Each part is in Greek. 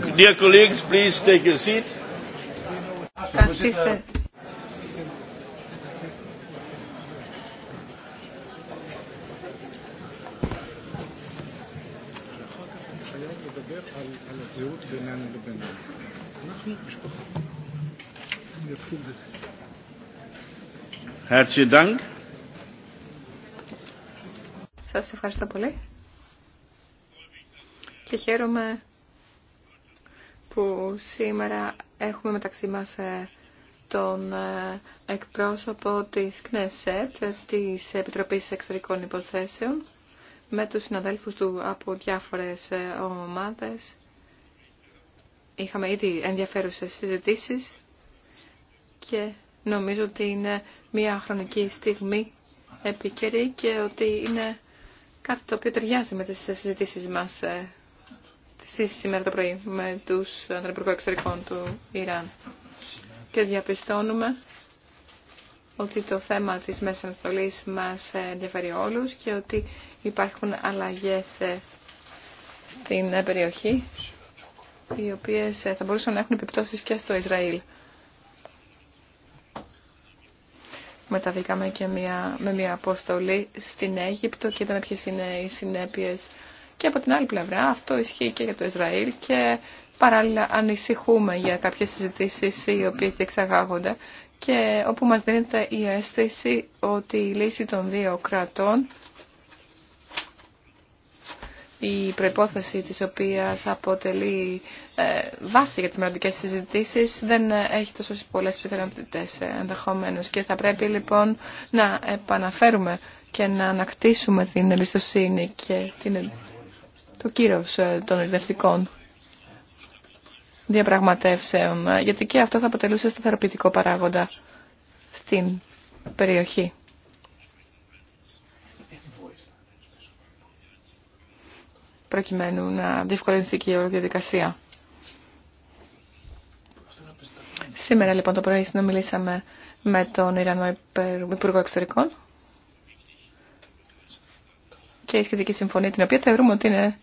Dear colleagues, please take your seat. Καθίστε. Herzlichen Dank. Σας ευχαριστώ πολύ και χαίρομαι που σήμερα έχουμε μεταξύ μας ε, τον ε, εκπρόσωπο της ΚΝΕΣΕΤ, της Επιτροπής Εξωτερικών Υποθέσεων, με τους συναδέλφους του από διάφορες ε, ομάδες. Είχαμε ήδη ενδιαφέρουσες συζητήσεις και νομίζω ότι είναι μια χρονική στιγμή επικαιρή και ότι είναι κάτι το οποίο ταιριάζει με τις συζητήσεις μας σήμερα το πρωί με τους ανθρωπικού Εξωτερικών του Ιράν. Και διαπιστώνουμε ότι το θέμα της Μέσης Ανατολής μας ενδιαφέρει όλους και ότι υπάρχουν αλλαγές στην περιοχή οι οποίες θα μπορούσαν να έχουν επιπτώσεις και στο Ισραήλ. Μεταβήκαμε και μια, με μια αποστολή στην Αίγυπτο και είδαμε ποιες είναι οι συνέπειες και από την άλλη πλευρά αυτό ισχύει και για το Ισραήλ και παράλληλα ανησυχούμε για κάποιες συζητήσεις οι οποίες διεξαγάγονται και όπου μας δίνεται η αίσθηση ότι η λύση των δύο κρατών η προϋπόθεση της οποίας αποτελεί ε, βάση για τις μελλοντικές συζητήσεις δεν έχει τόσο πολλές πιθανότητες ε, ενδεχομένως και θα πρέπει λοιπόν να επαναφέρουμε και να ανακτήσουμε την εμπιστοσύνη και την το κύρος ε, των ελευθερικών διαπραγματεύσεων, ε, γιατί και αυτό θα αποτελούσε σταθεροποιητικό παράγοντα στην περιοχή. προκειμένου να διευκολυνθεί και η διαδικασία. Σήμερα λοιπόν το πρωί συνομιλήσαμε με τον Ιρανό Υπουργό Εξωτερικών και η σχετική συμφωνία την οποία θεωρούμε ότι είναι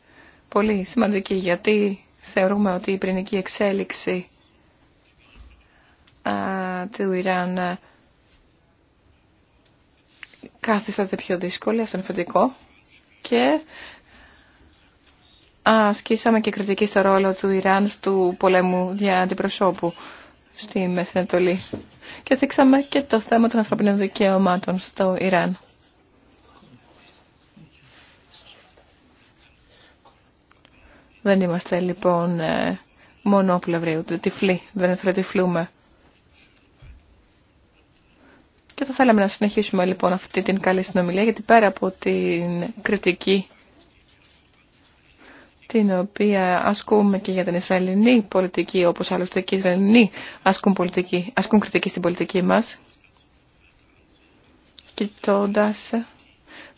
πολύ σημαντική γιατί θεωρούμε ότι η πυρηνική εξέλιξη του Ιράν α, καθίσταται πιο δύσκολη, αυτό είναι φαντικό. και ασκήσαμε και κριτική στο ρόλο του Ιράν του πολέμου για αντιπροσώπου στη Μέση Ανατολή. Και δείξαμε και το θέμα των ανθρωπίνων δικαιωμάτων στο Ιράν. Δεν είμαστε λοιπόν ε, μονοπλευροί, ούτε τυφλοί, δεν εθελοτυφλούμε. Και θα θέλαμε να συνεχίσουμε λοιπόν αυτή την καλή συνομιλία, γιατί πέρα από την κριτική την οποία ασκούμε και για την Ισραηλινή πολιτική, όπως άλλωστε και οι Ισραηλινοί ασκούν, πολιτική, ασκούν κριτική στην πολιτική μας, κοιτώντα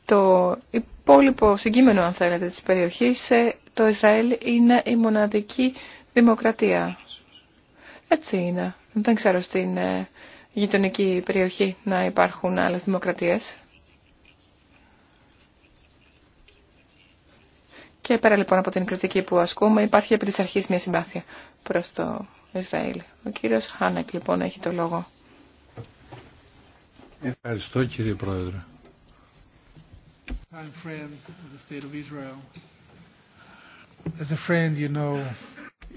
το υπόλοιπο συγκείμενο, αν θέλετε, της περιοχής, το Ισραήλ είναι η μοναδική δημοκρατία. Έτσι είναι. Δεν ξέρω στην ε, γειτονική περιοχή να υπάρχουν άλλες δημοκρατίες. Και πέρα λοιπόν από την κριτική που ασκούμε υπάρχει επί της αρχής μια συμπάθεια προς το Ισραήλ. Ο κύριος Χάνεκ λοιπόν έχει το λόγο. Ευχαριστώ κύριε Πρόεδρε.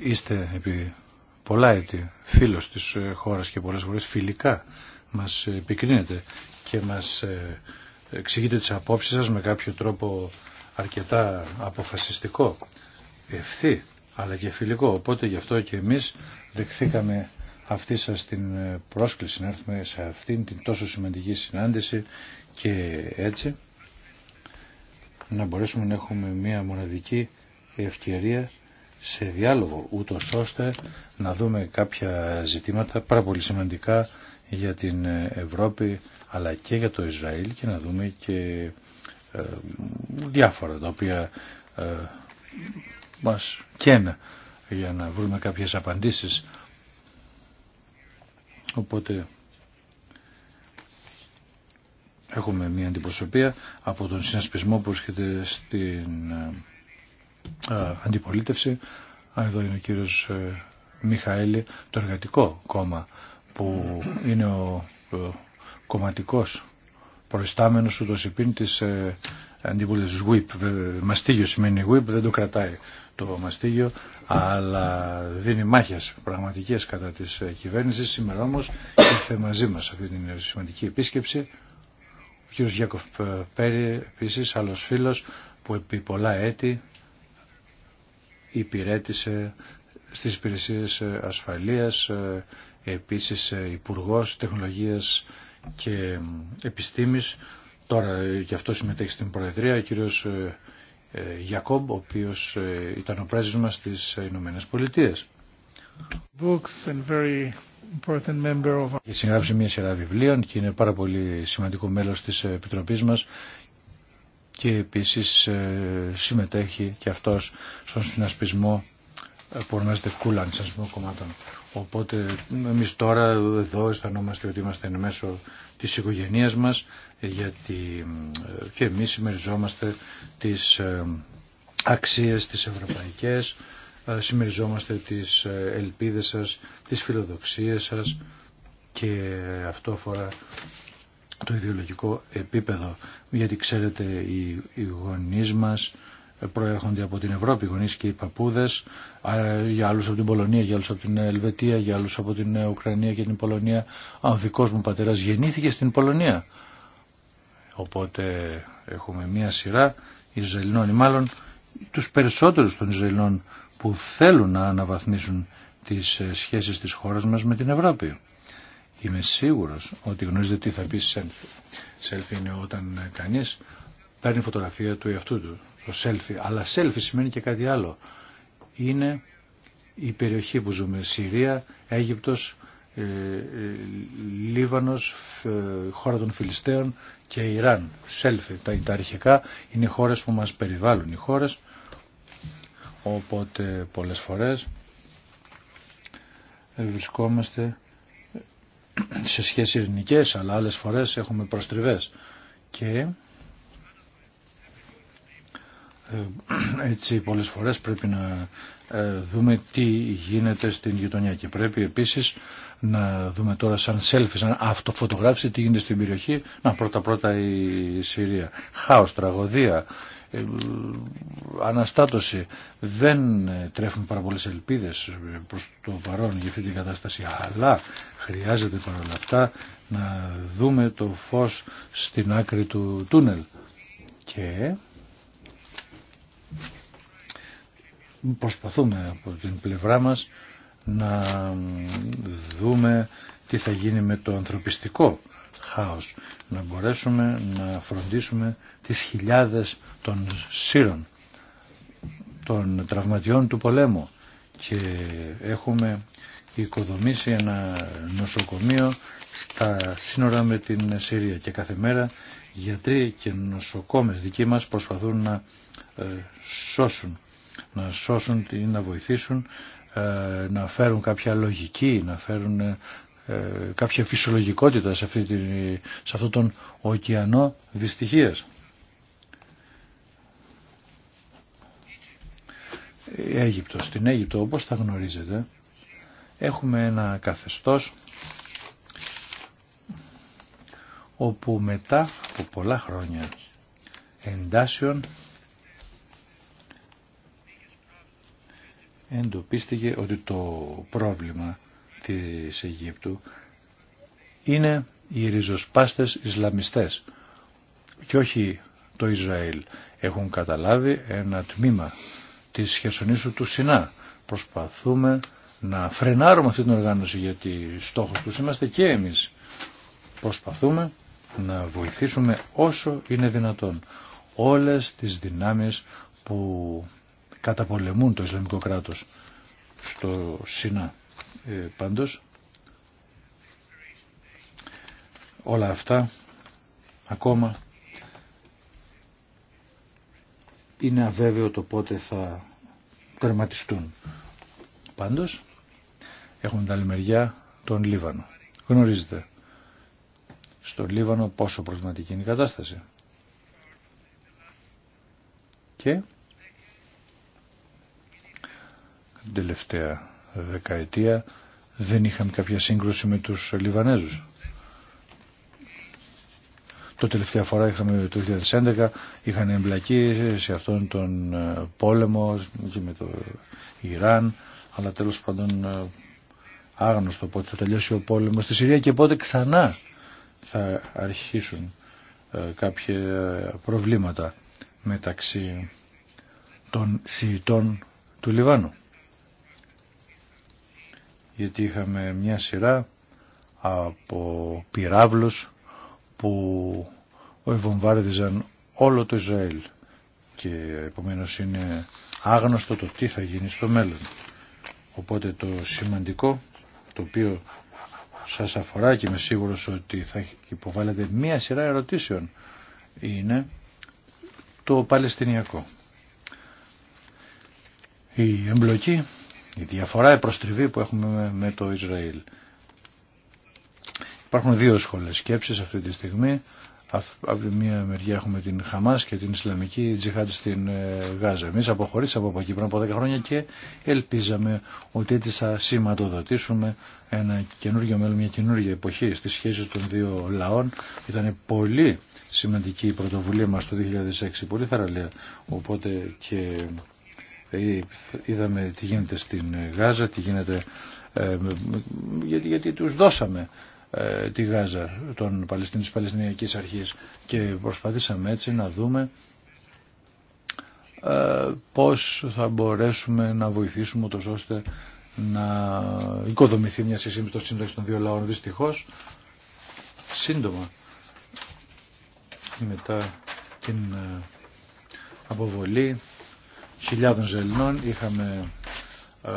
Είστε επί πολλά έτη φίλος της ε, χώρας και πολλές φορές φιλικά μας ε, επικρίνετε και μας ε, εξηγείτε τις απόψεις σας με κάποιο τρόπο αρκετά αποφασιστικό, ευθύ αλλά και φιλικό. Οπότε γι' αυτό και εμείς δεχθήκαμε αυτή σας την πρόσκληση να έρθουμε σε αυτήν την τόσο σημαντική συνάντηση και έτσι να μπορέσουμε να έχουμε μια μοναδική ευκαιρία σε διάλογο, ούτω ώστε να δούμε κάποια ζητήματα πάρα πολύ σημαντικά για την Ευρώπη αλλά και για το Ισραήλ και να δούμε και ε, διάφορα τα οποία ε, μας κένα για να βρούμε κάποιες απαντήσεις. Οπότε έχουμε μια αντιπροσωπεία από τον συνασπισμό που έρχεται στην ε, αντιπολίτευση. Α, εδώ είναι ο κύριος ε, Μιχαήλ, το εργατικό κόμμα που είναι ο κομματικός προϊστάμενος του δοσιπίν της ε, αντιπολίτευσης Μαστίγιο σημαίνει WIP, δεν το κρατάει το μαστίγιο, αλλά δίνει μάχες πραγματικές κατά της ε, κυβέρνηση. Σήμερα όμως ήρθε μαζί μας αυτή την σημαντική επίσκεψη. Ο κύριος Γιάκοφ Πέρι, επίσης, άλλος φίλος, που επί πολλά έτη υπηρέτησε στις υπηρεσίες ε, ασφαλείας, ε, επίσης ε, υπουργός τεχνολογίας και επιστήμης. Τώρα και αυτό συμμετέχει στην Προεδρία, ο κύριος Γιακόμπ, ο οποίος ήταν ο πρέσβης μας στις Ηνωμένες Πολιτείες. Έχει συγγράψει μια σειρά βιβλίων και είναι πάρα πολύ σημαντικό μέλος της Επιτροπής μας και επίσης ε, συμμετέχει και αυτός στον συνασπισμό ε, που ονομάζεται Κούλαν, συνασπισμό κομμάτων. Οπότε εμεί τώρα εδώ αισθανόμαστε ότι είμαστε εν μέσω της οικογένειας μας ε, γιατί και εμείς συμμεριζόμαστε τις αξίες τις ευρωπαϊκές, συμμεριζόμαστε τις ελπίδες σας, τις φιλοδοξίες σας και αυτό αφορά το ιδεολογικό επίπεδο. Γιατί ξέρετε οι, οι γονείς προέρχονται από την Ευρώπη, οι γονείς και οι παππούδες, για άλλους από την Πολωνία, για άλλους από την Ελβετία, για άλλους από την Ουκρανία και την Πολωνία. Ο δικός μου πατέρας γεννήθηκε στην Πολωνία. Οπότε έχουμε μία σειρά Ισραηλινών ή μάλλον τους περισσότερους των Ισραηλινών που θέλουν να αναβαθμίσουν τις ε, σχέσεις της χώρας μας με την Ευρώπη. Είμαι σίγουρος ότι γνωρίζετε τι θα πει selfie. Selfie είναι όταν κανείς παίρνει φωτογραφία του εαυτού του, το selfie. Αλλά selfie σημαίνει και κάτι άλλο. Είναι η περιοχή που ζούμε, Συρία, Αίγυπτος, ε, ε Λίβανος, ε, χώρα των Φιλιστέων και Ιράν. Σέλφι, τα, τα αρχικά είναι οι χώρες που μας περιβάλλουν οι χώρες, οπότε πολλές φορές βρισκόμαστε σε σχέση ειρηνικέ, αλλά άλλες φορές έχουμε προστριβές και ε, έτσι πολλές φορές πρέπει να ε, δούμε τι γίνεται στην γειτονιά και πρέπει επίσης να δούμε τώρα σαν σέλφι, σαν αυτοφωτογράφηση τι γίνεται στην περιοχή. Να πρώτα πρώτα η Συρία. Χάος, τραγωδία, ε, αναστάτωση. Δεν τρέφουν πάρα πολλές ελπίδες προς το παρόν για αυτή την κατάσταση, αλλά χρειάζεται παρόλα αυτά να δούμε το φως στην άκρη του τούνελ. Και προσπαθούμε από την πλευρά μας να δούμε τι θα γίνει με το ανθρωπιστικό χάος. Να μπορέσουμε να φροντίσουμε τις χιλιάδες των σύρων, των τραυματιών του πολέμου και έχουμε οικοδομήσει ένα νοσοκομείο στα σύνορα με την Συρία και κάθε μέρα γιατροί και νοσοκόμες δικοί μας προσπαθούν να ε, σώσουν, να σώσουν ή να βοηθήσουν, ε, να φέρουν κάποια λογική, να φέρουν ε, ε, κάποια φυσιολογικότητα σε, αυτή τη, σε αυτόν τον ωκεανό δυστυχίας. Η Αίγυπτος. Στην Αίγυπτο όπως τα γνωρίζετε έχουμε ένα καθεστώς όπου μετά από πολλά χρόνια εντάσεων εντοπίστηκε ότι το πρόβλημα της Αιγύπτου είναι οι ριζοσπάστες Ισλαμιστές και όχι το Ισραήλ. Έχουν καταλάβει ένα τμήμα της χερσονήσου του Σινά. Προσπαθούμε να φρενάρουμε αυτή την οργάνωση γιατί στόχος τους είμαστε και εμείς. Προσπαθούμε να βοηθήσουμε όσο είναι δυνατόν όλες τις δυνάμεις που καταπολεμούν το Ισλαμικό κράτος στο Σινά. Ε, πάντως, όλα αυτά ακόμα είναι αβέβαιο το πότε θα τερματιστούν. Πάντως, έχουμε την άλλη μεριά τον Λίβανο. Γνωρίζετε στο Λίβανο πόσο προβληματική είναι η κατάσταση. Και την τελευταία δεκαετία δεν είχαμε κάποια σύγκρουση με τους Λιβανέζους. Το τελευταία φορά είχαμε το 2011, είχαν εμπλακεί σε αυτόν τον ε, πόλεμο και με το Ιράν, αλλά τέλος πάντων ε, άγνωστο πότε θα τελειώσει ο πόλεμος στη Συρία και πότε ξανά θα αρχίσουν ε, κάποια προβλήματα μεταξύ των Σιητών του Λιβάνου γιατί είχαμε μια σειρά από πυράβλους που βομβάρδιζαν όλο το Ισραήλ και επομένως είναι άγνωστο το τι θα γίνει στο μέλλον. Οπότε το σημαντικό το οποίο σας αφορά και είμαι σίγουρος ότι θα υποβάλλετε μία σειρά ερωτήσεων είναι το Παλαιστινιακό. Η εμπλοκή η διαφορά, η προστριβή που έχουμε με το Ισραήλ. Υπάρχουν δύο σχολές σκέψης αυτή τη στιγμή. Από τη μία μεριά έχουμε την Χαμάς και την Ισλαμική Τζιχάντ στην ε, Γάζα. Εμείς αποχωρήσαμε από εκεί πριν από 10 χρόνια και ελπίζαμε ότι έτσι θα σηματοδοτήσουμε ένα καινούργιο μέλλον, μια καινούργια εποχή στις σχέσεις των δύο λαών. Ήταν πολύ σημαντική η πρωτοβουλία μας το 2006, πολύ θεραλία. Οπότε και ε, είδαμε τι γίνεται στην Γάζα, τι γίνεται ε, γιατί, γιατί τους δώσαμε ε, τη Γάζα των Παλαιστίνης της Παλαιστινιακής Αρχής και προσπαθήσαμε έτσι να δούμε πώς θα μπορέσουμε να βοηθήσουμε ούτως ώστε να οικοδομηθεί μια συσύμπτωση σύνταξη των δύο λαών δυστυχώς σύντομα μετά την αποβολή χιλιάδων Ζελινών, είχαμε ε,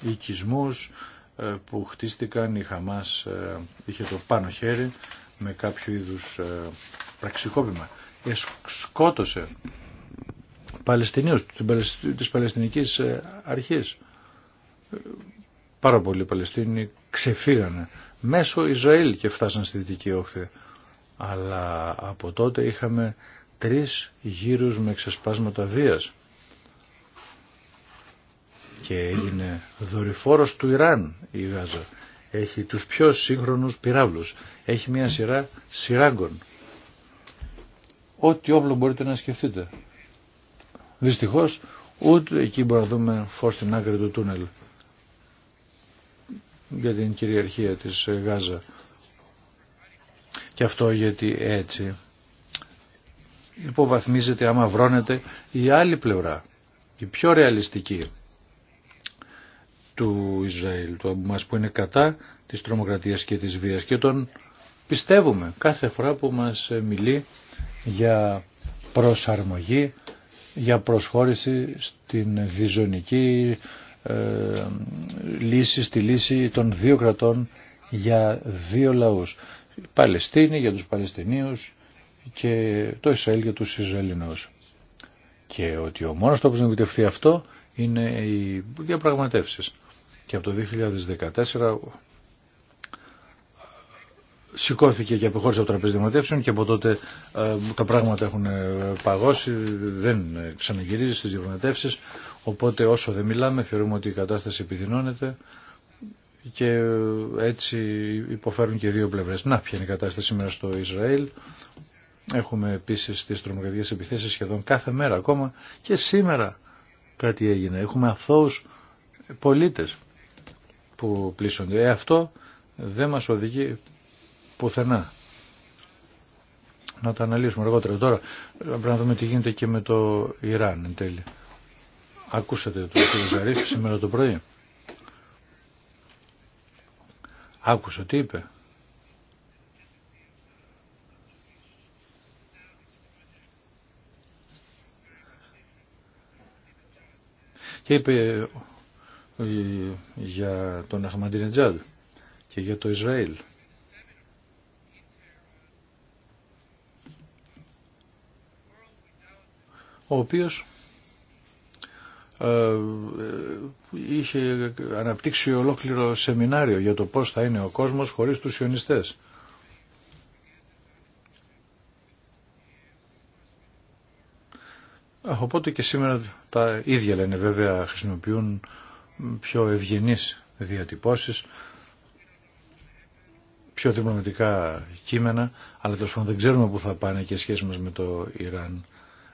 οικισμούς ε, που χτίστηκαν, η Χαμάς ε, είχε το πάνω χέρι με κάποιο είδους πραξικόπημα. Σκότωσε Παλαιστινίους της Παλαιστινικής Αρχής. Πάρα πολλοί Παλαιστίνοι ξεφύγανε μέσω Ισραήλ και φτάσαν στη Δυτική Όχθη. Αλλά από τότε είχαμε τρεις γύρους με ξεσπάσματα βίας και έγινε δορυφόρος του Ιράν η Γάζα. Έχει τους πιο σύγχρονους πυράβλους. Έχει μια σειρά σειράγκων. Ό,τι όπλο μπορείτε να σκεφτείτε. Δυστυχώς ούτε εκεί μπορούμε να δούμε φως στην άκρη του τούνελ για την κυριαρχία της Γάζα. Και αυτό γιατί έτσι υποβαθμίζεται, άμα βρώνεται η άλλη πλευρά, η πιο ρεαλιστική του Ισραήλ, του μας που είναι κατά της τρομοκρατίας και της βίας και τον πιστεύουμε κάθε φορά που μας μιλεί για προσαρμογή, για προσχώρηση στην διζωνική ε, λύση, στη λύση των δύο κρατών για δύο λαούς. Παλαιστίνη για τους Παλαιστινίους, και το Ισραήλ και τους Ισραηλινούς. Και ότι ο μόνος τρόπος να επιτευχθεί αυτό είναι οι διαπραγματεύσεις. Και από το 2014 σηκώθηκε και αποχώρησε από τραπέζι διαπραγματεύσεων και από τότε ε, τα πράγματα έχουν ε, παγώσει, δεν ξαναγυρίζει στις διαπραγματεύσεις, οπότε όσο δεν μιλάμε θεωρούμε ότι η κατάσταση επιδεινώνεται και ε, έτσι υποφέρουν και δύο πλευρές. Να, ποια είναι η κατάσταση σήμερα στο Ισραήλ. Έχουμε επίση τι τρομοκρατικέ επιθέσει σχεδόν κάθε μέρα ακόμα και σήμερα κάτι έγινε. Έχουμε αθώου πολίτες που πλήσονται. Ε, αυτό δεν μας οδηγεί πουθενά. Να τα αναλύσουμε αργότερα. Τώρα πρέπει να δούμε τι γίνεται και με το Ιράν εν τέλει. Ακούσατε το κ. σήμερα το πρωί. Άκουσα τι είπε. και είπε ε, για τον Αχμαντινετζάδ και για το Ισραήλ. ο οποίος ε, είχε αναπτύξει ολόκληρο σεμινάριο για το πώς θα είναι ο κόσμος χωρίς τους σιωνιστές. Οπότε και σήμερα τα ίδια λένε βέβαια χρησιμοποιούν πιο ευγενείς διατυπώσεις, πιο διπλωματικά κείμενα, αλλά τόσο δεν ξέρουμε πού θα πάνε και οι σχέσεις μας με το Ιράν.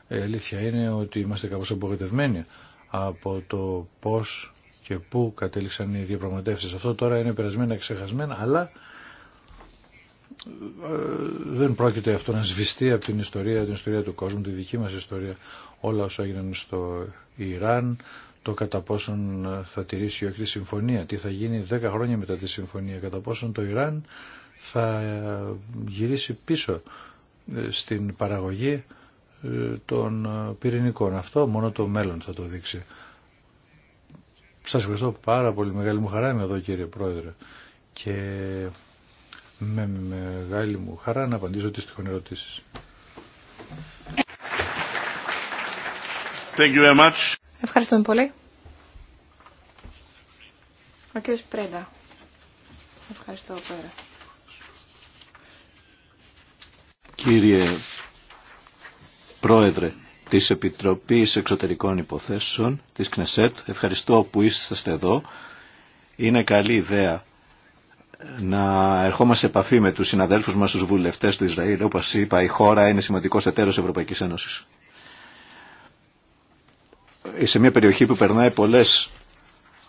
Η ε, αλήθεια είναι ότι είμαστε κάπως απογοητευμένοι από το πώς και πού κατέληξαν οι διαπραγματεύσεις. Αυτό τώρα είναι περασμένα, ξεχασμένα, αλλά ε, δεν πρόκειται αυτό να σβηστεί από την ιστορία, την ιστορία του κόσμου, τη δική μας ιστορία. Όλα όσα έγιναν στο Ιράν, το κατά πόσον θα τηρήσει ή όχι συμφωνία, τι θα γίνει 10 χρόνια μετά τη συμφωνία, κατά πόσον το Ιράν θα γυρίσει πίσω ε, στην παραγωγή ε, των πυρηνικών. Αυτό μόνο το μέλλον θα το δείξει. Σας ευχαριστώ πάρα πολύ. Μεγάλη μου χαρά είμαι εδώ κύριε Πρόεδρε. Και με μεγάλη μου χαρά να απαντήσω τις τυχόν ερωτήσεις. Thank you very much. Ευχαριστούμε πολύ. Ο κ. Ευχαριστώ, Κύριε Πρόεδρε της Επιτροπής Εξωτερικών Υποθέσεων της ΚΝΕΣΕΤ, ευχαριστώ που είσαστε εδώ. Είναι καλή ιδέα να ερχόμαστε σε επαφή με τους συναδέλφους μας, τους βουλευτές του Ισραήλ. Όπως είπα, η χώρα είναι σημαντικός εταίρος Ευρωπαϊκής Ένωσης. Σε μια περιοχή που περνάει πολλές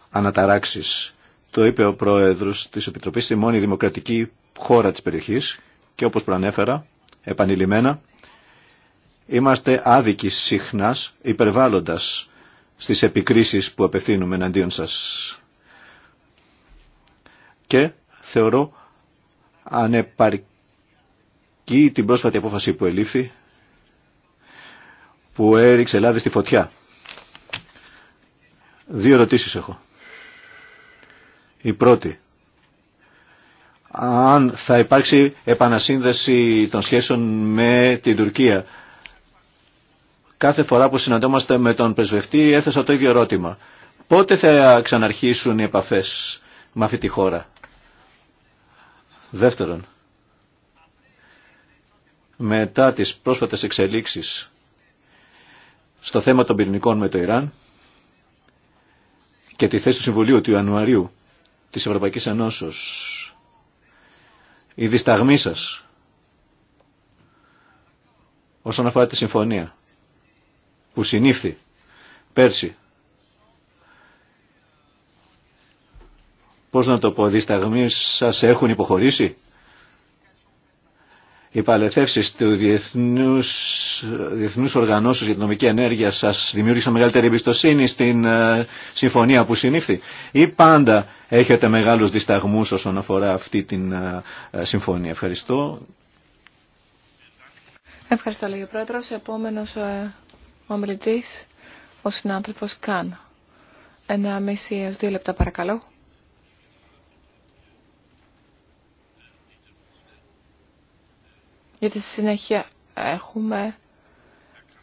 αναταράξεις. Το είπε ο πρόεδρος της Επιτροπής, τη μόνη δημοκρατική χώρα της περιοχής και όπως προανέφερα, επανειλημμένα, είμαστε άδικοι συχνά, υπερβάλλοντας στις επικρίσεις που απευθύνουμε εναντίον σας. Και θεωρώ ανεπαρκή την πρόσφατη απόφαση που ελήφθη που έριξε Ελλάδα στη φωτιά. Δύο ερωτήσεις έχω. Η πρώτη. Αν θα υπάρξει επανασύνδεση των σχέσεων με την Τουρκία. Κάθε φορά που συναντώμαστε με τον πρεσβευτή έθεσα το ίδιο ερώτημα. Πότε θα ξαναρχίσουν οι επαφές με αυτή τη χώρα. Δεύτερον, μετά τις πρόσφατες εξελίξεις στο θέμα των πυρηνικών με το Ιράν και τη θέση του Συμβουλίου του Ιανουαρίου της Ευρωπαϊκής Ενώσεως, η δισταγμή σας όσον αφορά τη συμφωνία που συνήφθη πέρσι πώς να το πω, δισταγμοί σας έχουν υποχωρήσει. Οι παλαιθεύσεις του Διεθνούς, Διεθνούς Οργανώσεως για την Νομική Ενέργεια σας δημιούργησαν μεγαλύτερη εμπιστοσύνη στην ε, συμφωνία που συνήφθη ή πάντα έχετε μεγάλους δισταγμούς όσον αφορά αυτή την ε, ε, συμφωνία. Ευχαριστώ. Ευχαριστώ ο Πρόεδρος. Επόμενος ε, ο ο συνάδελφος Καν. Ένα μισή έως δύο λεπτά παρακαλώ. Γιατί στη συνέχεια έχουμε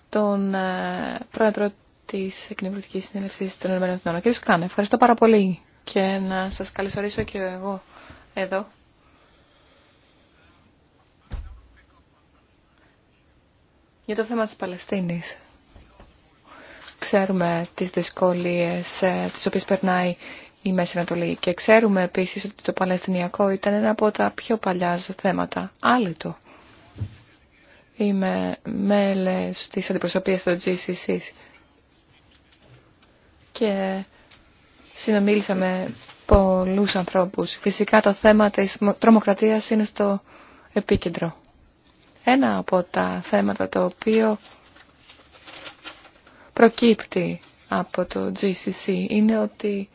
τον ε, πρόεδρο της Εκνευρωτικής Συνέλευσης των Ηνωμένων Εθνών. Κύριε Σκάνε, ευχαριστώ πάρα πολύ και να σας καλωσορίσω και εγώ εδώ. Για το θέμα της Παλαιστίνης. Ξέρουμε τις δυσκολίες ε, τις οποίες περνάει η Μέση Ανατολή και ξέρουμε επίσης ότι το Παλαιστινιακό ήταν ένα από τα πιο παλιά θέματα. Άλυτο Είμαι μέλες της αντιπροσωπείας του GCC και συνομίλησα με πολλούς ανθρώπους. Φυσικά το θέμα της τρομοκρατίας είναι στο επίκεντρο. Ένα από τα θέματα το οποίο προκύπτει από το GCC είναι ότι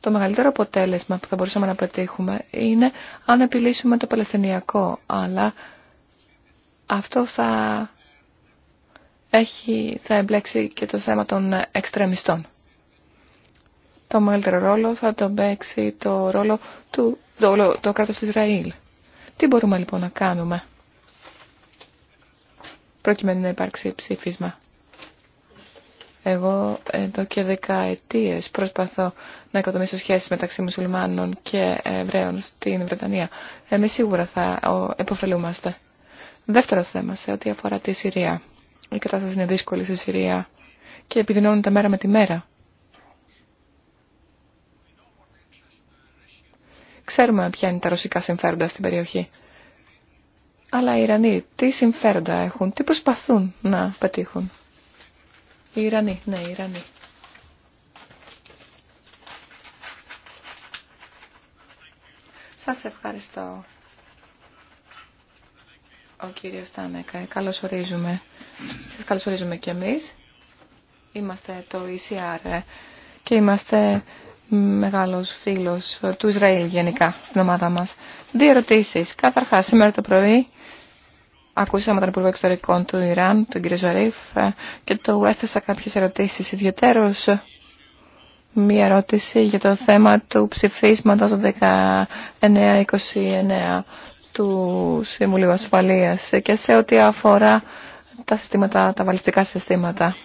το μεγαλύτερο αποτέλεσμα που θα μπορούσαμε να πετύχουμε είναι αν επιλύσουμε το Παλαιστινιακό, αλλά αυτό θα, έχει, θα εμπλέξει και το θέμα των εξτρεμιστών. Το μεγαλύτερο ρόλο θα το παίξει το ρόλο του το, το κράτος του Ισραήλ. Τι μπορούμε λοιπόν να κάνουμε προκειμένου να υπάρξει ψήφισμα. Εγώ εδώ και δεκαετίες προσπαθώ να οικοδομήσω σχέσεις μεταξύ μουσουλμάνων και Εβραίων στην Βρετανία. Εμείς σίγουρα θα επωφελούμαστε. Δεύτερο θέμα σε ό,τι αφορά τη Συρία. Η κατάσταση είναι δύσκολη στη Συρία και τα μέρα με τη μέρα. Ξέρουμε ποια είναι τα ρωσικά συμφέροντα στην περιοχή. Αλλά οι Ιρανοί τι συμφέροντα έχουν, τι προσπαθούν να πετύχουν. Οι Ιρανοί, ναι, οι Ιρανοί. Σας ευχαριστώ. Ο κύριος Τάνεκα, καλώς ορίζουμε. Σας καλωσορίζουμε και κι εμείς. Είμαστε το ECR και είμαστε μεγάλος φίλος του Ισραήλ γενικά στην ομάδα μας. Δύο ερωτήσει. Καταρχάς, σήμερα το πρωί ακούσαμε τον Υπουργό Εξωτερικών του Ιράν, τον κύριο Ζαρίφ, και του έθεσα κάποιες ερωτήσεις. Ιδιαίτερως μία ερώτηση για το θέμα του ψηφίσματος 1929 του Συμβουλίου Ασφαλείας και σε ό,τι αφορά τα, συστήματα, τα βαλιστικά συστήματα,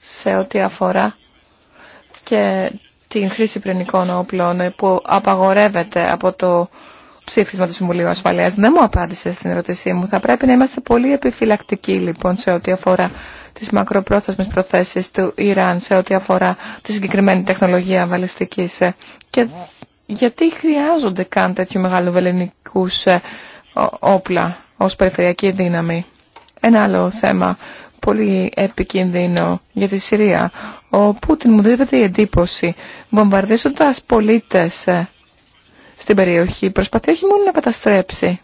σε ό,τι αφορά και την χρήση πυρηνικών όπλων που απαγορεύεται από το ψήφισμα του Συμβουλίου Ασφαλείας. Δεν μου απάντησε στην ερώτησή μου. Θα πρέπει να είμαστε πολύ επιφυλακτικοί λοιπόν σε ό,τι αφορά τις μακροπρόθεσμες προθέσεις του Ιράν, σε ό,τι αφορά τη συγκεκριμένη τεχνολογία βαλιστικής. Και γιατί χρειάζονται καν τέτοιου μεγάλου βελενικού ε, όπλα ως περιφερειακή δύναμη. Ένα άλλο θέμα πολύ επικίνδυνο για τη Συρία. Ο Πούτιν μου δίδεται η εντύπωση, βομβαρδίζοντας πολίτες ε, στην περιοχή, προσπαθεί όχι μόνο να καταστρέψει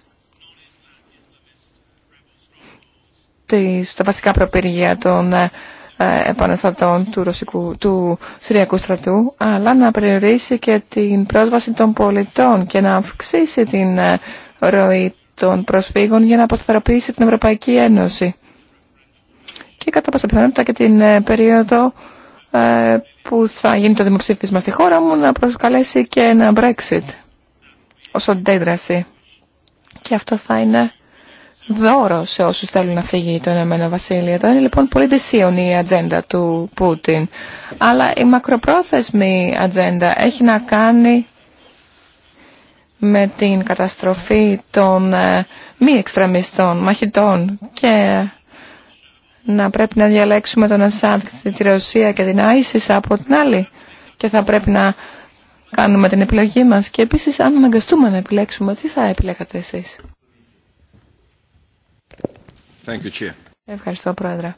τα βασικά προπήρια των ε, ε, επαναστατών του, Ρωσικού, του Συριακού στρατού, αλλά να περιορίσει και την πρόσβαση των πολιτών και να αυξήσει την ε, ροή των προσφύγων για να αποσταθεροποιήσει την Ευρωπαϊκή Ένωση. Και κατά πάσα πιθανότητα και την ε, περίοδο που θα γίνει το δημοψήφισμα στη χώρα μου να προσκαλέσει και ένα Brexit ως αντέδραση. Και αυτό θα είναι δώρο σε όσους θέλουν να φύγει το Ηνωμένο Βασίλειο. Εδώ είναι λοιπόν πολύ δυσίωνη η ατζέντα του Πούτιν. Αλλά η μακροπρόθεσμη ατζέντα έχει να κάνει με την καταστροφή των ε, μη εξτραμιστών, μαχητών και να πρέπει να διαλέξουμε τον Ασάντ, τη Ρωσία και την Άισις από την άλλη και θα πρέπει να κάνουμε την επιλογή μας και επίσης αν αναγκαστούμε να επιλέξουμε τι θα επιλέγατε εσείς. Ευχαριστώ, Πρόεδρε.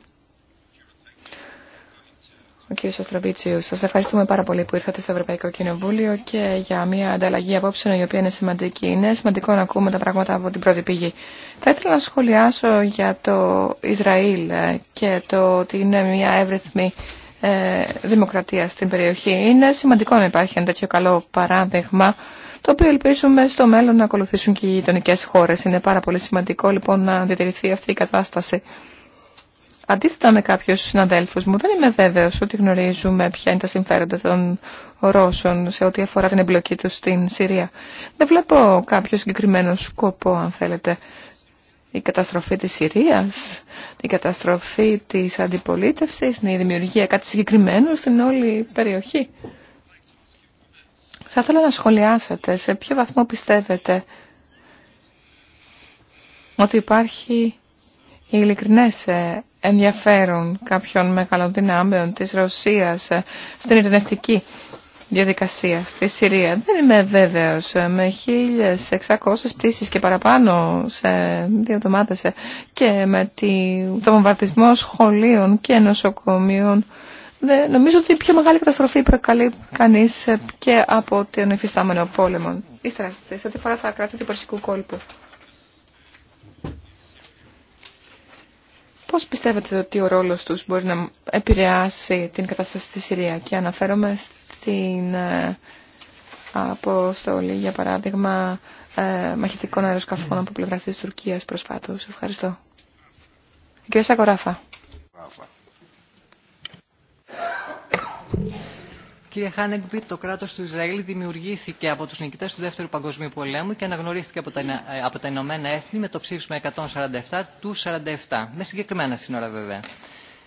Ο κύριο Αστροπίτσιου, σας ευχαριστούμε πάρα πολύ που ήρθατε στο Ευρωπαϊκό Κοινοβούλιο και για μια ανταλλαγή απόψεων η οποία είναι σημαντική. Είναι σημαντικό να ακούμε τα πράγματα από την πρώτη πηγή. Θα ήθελα να σχολιάσω για το Ισραήλ ε, και το ότι είναι μια εύρυθμη ε, δημοκρατία στην περιοχή. Είναι σημαντικό να υπάρχει ένα τέτοιο καλό παράδειγμα το οποίο ελπίζουμε στο μέλλον να ακολουθήσουν και οι γειτονικέ χώρε. Είναι πάρα πολύ σημαντικό λοιπόν να διατηρηθεί αυτή η κατάσταση. Αντίθετα με κάποιου συναδέλφου μου, δεν είμαι βέβαιο ότι γνωρίζουμε ποια είναι τα συμφέροντα των Ρώσων σε ό,τι αφορά την εμπλοκή του στην Συρία. Δεν βλέπω κάποιο συγκεκριμένο σκοπό, αν θέλετε. Η καταστροφή της Συρίας, η καταστροφή της αντιπολίτευσης, η δημιουργία κάτι συγκεκριμένο στην όλη περιοχή. Θα ήθελα να σχολιάσετε σε ποιο βαθμό πιστεύετε ότι υπάρχει ειλικρινές ε, ενδιαφέρον κάποιων μεγάλων δυνάμεων της Ρωσίας ε, στην ειρηνευτική διαδικασία στη Συρία. Δεν είμαι βέβαιος. Ε, με 1.600 πτήσεις και παραπάνω σε δύο εβδομάδες και με τη... το βομβαρδισμό σχολείων και νοσοκομείων ναι, νομίζω ότι η πιο μεγάλη καταστροφή προκαλεί κανεί ε, και από τον υφιστάμενο πόλεμο. Ήστερα, σε ό,τι φορά θα κράτη του Περσικού κόλπου. Πώς πιστεύετε ότι ο ρόλος τους μπορεί να επηρεάσει την κατάσταση στη Συρία και αναφέρομαι στην ε, αποστολή, για παράδειγμα, ε, μαχητικών αεροσκαφών από πλευρά της Τουρκίας προσφάτως. Ευχαριστώ. Κύριε Σακοράφα. Κύριε Χάνεγκμπιτ, το κράτο του Ισραήλ δημιουργήθηκε από του νικητέ του Δεύτερου Παγκοσμίου Πολέμου και αναγνωρίστηκε από τα, ε, από τα Ηνωμένα Έθνη με το ψήφισμα 147 του 47, με συγκεκριμένα σύνορα βέβαια.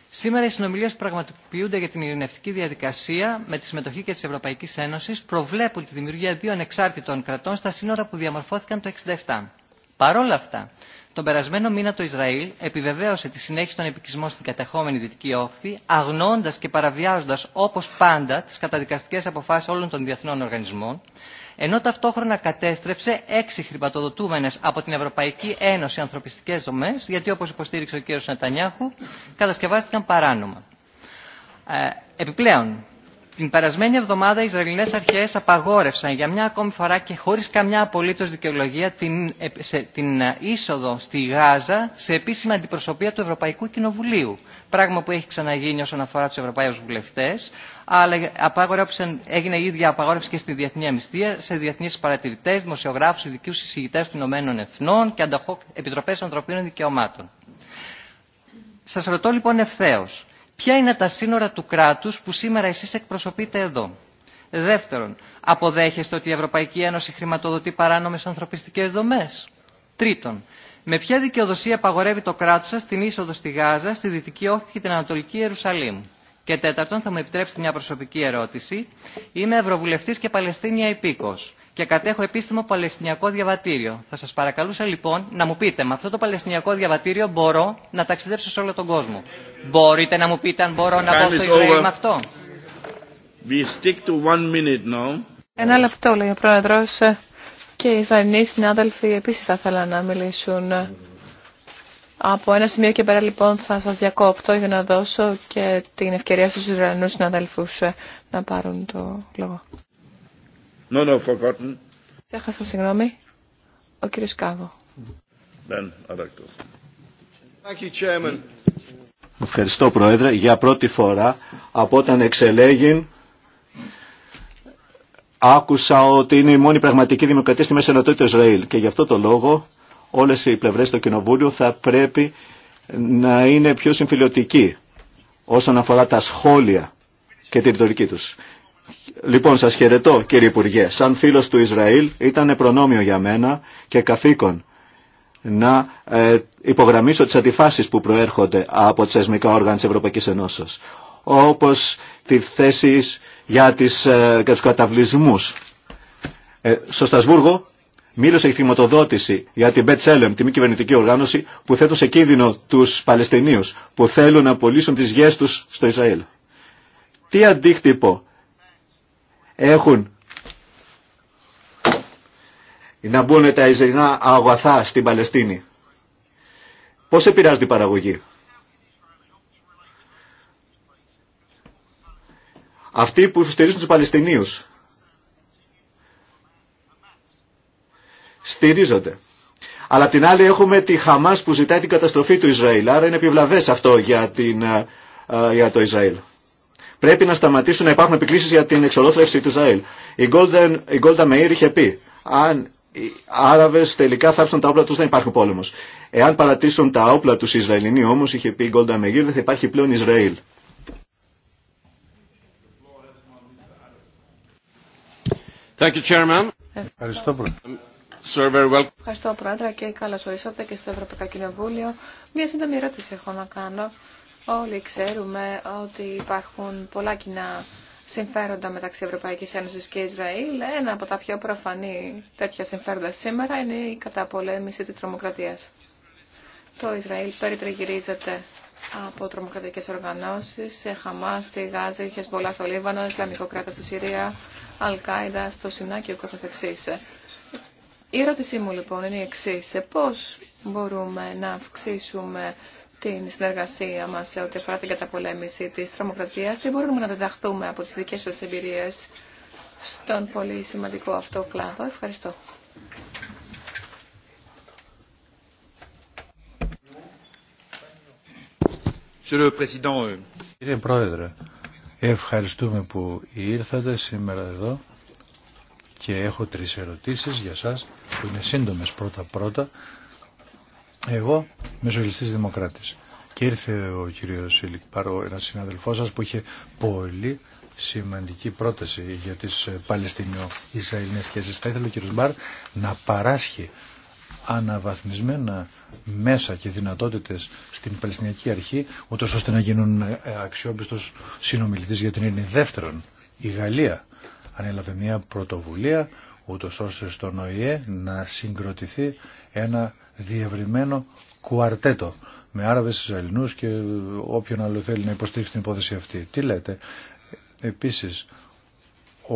Σήμερα οι συνομιλίε που πραγματοποιούνται για την ειρηνευτική διαδικασία με τη συμμετοχή και τη Ευρωπαϊκή Ένωση προβλέπουν τη δημιουργία δύο ανεξάρτητων κρατών στα σύνορα που διαμορφώθηκαν το 1967. Παρόλα αυτά, τον περασμένο μήνα το Ισραήλ επιβεβαίωσε τη συνέχιση των επικισμών στην κατεχόμενη Δυτική Όχθη, αγνώντα και παραβιάζοντα όπως πάντα τι καταδικαστικέ αποφάσει όλων των διεθνών οργανισμών, ενώ ταυτόχρονα κατέστρεψε έξι χρηματοδοτούμενε από την Ευρωπαϊκή Ένωση ανθρωπιστικέ δομέ, γιατί όπω υποστήριξε ο κ. Νετανιάχου, κατασκευάστηκαν παράνομα. Ε, επιπλέον, την περασμένη εβδομάδα οι Ισραηλινές αρχέ απαγόρευσαν για μια ακόμη φορά και χωρίς καμιά απολύτως δικαιολογία την, την ε, είσοδο στη Γάζα σε επίσημη αντιπροσωπεία του Ευρωπαϊκού Κοινοβουλίου. Πράγμα που έχει ξαναγίνει όσον αφορά τους Ευρωπαίους βουλευτές, αλλά έγινε η ίδια απαγόρευση και στη Διεθνή Αμυστία, σε διεθνείς παρατηρητές, δημοσιογράφους, ειδικούς συζητητές των Ηνωμένων Εθνών και ανταχώ επιτροπές ανθρωπίνων δικαιωμάτων. Σας ρωτώ λοιπόν ευθεώ. Ποια είναι τα σύνορα του κράτους που σήμερα εσείς εκπροσωπείτε εδώ. Δεύτερον, αποδέχεστε ότι η Ευρωπαϊκή Ένωση χρηματοδοτεί παράνομες ανθρωπιστικές δομές. Τρίτον, με ποια δικαιοδοσία απαγορεύει το κράτος σας την είσοδο στη Γάζα, στη Δυτική Όχθη και την Ανατολική Ιερουσαλήμ. Και τέταρτον, θα μου επιτρέψετε μια προσωπική ερώτηση. Είμαι Ευρωβουλευτής και Παλαιστίνια υπήκος και κατέχω επίσημο Παλαιστινιακό διαβατήριο. Θα σα παρακαλούσα λοιπόν να μου πείτε με αυτό το Παλαιστινιακό διαβατήριο μπορώ να ταξιδέψω σε όλο τον κόσμο. Μπορείτε να μου πείτε αν μπορώ να πάω στο Ισραήλ με αυτό. Ένα λεπτό λέει ο πρόεδρο. και οι Ισραηλοί συνάδελφοι επίση θα ήθελαν να μιλήσουν. Από ένα σημείο και πέρα λοιπόν θα σας διακόπτω για να δώσω και την ευκαιρία στους Ισραηλινούς συναδέλφους να πάρουν το λόγο. No, no, forgotten. Έχασα συγγνώμη. Ο κύριος Κάβο. Δεν, Ευχαριστώ Πρόεδρε. Για πρώτη φορά από όταν εξελέγην άκουσα ότι είναι η μόνη πραγματική δημοκρατία στη Μέση Ανατολή του Ισραήλ και γι' αυτό το λόγο όλες οι πλευρές του Κοινοβούλιο θα πρέπει να είναι πιο συμφιλιωτικοί όσον αφορά τα σχόλια και την ρητορική του Λοιπόν, σας χαιρετώ κύριε Υπουργέ. Σαν φίλος του Ισραήλ ήταν προνόμιο για μένα και καθήκον να ε, υπογραμμίσω τις αντιφάσεις που προέρχονται από τις θεσμικά όργανα της Ευρωπαϊκής Ενώσεως. Όπως τη θέση για, τις, ε, για τους καταβλισμούς. Ε, στο Στασβούργο μίλωσε η θυματοδότηση για την Μπετσέλεμ, τη μη κυβερνητική οργάνωση, που θέτουν σε κίνδυνο τους Παλαιστινίους που θέλουν να απολύσουν τις γιές τους στο Ισραήλ. Τι αντίκτυπο έχουν να μπουν τα Ισραηλινά αγαθά στην Παλαιστίνη. Πώς επηρεάζεται η παραγωγή. Αυτοί που στηρίζουν τους Παλαιστινίους στηρίζονται. Αλλά απ' την άλλη έχουμε τη Χαμάς που ζητάει την καταστροφή του Ισραήλ. Άρα είναι επιβλαβές αυτό για ε, ε, το Ισραήλ. Πρέπει να σταματήσουν να υπάρχουν επικλήσει για την εξολόθρευση του Ισραήλ. Η, Γκόλτα η είχε πει, αν οι Άραβε τελικά θα τα όπλα του, δεν υπάρχει πόλεμο. Εάν παρατήσουν τα όπλα του Ισραηλινοί όμω, είχε πει η Γκόλτα Meir, δεν θα υπάρχει πλέον Ισραήλ. Ευχαριστώ, Πρόεδρε. Um, Ευχαριστώ, Πρόεδρε, και καλώ ορίσατε και στο Ευρωπαϊκό Κοινοβούλιο. Μία σύντομη ερώτηση έχω να κάνω Όλοι ξέρουμε ότι υπάρχουν πολλά κοινά συμφέροντα μεταξύ Ευρωπαϊκής Ένωσης και Ισραήλ. Ένα από τα πιο προφανή τέτοια συμφέροντα σήμερα είναι η καταπολέμηση της τρομοκρατίας. Το Ισραήλ περιτριγυρίζεται από τρομοκρατικές οργανώσεις, σε Χαμά, στη Γάζη, πολλά στο Λίβανο, Ισλαμικό κράτος στη Συρία, Αλκάιδα στο Σινά και ούτω καθεξής. Η ερώτησή μου λοιπόν είναι η εξής. Πώς μπορούμε να αυξήσουμε την συνεργασία μα σε ό,τι αφορά την καταπολέμηση τη τρομοκρατία, Τι μπορούμε να διδαχθούμε από τις δικές σα εμπειρίε στον πολύ σημαντικό αυτό κλάδο. Ευχαριστώ. Euh, Κύριε Πρόεδρε, ευχαριστούμε που ήρθατε σήμερα εδώ και έχω τρεις ερωτήσεις για σας που είναι σύντομες πρώτα-πρώτα εγώ μεσογειστής δημοκράτης και ήρθε ο κύριος Σιλικπαρό, ένας συναδελφός σας που είχε πολύ σημαντική πρόταση για τις ε, Παλαιστινιο-Ισραηλινές σχέσεις. Θα ήθελε ο κύριος Μπάρ να παράσχει αναβαθμισμένα μέσα και δυνατότητες στην Παλαιστινιακή Αρχή, ούτως ώστε να γίνουν ε, αξιόπιστος συνομιλητής για την ειρήνη. Δεύτερον, η Γαλλία ανέλαβε μια πρωτοβουλία ούτως ώστε στον ΟΗΕ να συγκροτηθεί ένα διευρυμένο κουαρτέτο με Άραβες, Ισραηλινούς και όποιον άλλο θέλει να υποστήριξει την υπόθεση αυτή. Τι λέτε. Επίσης, ο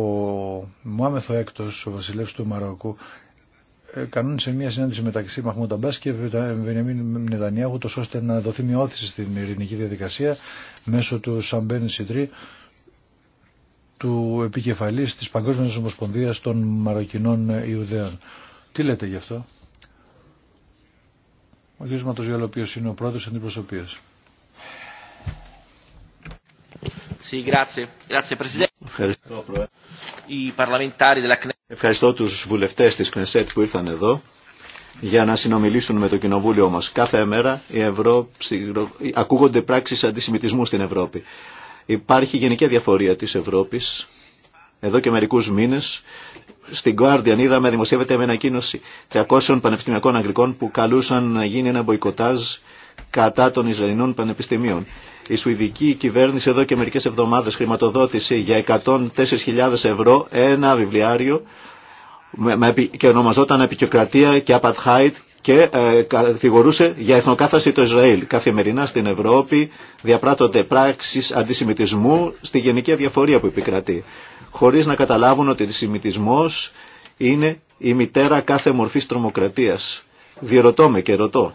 Μωάμεθο Έκτος, ο βασιλεύς του Μαροκού, ε, κανούν σε μια συνάντηση μεταξύ Μαχμούτα Μπά και Βενιαμίν Νετανιάχου, ώστε να δοθεί μια όθηση στην ειρηνική διαδικασία μέσω του Σαμπέν Σιτρί, του επικεφαλής της Παγκόσμιας Ομοσπονδίας των Μαροκινών Ιουδαίων. Τι λέτε γι' αυτό. Ο κ. Ματοζιόλ, ο οποίος είναι ο πρώτος αντιπροσωπείας. Ευχαριστώ, Ευχαριστώ τους βουλευτές της Κνεσέτ που ήρθαν εδώ για να συνομιλήσουν με το κοινοβούλιο μας. Κάθε μέρα η Ευρώπη ακούγονται πράξεις αντισημιτισμού στην Ευρώπη. Υπάρχει γενική διαφορία της Ευρώπης. Εδώ και μερικούς μήνες στην Guardian είδαμε δημοσιεύεται με ανακοίνωση 300 πανεπιστημιακών Αγγλικών που καλούσαν να γίνει ένα μποϊκοτάζ κατά των Ισραηλινών πανεπιστημίων. Η σουηδική κυβέρνηση εδώ και μερικές εβδομάδες χρηματοδότησε για 104.000 ευρώ ένα βιβλιάριο και ονομαζόταν Επικοκρατία και Απατχάιτ και ε, κατηγορούσε για εθνοκάθαση το Ισραήλ. Καθημερινά στην Ευρώπη διαπράττονται πράξεις αντισημιτισμού στη γενική αδιαφορία που επικρατεί, χωρίς να καταλάβουν ότι ο αντισημιτισμός είναι η μητέρα κάθε μορφής τρομοκρατίας. Διερωτώ με και ρωτώ.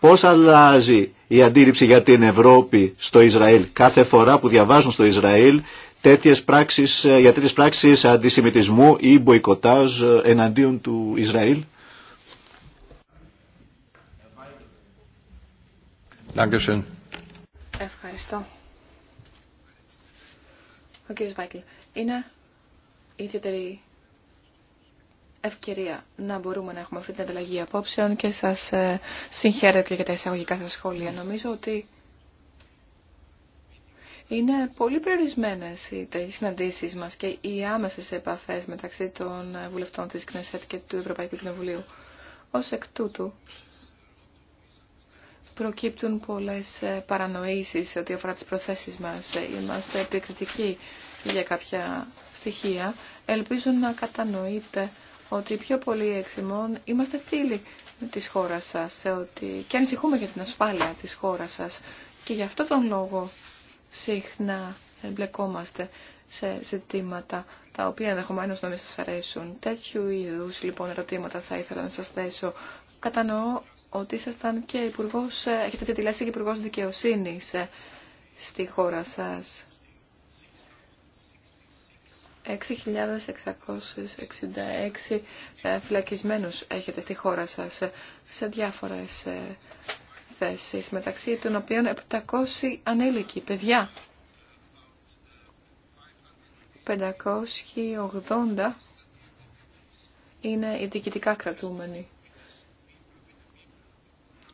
Πώς αλλάζει η αντίληψη για την Ευρώπη στο Ισραήλ κάθε φορά που διαβάζουν στο Ισραήλ τέτοιες πράξεις, ε, για τέτοιες πράξεις αντισημιτισμού ή μποϊκοτάζ ε, εναντίον του Ισραήλ. Ευχαριστώ. Ο κ. Βάικλ, είναι ιδιαίτερη ευκαιρία να μπορούμε να έχουμε αυτή την ανταλλαγή απόψεων και σας ε, συγχαίρω και για τα εισαγωγικά σας σχόλια. Νομίζω ότι είναι πολύ περιορισμένες οι συναντήσεις μας και οι άμεσες επαφές μεταξύ των ε, βουλευτών της Κνεσέτ και του Ευρωπαϊκού Κοινοβουλίου. Ως εκ τούτου, προκύπτουν πολλές ε, παρανοήσεις ό,τι αφορά τις προθέσεις μας. Ε, είμαστε επικριτικοί για κάποια στοιχεία. Ελπίζω να κατανοείτε ότι πιο πολλοί εξημών είμαστε φίλοι της χώρας σας ότι... και ανησυχούμε για την ασφάλεια της χώρας σας. Και γι' αυτό τον λόγο συχνά εμπλεκόμαστε σε ζητήματα τα οποία ενδεχομένως να μην σας αρέσουν. Τέτοιου είδους λοιπόν ερωτήματα θα ήθελα να σας θέσω. Κατανοώ ότι ήσασταν και υπουργός, ε, έχετε διατηλέσει και υπουργό δικαιοσύνης ε, στη χώρα σας. 6.666 ε, φυλακισμένους έχετε στη χώρα σας σε διάφορες θέσεις, μεταξύ των οποίων 700 ανήλικοι, παιδιά. 580 είναι οι διοικητικά κρατούμενοι.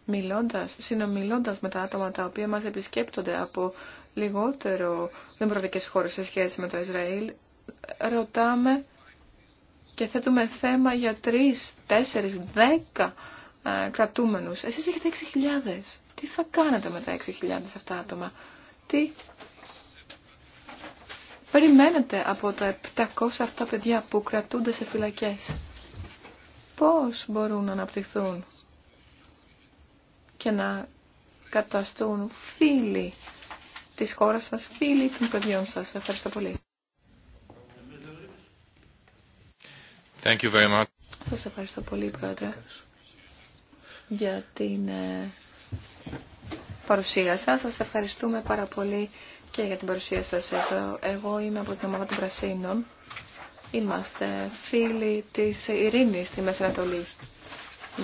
Μιλώντας, συνομιλώντας με τα άτομα τα οποία μας επισκέπτονται από λιγότερο δημοκρατικές χώρες σε σχέση με το Ισραήλ, ρωτάμε και θέτουμε θέμα για τρεις, τέσσερις, δέκα κρατούμενους. Εσείς έχετε 6.000. Τι θα κάνετε με τα 6.000 αυτά άτομα. Τι περιμένετε από τα 700 αυτά παιδιά που κρατούνται σε φυλακές. Πώς μπορούν να αναπτυχθούν και να καταστούν φίλοι της χώρας σας, φίλοι των παιδιών σας. Ευχαριστώ πολύ. Thank ευχαριστώ πολύ, Πρόεδρε για την ε, παρουσία σας. Σας ευχαριστούμε πάρα πολύ και για την παρουσία σας εδώ. Εγώ είμαι από την ομάδα των Πρασίνων. Είμαστε φίλοι της ειρήνης στη Μέση Ανατολή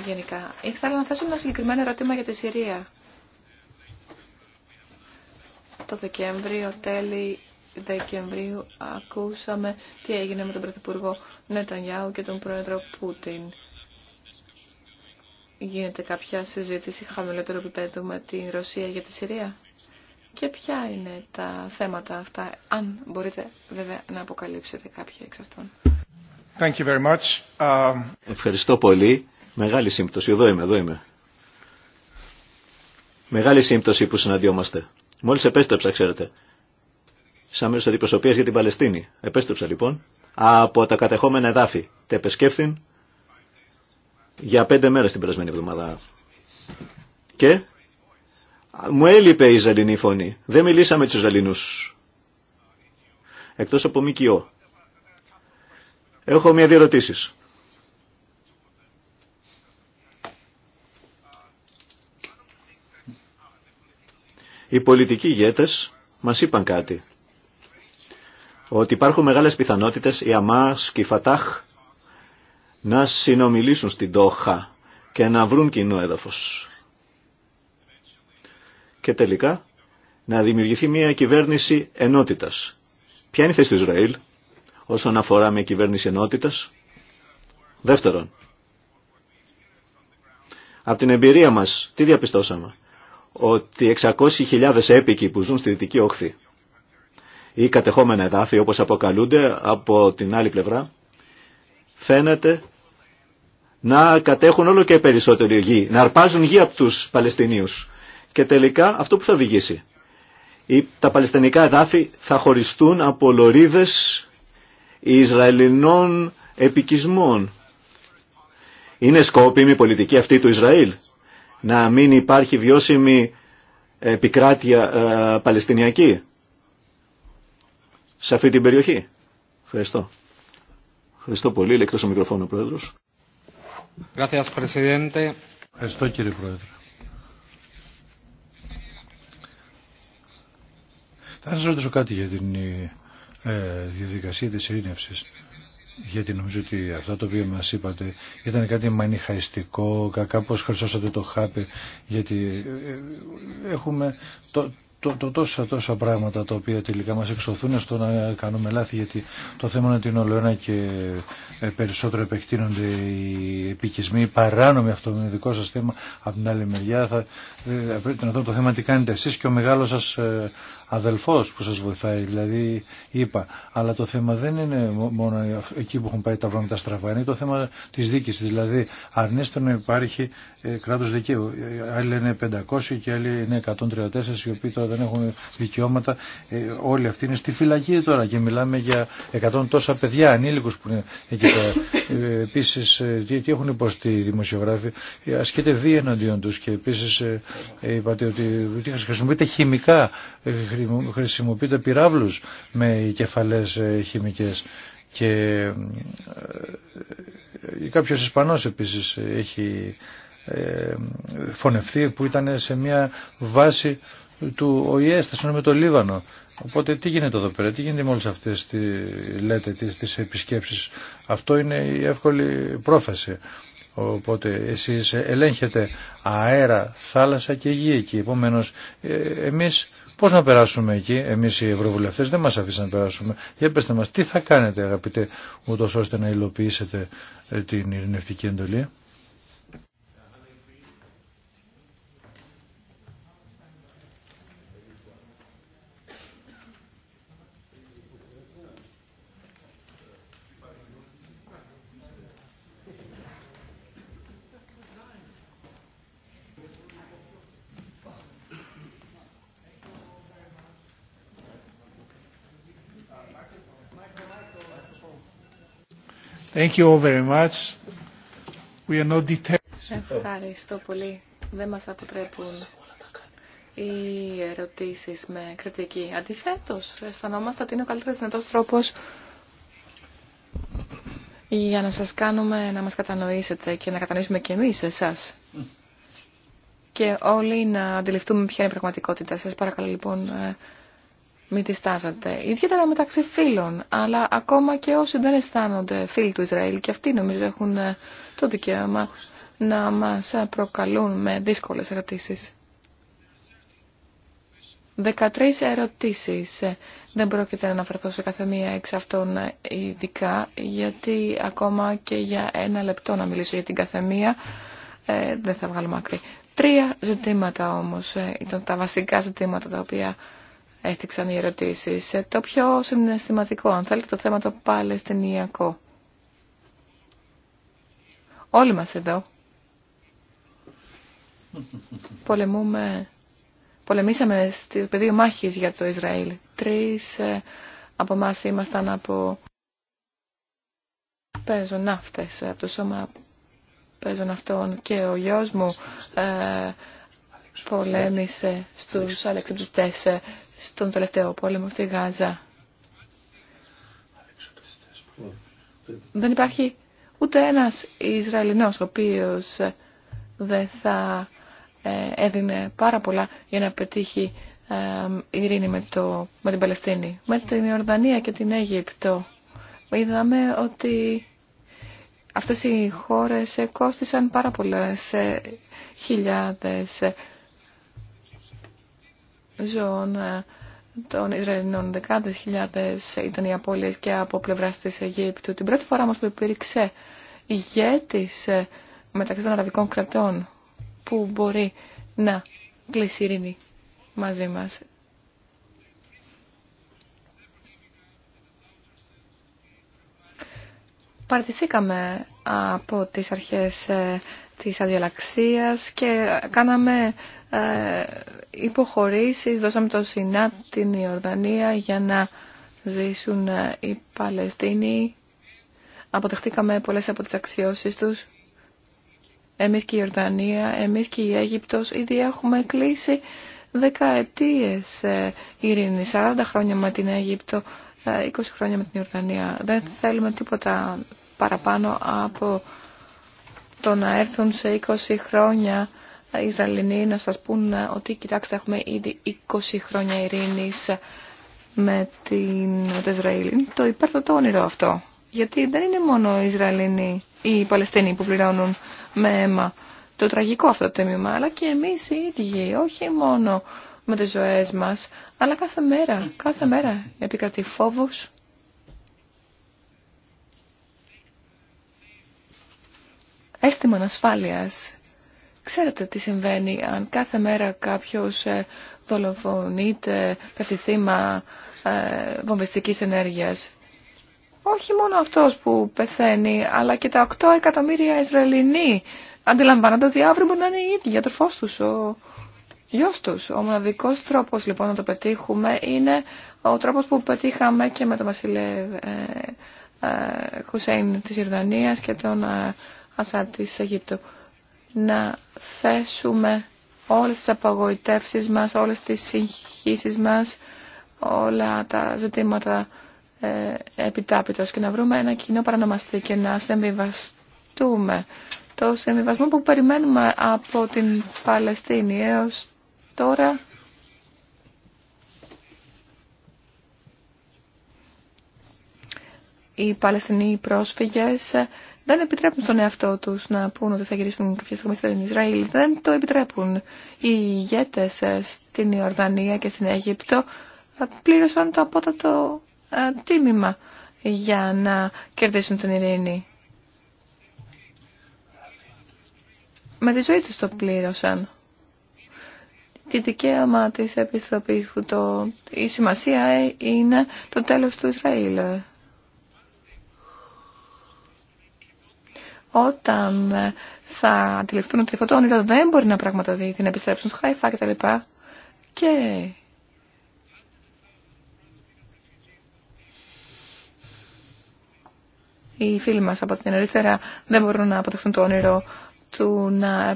γενικά. Ήθελα να θέσω ένα συγκεκριμένο ερώτημα για τη Συρία. Το Δεκέμβριο, τέλη Δεκεμβρίου, ακούσαμε τι έγινε με τον Πρωθυπουργό Νετανιάου και τον Πρόεδρο Πούτιν γίνεται κάποια συζήτηση χαμηλότερο επίπεδο με την Ρωσία για τη Συρία και ποια είναι τα θέματα αυτά, αν μπορείτε βέβαια να αποκαλύψετε κάποια εξ αυτών. Thank you very much. Um, Ευχαριστώ πολύ. Μεγάλη σύμπτωση. Εδώ είμαι, εδώ είμαι. Μεγάλη σύμπτωση που συναντιόμαστε. Μόλις επέστρεψα, ξέρετε. Σαν μέρος αντιπροσωπείας για την Παλαιστίνη. Επέστρεψα λοιπόν από τα κατεχόμενα εδάφη. Τεπεσκέφθην για πέντε μέρες την περασμένη εβδομάδα. Και μου έλειπε η ζαλινή φωνή. Δεν μιλήσαμε τους ζαλινούς. Εκτός από ΜΚΙΟ. Έχω μία δύο ερωτήσεις. Οι πολιτικοί ηγέτες μας είπαν κάτι. Ότι υπάρχουν μεγάλες πιθανότητες η Αμάς και η Φατάχ να συνομιλήσουν στην Τόχα και να βρουν κοινό έδαφος. Και τελικά να δημιουργηθεί μια κυβέρνηση ενότητας. Ποια είναι η θέση του Ισραήλ όσον αφορά μια κυβέρνηση ενότητας. Δεύτερον, από την εμπειρία μας τι διαπιστώσαμε. Ότι 600.000 έπικοι που ζουν στη Δυτική Όχθη ή κατεχόμενα εδάφη όπως αποκαλούνται από την άλλη πλευρά φαίνεται να κατέχουν όλο και περισσότερη γη, να αρπάζουν γη από τους Παλαιστινίους. Και τελικά αυτό που θα οδηγήσει. Τα Παλαιστινικά εδάφη θα χωριστούν από λωρίδες Ισραηλινών επικισμών. Είναι σκόπιμη η πολιτική αυτή του Ισραήλ να μην υπάρχει βιώσιμη επικράτεια ε, Παλαιστινιακή σε αυτή την περιοχή. Ευχαριστώ. Ευχαριστώ πολύ. Λέει ο μικροφόνο Πρόεδρος. Ευχαριστώ κύριε Πρόεδρε. Θα σας ρωτήσω κάτι για την ε, ε διαδικασία της ειρήνευσης. Γιατί νομίζω ότι αυτά το οποίο μας είπατε ήταν κάτι μανιχαϊστικό, κάπως χρυσώσατε το χάπι, γιατί ε, ε, έχουμε το, τόσα, τόσα πράγματα τα οποία τελικά μας εξωθούν στο να κάνουμε λάθη γιατί το θέμα είναι ότι είναι όλο ένα και ε, περισσότερο επεκτείνονται οι επικισμοί παράνομοι αυτό είναι δικό σας θέμα από την άλλη μεριά θα, ε, πρέπει να δούμε το θέμα τι κάνετε εσείς και ο μεγάλος σας ε, αδελφός που σας βοηθάει δηλαδή είπα αλλά το θέμα δεν είναι μόνο εκεί που έχουν πάει τα πράγματα στραβά είναι το θέμα της δίκης δηλαδή αρνείστε να υπάρχει κράτος δικαίου άλλοι είναι 500 και άλλοι είναι 134 οι οποίοι δεν έχουν δικαιώματα. Ε, όλοι αυτοί είναι στη φυλακή τώρα και μιλάμε για εκατόν τόσα παιδιά ανήλικους που είναι εκεί πέρα. Ε, επίσης, ε, τι, έχουν υποστεί οι δημοσιογράφοι. ασκείται βία εναντίον τους και επίσης είπατε ότι χρησιμοποιείται χημικά, χρησιμοποιείται πυράβλους με κεφαλές χημικές και ε, κάποιος Ισπανός επίσης έχει φωνευτεί που ήταν σε μια βάση του ΟΗΕ στα με το Λίβανο. Οπότε τι γίνεται εδώ πέρα, τι γίνεται με όλες αυτές τι, λέτε, τις, τις επισκέψεις. Αυτό είναι η εύκολη πρόφαση. Οπότε εσείς ελέγχετε αέρα, θάλασσα και γη εκεί. Επομένως ε, εμείς πώς να περάσουμε εκεί, εμείς οι ευρωβουλευτές δεν μας αφήσαν να περάσουμε. Για πέστε μας τι θα κάνετε αγαπητέ ούτως ώστε να υλοποιήσετε ε, την ειρηνευτική εντολή. Ευχαριστώ πολύ. Δεν μας αποτρέπουν οι ερωτήσεις με κριτική. Αντιθέτως, αισθανόμαστε ότι είναι ο καλύτερος δυνατός τρόπος για να σας κάνουμε να μας κατανοήσετε και να κατανοήσουμε και εμείς εσάς. Και όλοι να αντιληφθούμε ποια είναι η πραγματικότητα. Σας παρακαλώ λοιπόν ε, μην τη Ιδιαίτερα μεταξύ φίλων, αλλά ακόμα και όσοι δεν αισθάνονται φίλοι του Ισραήλ και αυτοί νομίζω έχουν ε, το δικαίωμα να μας ε, προκαλούν με δύσκολες ερωτήσεις. 13 ερωτήσεις. Ε, δεν πρόκειται να αναφερθώ σε κάθε μία εξ αυτών ειδικά, γιατί ακόμα και για ένα λεπτό να μιλήσω για την καθεμία δεν θα βγάλω μακρύ. Τρία ζητήματα όμως ήταν τα βασικά ζητήματα τα οποία έθιξαν οι ερωτήσεις. Ε, το πιο συναισθηματικό, αν θέλετε, το θέμα το παλαιστινιακό. Όλοι μας εδώ πολεμούμε, πολεμήσαμε στο πεδίο μάχης για το Ισραήλ. Τρεις ε, από εμά ήμασταν από πεζοναύτες, ε, από το σώμα αυτών και ο γιος μου πολέμησε στους στον τελευταίο πόλεμο στη Γάζα. Δεν υπάρχει ούτε ένας Ισραηλινός ο οποίος ε, δεν θα ε, έδινε πάρα πολλά για να πετύχει ε, ειρήνη με, το, με την Παλαιστίνη. Με την Ιορδανία και την Αίγυπτο είδαμε ότι αυτές οι χώρες κόστησαν πάρα πολλές χιλιάδες ζώων ε, των Ισραηλινών. Δεκάδες χιλιάδες ήταν οι απώλειες και από πλευρά της Αιγύπτου. Την πρώτη φορά μας που υπήρξε ηγέτης ε, μεταξύ των αραβικών κρατών που μπορεί να κλείσει ειρήνη μαζί μας. Παρατηθήκαμε από τις αρχές ε, της αδιαλαξίας και κάναμε ε, υποχωρήσει. Δώσαμε το Σινά την Ιορδανία για να ζήσουν ε, οι Παλαιστίνοι. Αποδεχτήκαμε πολλές από τις αξιώσεις τους. Εμείς και η Ιορδανία, εμείς και η Αίγυπτος ήδη έχουμε κλείσει δεκαετίες ε, ειρήνη, 40 χρόνια με την Αίγυπτο, 20 χρόνια με την Ιορδανία. Δεν θέλουμε τίποτα παραπάνω από το να έρθουν σε 20 χρόνια Ισραηλινοί να σας πούν ε, ότι κοιτάξτε έχουμε ήδη 20 χρόνια ειρήνης με, την, με το Ισραήλ. το όνειρο αυτό. Γιατί δεν είναι μόνο οι Ισραηλινοί ή οι Παλαιστίνοι που πληρώνουν με αίμα το τραγικό αυτό το τίμημα, αλλά και εμείς οι ίδιοι, όχι μόνο με τις ζωές μας, αλλά κάθε μέρα, κάθε μέρα επικρατεί φόβος. Αίσθημα ανασφάλειας Ξέρετε τι συμβαίνει αν κάθε μέρα κάποιος ε, δολοφονείται, πέφτει θύμα ε, βομβιστικής ενέργειας. Όχι μόνο αυτός που πεθαίνει, αλλά και τα 8 εκατομμύρια Ισραηλινοί αντιλαμβάνονται ότι αύριο μπορεί να είναι οι ίδια τροφός τους, ο γιος τους. Ο μοναδικός τρόπος λοιπόν να το πετύχουμε είναι ο τρόπος που πετύχαμε και με τον Βασιλέ ε, Χουσέιν της Ιρδανίας και τον Ασάτ της Αιγύπτου να θέσουμε όλες τις απογοητεύσεις μας, όλες τις συγχύσεις μας, όλα τα ζητήματα ε, και να βρούμε ένα κοινό παρανομαστή και να συμβιβαστούμε. Το συμβιβασμό που περιμένουμε από την Παλαιστίνη έως τώρα οι Παλαιστινοί πρόσφυγες δεν επιτρέπουν στον εαυτό τους να πούν ότι θα γυρίσουν κάποια στιγμή στο Ισραήλ. Δεν το επιτρέπουν. Οι ηγέτες ε, στην Ιορδανία και στην Αίγυπτο ε, πλήρωσαν το απότατο ε, τίμημα για να κερδίσουν την ειρήνη. Με τη ζωή τους το πλήρωσαν. Τη δικαίωμα της επιστροφής που το... η σημασία είναι το τέλος του Ισραήλ όταν ε, θα αντιληφθούν ότι αυτό το όνειρο δεν μπορεί να πραγματοποιηθεί, να επιστρέψουν στο Χαϊφά κτλ. Και, οι φίλοι μας από την αριστερά δεν μπορούν να αποτεχθούν το όνειρο του να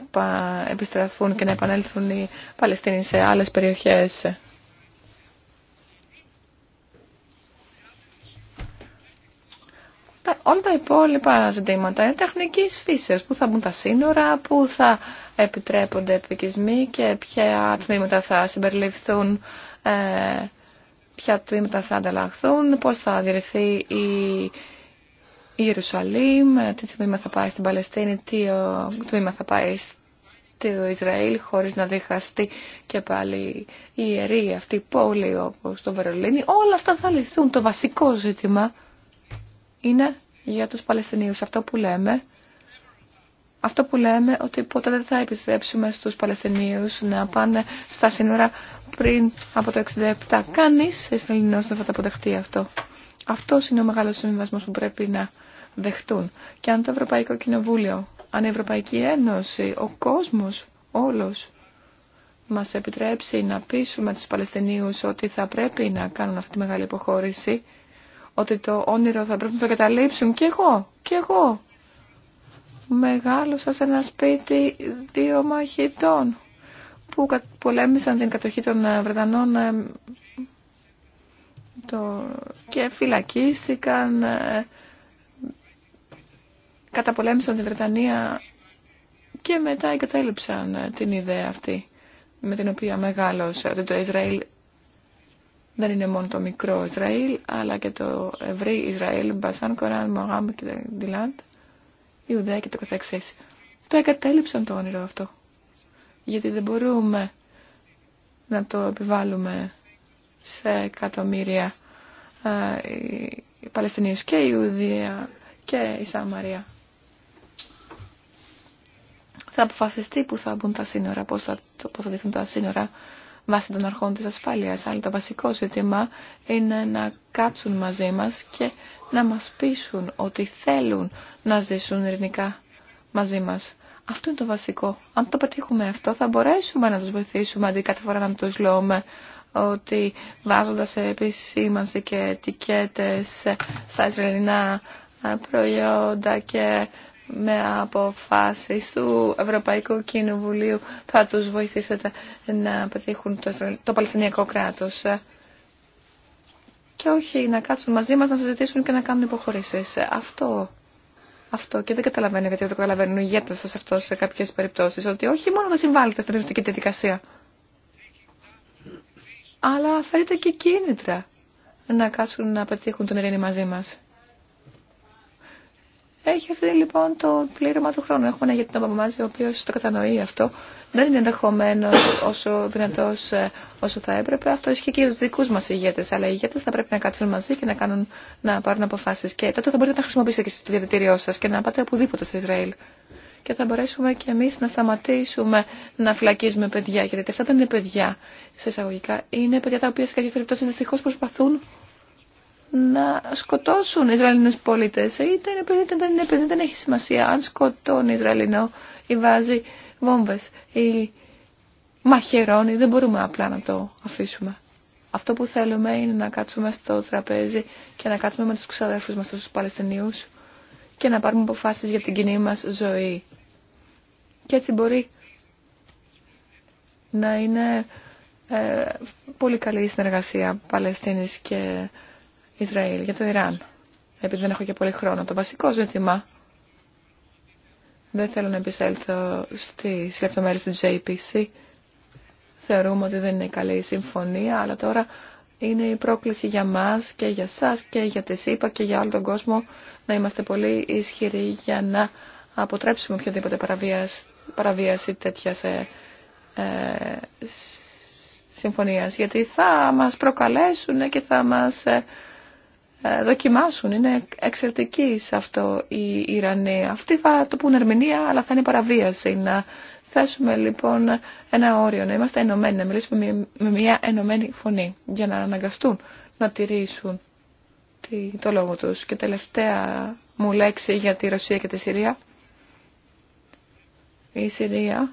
επιστραφούν και να επανέλθουν οι Παλαιστίνοι σε άλλες περιοχές. Όλα τα υπόλοιπα ζητήματα είναι τεχνική φύσεως. Πού θα μπουν τα σύνορα, πού θα επιτρέπονται επικισμοί και ποια τμήματα θα συμπεριληφθούν, ε, ποια τμήματα θα ανταλλαχθούν, πώς θα διερθεί η Ιερουσαλήμ, ε, τι τμήμα θα πάει στην Παλαιστίνη, τι ε, τμήμα θα πάει στο Ισραήλ χωρίς να διχαστεί και πάλι η ιερή αυτή η πόλη όπως το Βερολίνι. Όλα αυτά θα λυθούν. Το βασικό ζήτημα είναι για τους Παλαιστινίους. Αυτό που λέμε, αυτό που λέμε ότι ποτέ δεν θα επιτρέψουμε στους Παλαιστινίους να πάνε στα σύνορα πριν από το 67. Κανείς Ισραηλινός δεν θα το αποδεχτεί αυτό. Αυτό είναι ο μεγάλος συμβιβασμός που πρέπει να δεχτούν. Και αν το Ευρωπαϊκό Κοινοβούλιο, αν η Ευρωπαϊκή Ένωση, ο κόσμος, όλος, μας επιτρέψει να πείσουμε τους Παλαιστινίους ότι θα πρέπει να κάνουν αυτή τη μεγάλη υποχώρηση, ότι το όνειρο θα πρέπει να το καταλήψουν κι εγώ, κι εγώ. Μεγάλωσα σε ένα σπίτι δύο μαχητών που πολέμησαν την κατοχή των ε, Βρετανών ε, το... και φυλακίστηκαν, ε, καταπολέμησαν την Βρετανία και μετά εγκατέλειψαν την ιδέα αυτή με την οποία μεγάλωσε ότι το Ισραήλ δεν είναι μόνο το μικρό Ισραήλ, αλλά και το ευρύ Ισραήλ, Μπασάν, Κοράν, Μογάμ και Ντιλάντ, Ιουδαία και το καθεξής. Το εγκατέλειψαν το όνειρο αυτό. Γιατί δεν μπορούμε να το επιβάλλουμε σε εκατομμύρια ε, οι Παλαιστινίους και η Ιουδία και η Σαμαρία. Θα αποφασιστεί που θα μπουν τα σύνορα, πώς θα τοποθετηθούν τα σύνορα βάσει των αρχών της ασφάλειας. Αλλά το βασικό ζήτημα είναι να κάτσουν μαζί μας και να μας πείσουν ότι θέλουν να ζήσουν ειρηνικά μαζί μας. Αυτό είναι το βασικό. Αν το πετύχουμε αυτό θα μπορέσουμε να τους βοηθήσουμε αντί κάθε φορά να τους λέμε ότι βάζοντας επισήμανση και ετικέτες στα Ισραηλινά προϊόντα και με αποφάσεις του Ευρωπαϊκού Κοινοβουλίου θα τους βοηθήσετε να πετύχουν το, το Παλαιστινιακό κράτος και όχι να κάτσουν μαζί μας να συζητήσουν και να κάνουν υποχωρήσεις. Αυτό, αυτό και δεν καταλαβαίνω γιατί δεν το καταλαβαίνουν οι ηγέτες σας αυτό σε κάποιες περιπτώσεις, ότι όχι μόνο να συμβάλλετε στην ειρηνική διαδικασία, αλλά φέρετε και κίνητρα να κάτσουν να πετύχουν τον ειρήνη μαζί μας. Έχει αυτή λοιπόν το πλήρωμα του χρόνου. Έχουμε ένα γιατί τον μας, ο οποίο το κατανοεί αυτό. Δεν είναι ενδεχομένω όσο δυνατό ε, όσο θα έπρεπε. Αυτό ισχύει και για του δικού μα ηγέτε. Αλλά οι ηγέτε θα πρέπει να κάτσουν μαζί και να, κάνουν, να πάρουν αποφάσει. Και τότε θα μπορείτε να χρησιμοποιήσετε και στο διαβητήριό σα και να πάτε οπουδήποτε στο Ισραήλ. Και θα μπορέσουμε και εμεί να σταματήσουμε να φυλακίζουμε παιδιά. Γιατί αυτά δεν είναι παιδιά, σε εισαγωγικά. Είναι παιδιά τα οποία σε κάποιε περιπτώσει δυστυχώ προσπαθούν να σκοτώσουν Ισραηλινούς πολίτες. Είτε είναι παιδί, είτε δεν δεν έχει σημασία. Αν σκοτώνει Ισραηλινό ή βάζει βόμβες ή μαχαιρώνει, δεν μπορούμε απλά να το αφήσουμε. Αυτό που θέλουμε είναι να κάτσουμε στο τραπέζι και να κάτσουμε με τους ξαδέρφους μας, τους Παλαιστινίους και να πάρουμε αποφάσεις για την κοινή μας ζωή. Και έτσι μπορεί να είναι ε, πολύ καλή η συνεργασία Παλαιστίνης και Ισραήλ, για το Ιράν. Επειδή δεν έχω και πολύ χρόνο. Το βασικό ζήτημα, δεν θέλω να επισέλθω στι λεπτομέρειε του JPC, θεωρούμε ότι δεν είναι καλή η συμφωνία, αλλά τώρα είναι η πρόκληση για μας και για σας και για τη ΣΥΠΑ και για όλο τον κόσμο να είμαστε πολύ ισχυροί για να αποτρέψουμε οποιαδήποτε παραβίαση, παραβίαση τέτοια ε, ε, συμφωνίας. Γιατί θα μας προκαλέσουν και θα μας ε, ε, δοκιμάσουν. Είναι εξαιρετική σε αυτό η Ιρανοί. Αυτοί θα το πούν ερμηνεία, αλλά θα είναι παραβίαση. Να θέσουμε λοιπόν ένα όριο, να είμαστε ενωμένοι, να μιλήσουμε με μια ενωμένη φωνή για να αναγκαστούν να τηρήσουν το λόγο τους. Και τελευταία μου λέξη για τη Ρωσία και τη Συρία. Η Συρία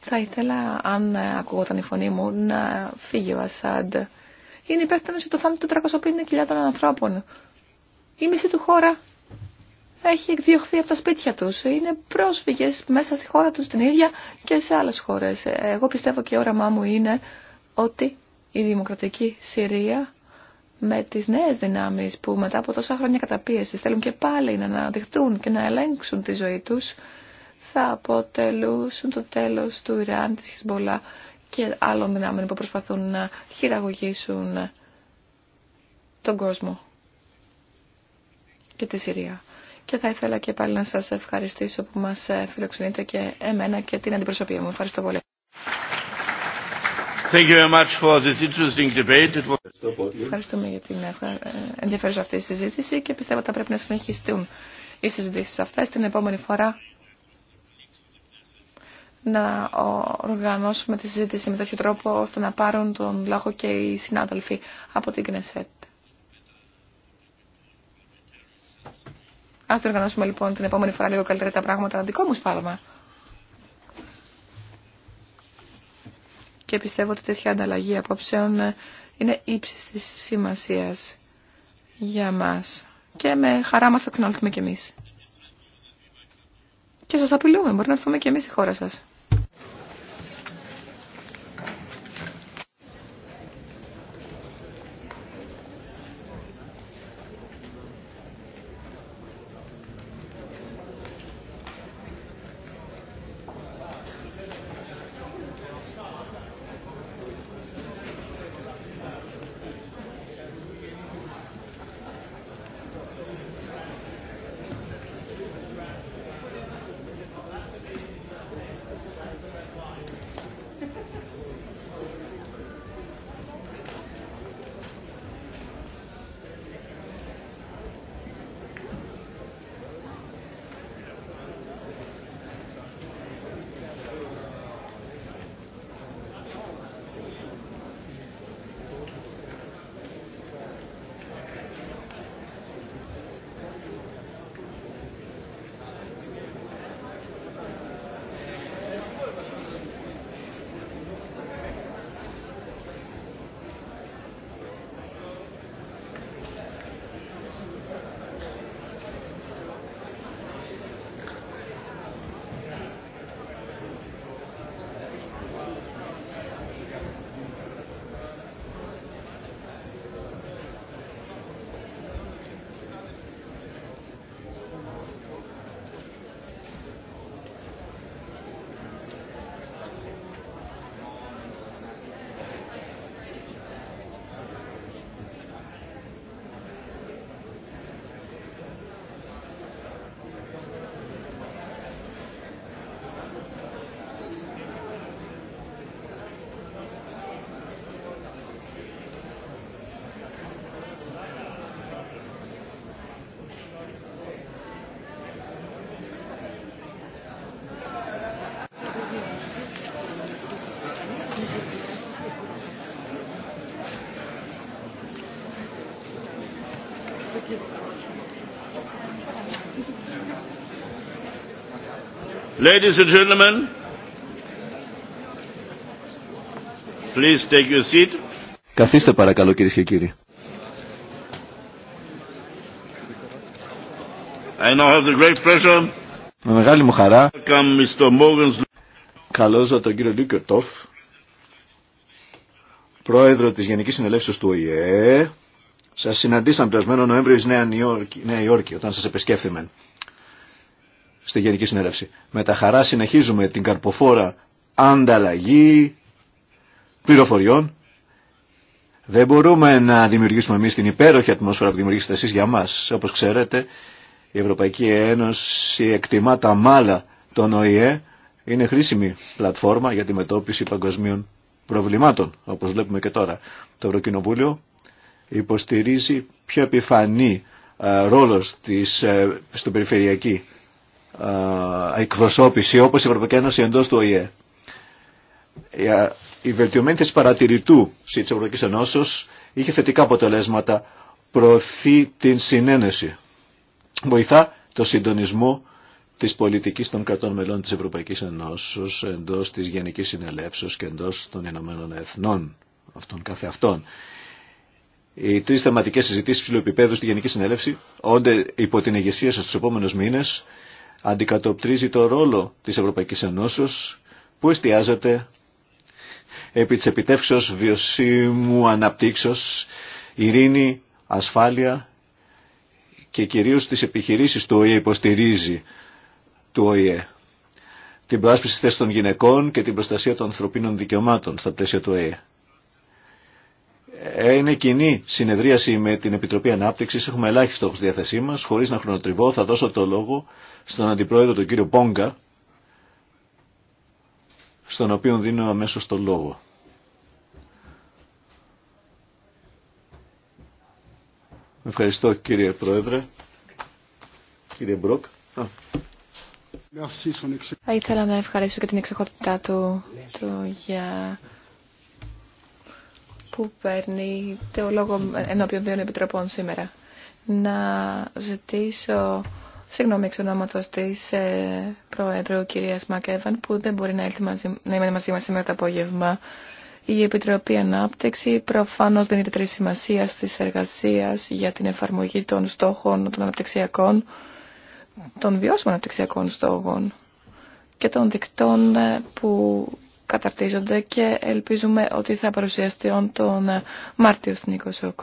θα ήθελα, αν ακούγονταν η φωνή μου, να φύγει ο Ασάντ είναι υπεύθυνο για το θάνατο 450.000 ανθρώπων. Η μισή του χώρα έχει εκδιωχθεί από τα σπίτια του. Είναι πρόσφυγε μέσα στη χώρα του την ίδια και σε άλλε χώρε. Εγώ πιστεύω και η όραμά μου είναι ότι η δημοκρατική Συρία με τι νέε δυνάμει που μετά από τόσα χρόνια καταπίεση, θέλουν και πάλι να αναδειχθούν και να ελέγξουν τη ζωή του, θα αποτελούσουν το τέλος του Ιράν, της Χισμπολά και άλλων δυνάμεων που προσπαθούν να χειραγωγήσουν τον κόσμο και τη Συρία. Και θα ήθελα και πάλι να σας ευχαριστήσω που μας φιλοξενείτε και εμένα και την αντιπροσωπεία μου. Ευχαριστώ πολύ. Thank you very much for this interesting debate. Ευχαριστούμε για την ενδιαφέρουσα αυτή τη συζήτηση και πιστεύω ότι θα πρέπει να συνεχιστούν οι συζητήσεις αυτέ την επόμενη φορά να οργανώσουμε τη συζήτηση με τέτοιο τρόπο ώστε να πάρουν τον λόγο και οι συνάδελφοι από την Κνεσέτ. Ας το οργανώσουμε λοιπόν την επόμενη φορά λίγο καλύτερα τα πράγματα, να δικό μου σφάλμα. Και πιστεύω ότι τέτοια ανταλλαγή απόψεων είναι ύψης της σημασίας για μας. Και με χαρά μας θα ξαναλθούμε κι εμείς. Και σας απειλούμε, μπορεί να έρθουμε κι εμείς στη χώρα σας. Ladies and gentlemen, please take your seat. Καθίστε παρακαλώ κυρίες και κύριοι. I now have the great pleasure. Με μεγάλη μου χαρά. Mr. Καλώζω τον κύριο Λίκερτοφ, πρόεδρο της Γενικής Συνελεύσεως του ΟΗΕ. Σας συναντήσαμε περασμένο Νοέμβριο εις Νέα Υόρκη, Νέα Υόρκη όταν σας επισκέφθημε στη Γενική Συνέλευση. Με τα χαρά συνεχίζουμε την καρποφόρα ανταλλαγή πληροφοριών. Δεν μπορούμε να δημιουργήσουμε εμεί την υπέροχη ατμόσφαιρα που δημιουργήσετε εσεί για μα. Όπω ξέρετε, η Ευρωπαϊκή Ένωση εκτιμά τα μάλα των ΟΗΕ. Είναι χρήσιμη πλατφόρμα για τη μετώπιση παγκοσμίων προβλημάτων, όπω βλέπουμε και τώρα. Το Ευρωκοινοβούλιο υποστηρίζει πιο επιφανή ε, ρόλο ε, στην περιφερειακή εκπροσώπηση όπως η Ευρωπαϊκή Ένωση εντός του ΟΗΕ. Η βελτιωμένη θέση παρατηρητού της Ευρωπαϊκής Ενώσεως είχε θετικά αποτελέσματα, προωθεί την συνένεση, βοηθά το συντονισμό της πολιτικής των κρατών μελών της Ευρωπαϊκής Ενώσεως εντός της Γενικής Συνελεύσεως και εντός των Ηνωμένων Εθνών αυτών κάθε αυτών. Οι τρει θεματικέ συζητήσει ψηλού επίπεδου στη Γενική Συνέλευση όνται υπό την ηγεσία σα του επόμενου μήνε αντικατοπτρίζει το ρόλο της Ευρωπαϊκής Ενώσεως που εστιάζεται επί της επιτεύξεως βιωσίμου αναπτύξεως, ειρήνη, ασφάλεια και κυρίως τις επιχειρήσεις του ΟΗΕ υποστηρίζει του ΟΗΕ. Την προάσπιση θέση των γυναικών και την προστασία των ανθρωπίνων δικαιωμάτων στα πλαίσια του ΟΗΕ είναι κοινή συνεδρίαση με την Επιτροπή Ανάπτυξη. Έχουμε ελάχιστο στη διάθεσή μα. Χωρί να χρονοτριβώ, θα δώσω το λόγο στον Αντιπρόεδρο, τον κύριο Πόγκα, στον οποίο δίνω αμέσω το λόγο. Ευχαριστώ κύριε Πρόεδρε. Κύριε Μπροκ. Θα ήθελα να ευχαριστήσω και την εξοχότητά του, του για που παίρνει το λόγο ενώπιον δύο επιτροπών σήμερα. Να ζητήσω συγγνώμη εξ ονόματος της ε, Προέδρου κυρίας Μακέβαν που δεν μπορεί να, έρθει μαζί, να είμαι μαζί μας σήμερα το απόγευμα. Η Επιτροπή Ανάπτυξη προφανώς δεν είναι τρεις σημασία της εργασίας για την εφαρμογή των στόχων των αναπτυξιακών, των βιώσιμων αναπτυξιακών στόχων και των δικτών ε, που καταρτίζονται και ελπίζουμε ότι θα παρουσιαστεί τον ε, Μάρτιο στην Οικοσόκ.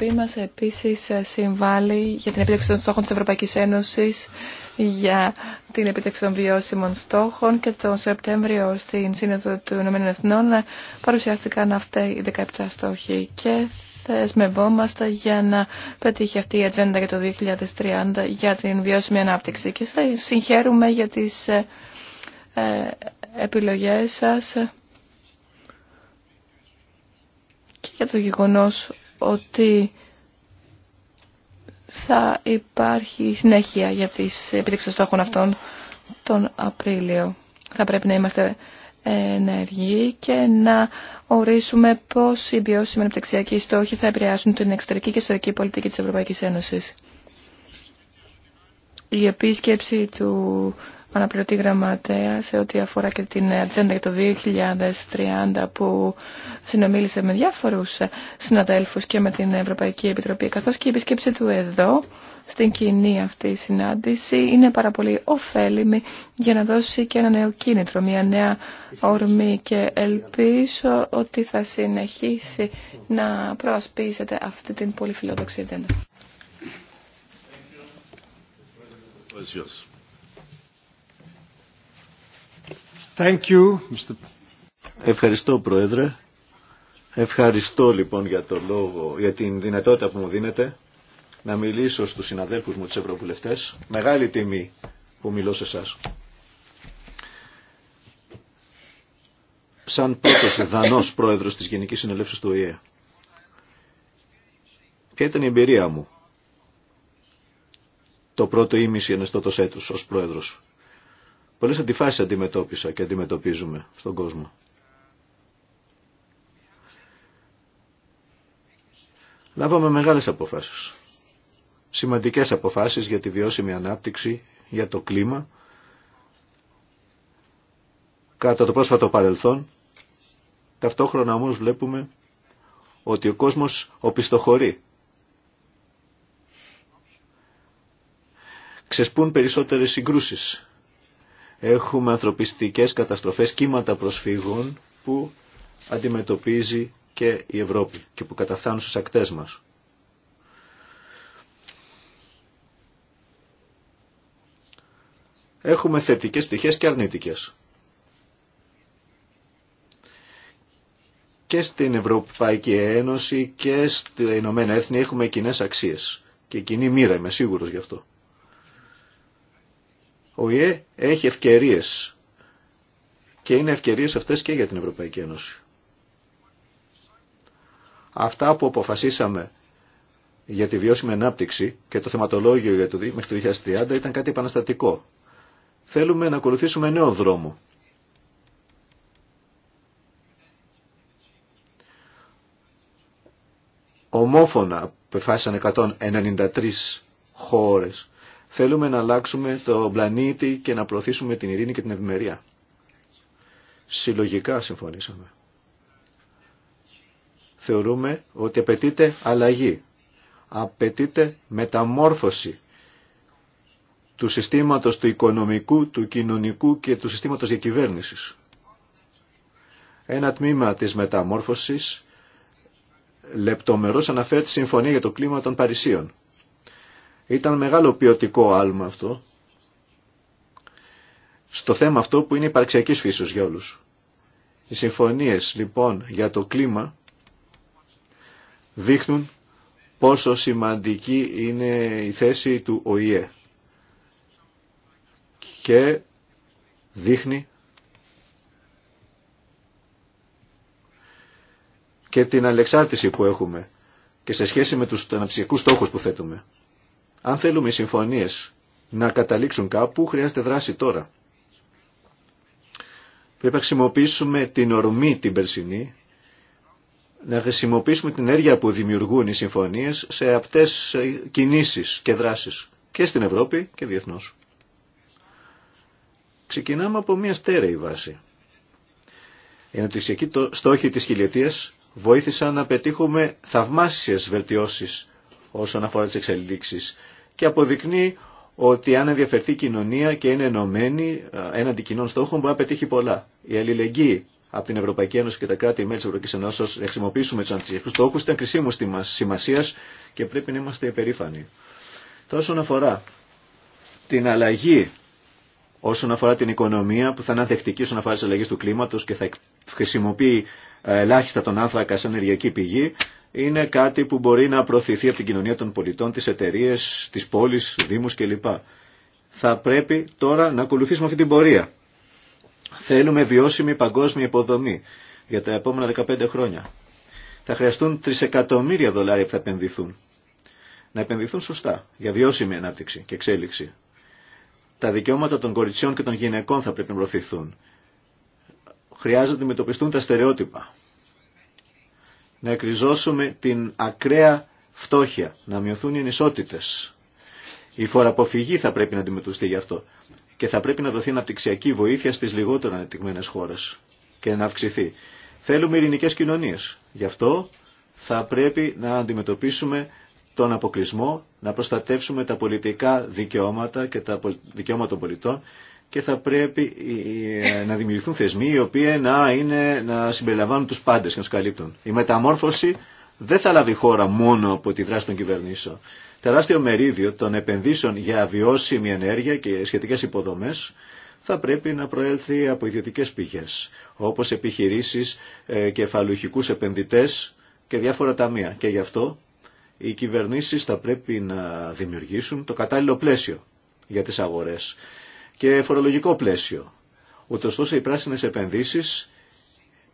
Η μας επίσης ε, συμβάλλει για την επίτευξη των στόχων της Ευρωπαϊκής Ένωσης, για την επίτευξη των βιώσιμων στόχων και τον Σεπτέμβριο στην Σύνοδο του Ηνωμένων Εθνών ε, παρουσιάστηκαν αυτά οι 17 στόχοι και θεσμευόμαστε για να πετύχει αυτή η ατζέντα για το 2030 για την βιώσιμη ανάπτυξη και θα συγχαίρουμε για τις ε, επιλογές σας και για το γεγονός ότι θα υπάρχει συνέχεια για τις επίτευξες των στόχων αυτών τον Απρίλιο. Θα πρέπει να είμαστε ενεργοί και να ορίσουμε πώς οι βιώσιμοι αναπτυξιακοί στόχοι θα επηρεάσουν την εξωτερική και ιστορική πολιτική της Ευρωπαϊκής Ένωσης. Η επίσκεψη του αναπληρωτή γραμματέα σε ό,τι αφορά και την ατζέντα για το 2030 που συνομίλησε με διάφορους συναδέλφους και με την Ευρωπαϊκή Επιτροπή καθώς και η επισκέψη του εδώ στην κοινή αυτή συνάντηση είναι πάρα πολύ ωφέλιμη για να δώσει και ένα νέο κίνητρο, μια νέα ορμή και ελπίζω ότι θα συνεχίσει να προασπίσετε αυτή την πολύ φιλόδοξη Ευχαριστώ Πρόεδρε. Ευχαριστώ λοιπόν για το λόγο, για την δυνατότητα που μου δίνετε να μιλήσω στους συναδέλφους μου τους Ευρωβουλευτές. Μεγάλη τιμή που μιλώ σε εσάς. Σαν πρώτος δανός πρόεδρος της Γενικής Συνελεύσης του ΟΗΕ. Ποια ήταν η εμπειρία μου το πρώτο ήμιση ενεστώτος έτους ως πρόεδρος Πολλές αντιφάσεις αντιμετώπισα και αντιμετωπίζουμε στον κόσμο. Λάβαμε μεγάλες αποφάσεις. Σημαντικές αποφάσεις για τη βιώσιμη ανάπτυξη, για το κλίμα. Κατά το πρόσφατο παρελθόν, ταυτόχρονα όμως βλέπουμε ότι ο κόσμος οπισθοχωρεί. Ξεσπούν περισσότερες συγκρούσεις Έχουμε ανθρωπιστικές καταστροφές, κύματα προσφύγων που αντιμετωπίζει και η Ευρώπη και που καταφθάνουν στους ακτές μας. Έχουμε θετικές πτυχές και αρνητικές. Και στην Ευρωπαϊκή Ένωση και στην Ηνωμένα Έθνη έχουμε κοινέ αξίες και κοινή μοίρα, είμαι σίγουρος γι' αυτό ο ΙΕ έχει ευκαιρίες και είναι ευκαιρίες αυτές και για την Ευρωπαϊκή Ένωση. Αυτά που αποφασίσαμε για τη βιώσιμη ανάπτυξη και το θεματολόγιο για το, μέχρι το 2030 ήταν κάτι επαναστατικό. Θέλουμε να ακολουθήσουμε νέο δρόμο. Ομόφωνα αποφάσισαν 193 χώρες Θέλουμε να αλλάξουμε το πλανήτη και να προωθήσουμε την ειρήνη και την ευημερία. Συλλογικά συμφωνήσαμε. Θεωρούμε ότι απαιτείται αλλαγή. Απαιτείται μεταμόρφωση του συστήματος του οικονομικού, του κοινωνικού και του συστήματος διακυβέρνησης. Ένα τμήμα της μεταμόρφωσης λεπτομερώς αναφέρει τη Συμφωνία για το Κλίμα των Παρισίων ήταν μεγάλο ποιοτικό άλμα αυτό στο θέμα αυτό που είναι υπαρξιακή φύσεως για όλους. Οι συμφωνίες λοιπόν για το κλίμα δείχνουν πόσο σημαντική είναι η θέση του ΟΗΕ και δείχνει και την αλεξάρτηση που έχουμε και σε σχέση με τους αναψυχικούς στόχους που θέτουμε. Αν θέλουμε οι συμφωνίες να καταλήξουν κάπου, χρειάζεται δράση τώρα. Πρέπει να χρησιμοποιήσουμε την ορμή την περσινή, να χρησιμοποιήσουμε την ενέργεια που δημιουργούν οι συμφωνίες σε απτές κινήσεις και δράσεις και στην Ευρώπη και διεθνώς. Ξεκινάμε από μια στέρεη βάση. Οι αναπτυξιακοί στόχοι της χιλιετίας βοήθησαν να πετύχουμε θαυμάσιες βελτιώσεις όσον αφορά τις εξελίξεις και αποδεικνύει ότι αν ενδιαφερθεί η κοινωνία και είναι ενωμένη έναντι κοινών στόχων μπορεί να πετύχει πολλά. Η αλληλεγγύη από την Ευρωπαϊκή Ένωση και τα κράτη-μέλη τη Ευρωπαϊκή Ένωση να χρησιμοποιήσουμε του αντιστοιχικού στόχου ήταν κρισίμου σημασία και πρέπει να είμαστε υπερήφανοι. Τώρα, όσον αφορά την αλλαγή, όσον αφορά την οικονομία που θα είναι ανθεκτική όσον αφορά τι αλλαγέ του κλίματο και θα χρησιμοποιεί ελάχιστα τον άνθρακα σαν ενεργειακή πηγή είναι κάτι που μπορεί να προωθηθεί από την κοινωνία των πολιτών, τις εταιρείε, τις πόλεις, δήμους κλπ. Θα πρέπει τώρα να ακολουθήσουμε αυτή την πορεία. Θέλουμε βιώσιμη παγκόσμια υποδομή για τα επόμενα 15 χρόνια. Θα χρειαστούν τρισεκατομμύρια δολάρια που θα επενδυθούν. Να επενδυθούν σωστά για βιώσιμη ανάπτυξη και εξέλιξη. Τα δικαιώματα των κοριτσιών και των γυναικών θα πρέπει να προωθηθούν. Χρειάζεται να αντιμετωπιστούν τα στερεότυπα. Να εκριζώσουμε την ακραία φτώχεια, να μειωθούν οι ανισότητες. Η φοραποφυγή θα πρέπει να αντιμετωπιστεί γι' αυτό και θα πρέπει να δοθεί αναπτυξιακή βοήθεια στις λιγότερο ανεπτυγμένες χώρες και να αυξηθεί. Θέλουμε ειρηνικές κοινωνίες. Γι' αυτό θα πρέπει να αντιμετωπίσουμε τον αποκλεισμό, να προστατεύσουμε τα πολιτικά δικαιώματα και τα δικαιώματα των πολιτών και θα πρέπει να δημιουργηθούν θεσμοί οι οποίοι να, είναι, να συμπεριλαμβάνουν τους πάντες και να τους καλύπτουν. Η μεταμόρφωση δεν θα λάβει χώρα μόνο από τη δράση των κυβερνήσεων. Τεράστιο μερίδιο των επενδύσεων για βιώσιμη ενέργεια και σχετικές υποδομές θα πρέπει να προέλθει από ιδιωτικές πηγές, όπως επιχειρήσεις, ε, κεφαλουχικούς επενδυτές και διάφορα ταμεία. Και γι' αυτό οι κυβερνήσεις θα πρέπει να δημιουργήσουν το κατάλληλο πλαίσιο για τις αγορές και φορολογικό πλαίσιο, Ούτω ώστε οι πράσινε επενδύσει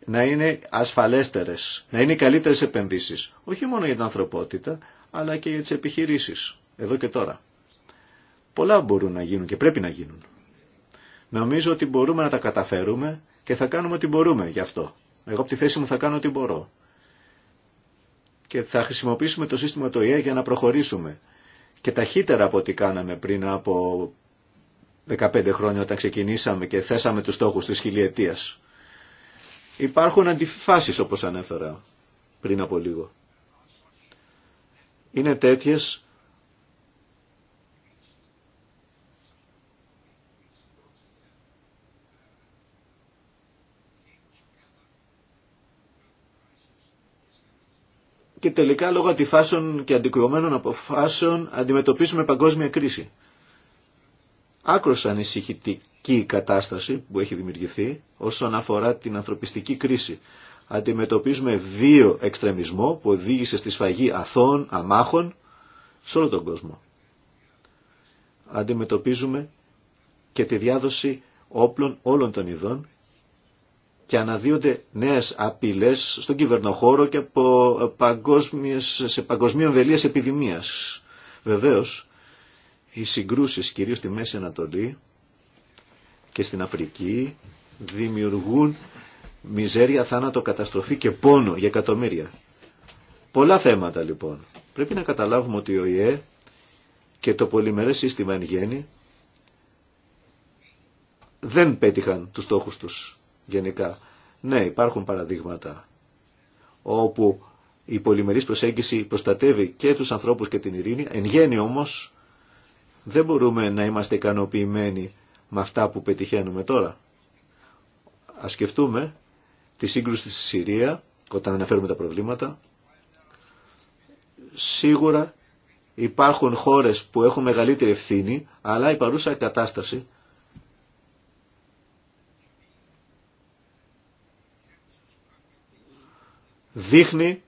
να είναι ασφαλέστερες, να είναι οι καλύτερες επενδύσεις, όχι μόνο για την ανθρωπότητα, αλλά και για τι επιχειρήσει εδώ και τώρα. Πολλά μπορούν να γίνουν και πρέπει να γίνουν. Νομίζω ότι μπορούμε να τα καταφέρουμε και θα κάνουμε ό,τι μπορούμε γι' αυτό. Εγώ από τη θέση μου θα κάνω ό,τι μπορώ. Και θα χρησιμοποιήσουμε το σύστημα το ΙΕ για να προχωρήσουμε. Και ταχύτερα από ό,τι κάναμε πριν από 15 χρόνια όταν ξεκινήσαμε και θέσαμε τους στόχους της χιλιετίας. Υπάρχουν αντιφάσεις όπως ανέφερα πριν από λίγο. Είναι τέτοιες και τελικά λόγω αντιφάσεων και αντικρουωμένων αποφάσεων αντιμετωπίζουμε παγκόσμια κρίση άκρος ανησυχητική κατάσταση που έχει δημιουργηθεί όσον αφορά την ανθρωπιστική κρίση. Αντιμετωπίζουμε δύο εξτρεμισμό που οδήγησε στη σφαγή αθώων, αμάχων σε όλο τον κόσμο. Αντιμετωπίζουμε και τη διάδοση όπλων όλων των ειδών και αναδύονται νέες απειλές στον κυβερνοχώρο και από παγκόσμιες, σε παγκοσμίων βελίας επιδημίας. Βεβαίως, οι συγκρούσεις κυρίως στη Μέση Ανατολή και στην Αφρική δημιουργούν μιζέρια, θάνατο, καταστροφή και πόνο για εκατομμύρια. Πολλά θέματα λοιπόν. Πρέπει να καταλάβουμε ότι ο ΙΕ και το πολυμερές σύστημα εν γέννη δεν πέτυχαν τους στόχους τους γενικά. Ναι, υπάρχουν παραδείγματα όπου η πολυμερής προσέγγιση προστατεύει και τους ανθρώπους και την ειρήνη, εν γέννη όμως δεν μπορούμε να είμαστε ικανοποιημένοι με αυτά που πετυχαίνουμε τώρα. Ας σκεφτούμε τη σύγκρουση στη Συρία, όταν αναφέρουμε τα προβλήματα, σίγουρα υπάρχουν χώρες που έχουν μεγαλύτερη ευθύνη, αλλά η παρούσα κατάσταση δείχνει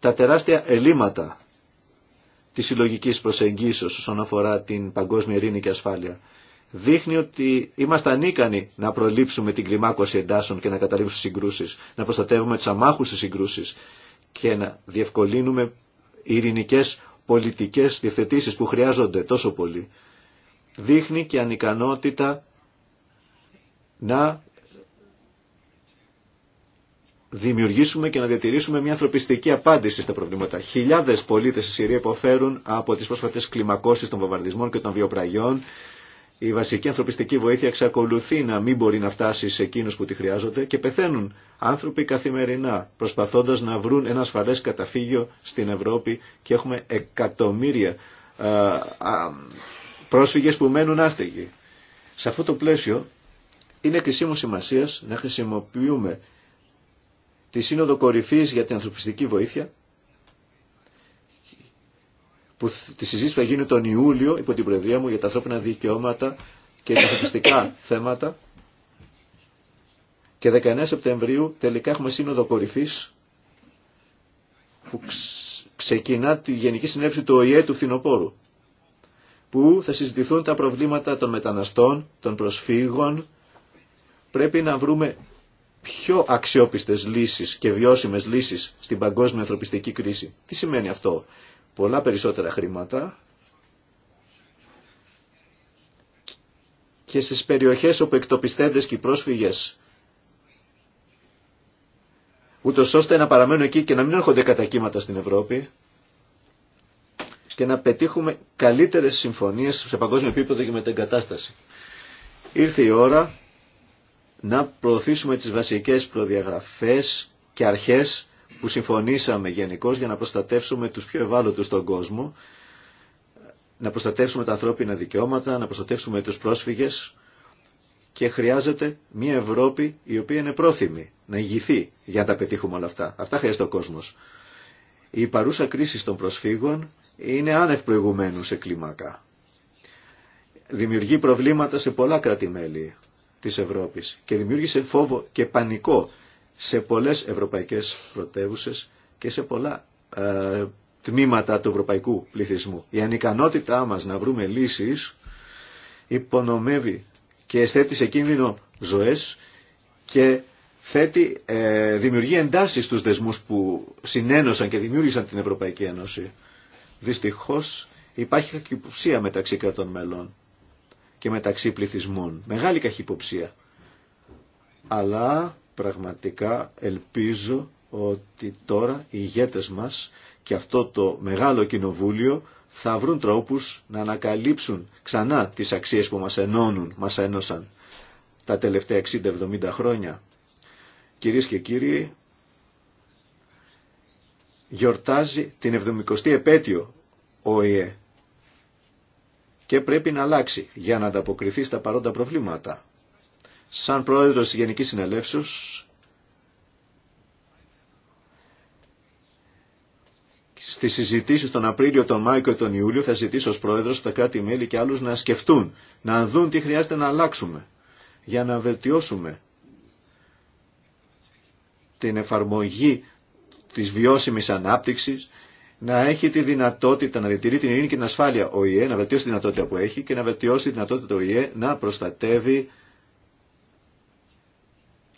τα τεράστια ελλείμματα τη συλλογική προσεγγίσεω όσον αφορά την παγκόσμια ειρήνη και ασφάλεια. Δείχνει ότι είμαστε ανίκανοι να προλείψουμε την κλιμάκωση εντάσσεων και να καταλήξουμε συγκρούσει, να προστατεύουμε του αμάχου στι συγκρούσει και να διευκολύνουμε ειρηνικέ πολιτικέ διευθετήσει που χρειάζονται τόσο πολύ. Δείχνει και ανικανότητα να δημιουργήσουμε και να διατηρήσουμε μια ανθρωπιστική απάντηση στα προβλήματα. Χιλιάδες πολίτες στη Συρία υποφέρουν από τις πρόσφατες κλιμακώσεις των βομβαρδισμών και των βιοπραγιών. Η βασική ανθρωπιστική βοήθεια εξακολουθεί να μην μπορεί να φτάσει σε εκείνους που τη χρειάζονται και πεθαίνουν άνθρωποι καθημερινά προσπαθώντας να βρουν ένα ασφαλές καταφύγιο στην Ευρώπη και έχουμε εκατομμύρια α, πρόσφυγες που μένουν άστεγοι. Σε αυτό το πλαίσιο είναι κρισίμου σημασία να χρησιμοποιούμε τη Σύνοδο Κορυφής για την Ανθρωπιστική Βοήθεια, που τη συζήτηση θα γίνει τον Ιούλιο υπό την Προεδρία μου για τα ανθρώπινα δικαιώματα και τα ανθρωπιστικά θέματα. Και 19 Σεπτεμβρίου τελικά έχουμε Σύνοδο Κορυφής που ξεκινά τη Γενική Συνέψη του ΟΗΕ του Φθινοπόρου που θα συζητηθούν τα προβλήματα των μεταναστών, των προσφύγων. Πρέπει να βρούμε πιο αξιόπιστες λύσεις και βιώσιμες λύσεις στην παγκόσμια ανθρωπιστική κρίση. Τι σημαίνει αυτό. Πολλά περισσότερα χρήματα και στις περιοχές όπου εκτοπιστέντες και οι πρόσφυγες ούτως ώστε να παραμένουν εκεί και να μην έρχονται κατακύματα στην Ευρώπη και να πετύχουμε καλύτερες συμφωνίες σε παγκόσμιο επίπεδο και με την κατάσταση. Ήρθε η ώρα να προωθήσουμε τις βασικές προδιαγραφές και αρχές που συμφωνήσαμε γενικώ για να προστατεύσουμε τους πιο ευάλωτους στον κόσμο, να προστατεύσουμε τα ανθρώπινα δικαιώματα, να προστατεύσουμε τους πρόσφυγες και χρειάζεται μια Ευρώπη η οποία είναι πρόθυμη να ηγηθεί για να τα πετύχουμε όλα αυτά. Αυτά χρειάζεται ο κόσμος. Η παρούσα κρίση των προσφύγων είναι άνευ προηγουμένου σε κλίμακα. Δημιουργεί προβλήματα σε πολλά κράτη-μέλη της Ευρώπης και δημιούργησε φόβο και πανικό σε πολλές ευρωπαϊκές πρωτεύουσε και σε πολλά ε, τμήματα του ευρωπαϊκού πληθυσμού. Η ανικανότητά μας να βρούμε λύσεις υπονομεύει και θέτει σε κίνδυνο ζωές και θέτει, ε, δημιουργεί εντάσεις στους δεσμούς που συνένωσαν και δημιούργησαν την Ευρωπαϊκή Ένωση. Δυστυχώς υπάρχει κακυποψία μεταξύ κρατών μελών και μεταξύ πληθυσμών. Μεγάλη καχυποψία. Αλλά πραγματικά ελπίζω ότι τώρα οι ηγέτες μας και αυτό το μεγάλο κοινοβούλιο θα βρουν τρόπους να ανακαλύψουν ξανά τις αξίες που μας ενώνουν, μας ένωσαν τα τελευταία 60-70 χρόνια. Κυρίες και κύριοι, γιορτάζει την 70η επέτειο ο ΙΕ και πρέπει να αλλάξει για να ανταποκριθεί στα παρόντα προβλήματα. Σαν πρόεδρος της Γενικής Συνελεύσεως, στις συζητήσεις τον Απρίλιο, τον Μάιο και τον Ιούλιο θα ζητήσω ως πρόεδρος τα κράτη-μέλη και άλλους να σκεφτούν, να δουν τι χρειάζεται να αλλάξουμε για να βελτιώσουμε την εφαρμογή της βιώσιμης ανάπτυξης να έχει τη δυνατότητα να διατηρεί την ειρήνη και την ασφάλεια ο ΙΕ, να βελτιώσει τη δυνατότητα που έχει και να βελτιώσει τη δυνατότητα του ΙΕ να προστατεύει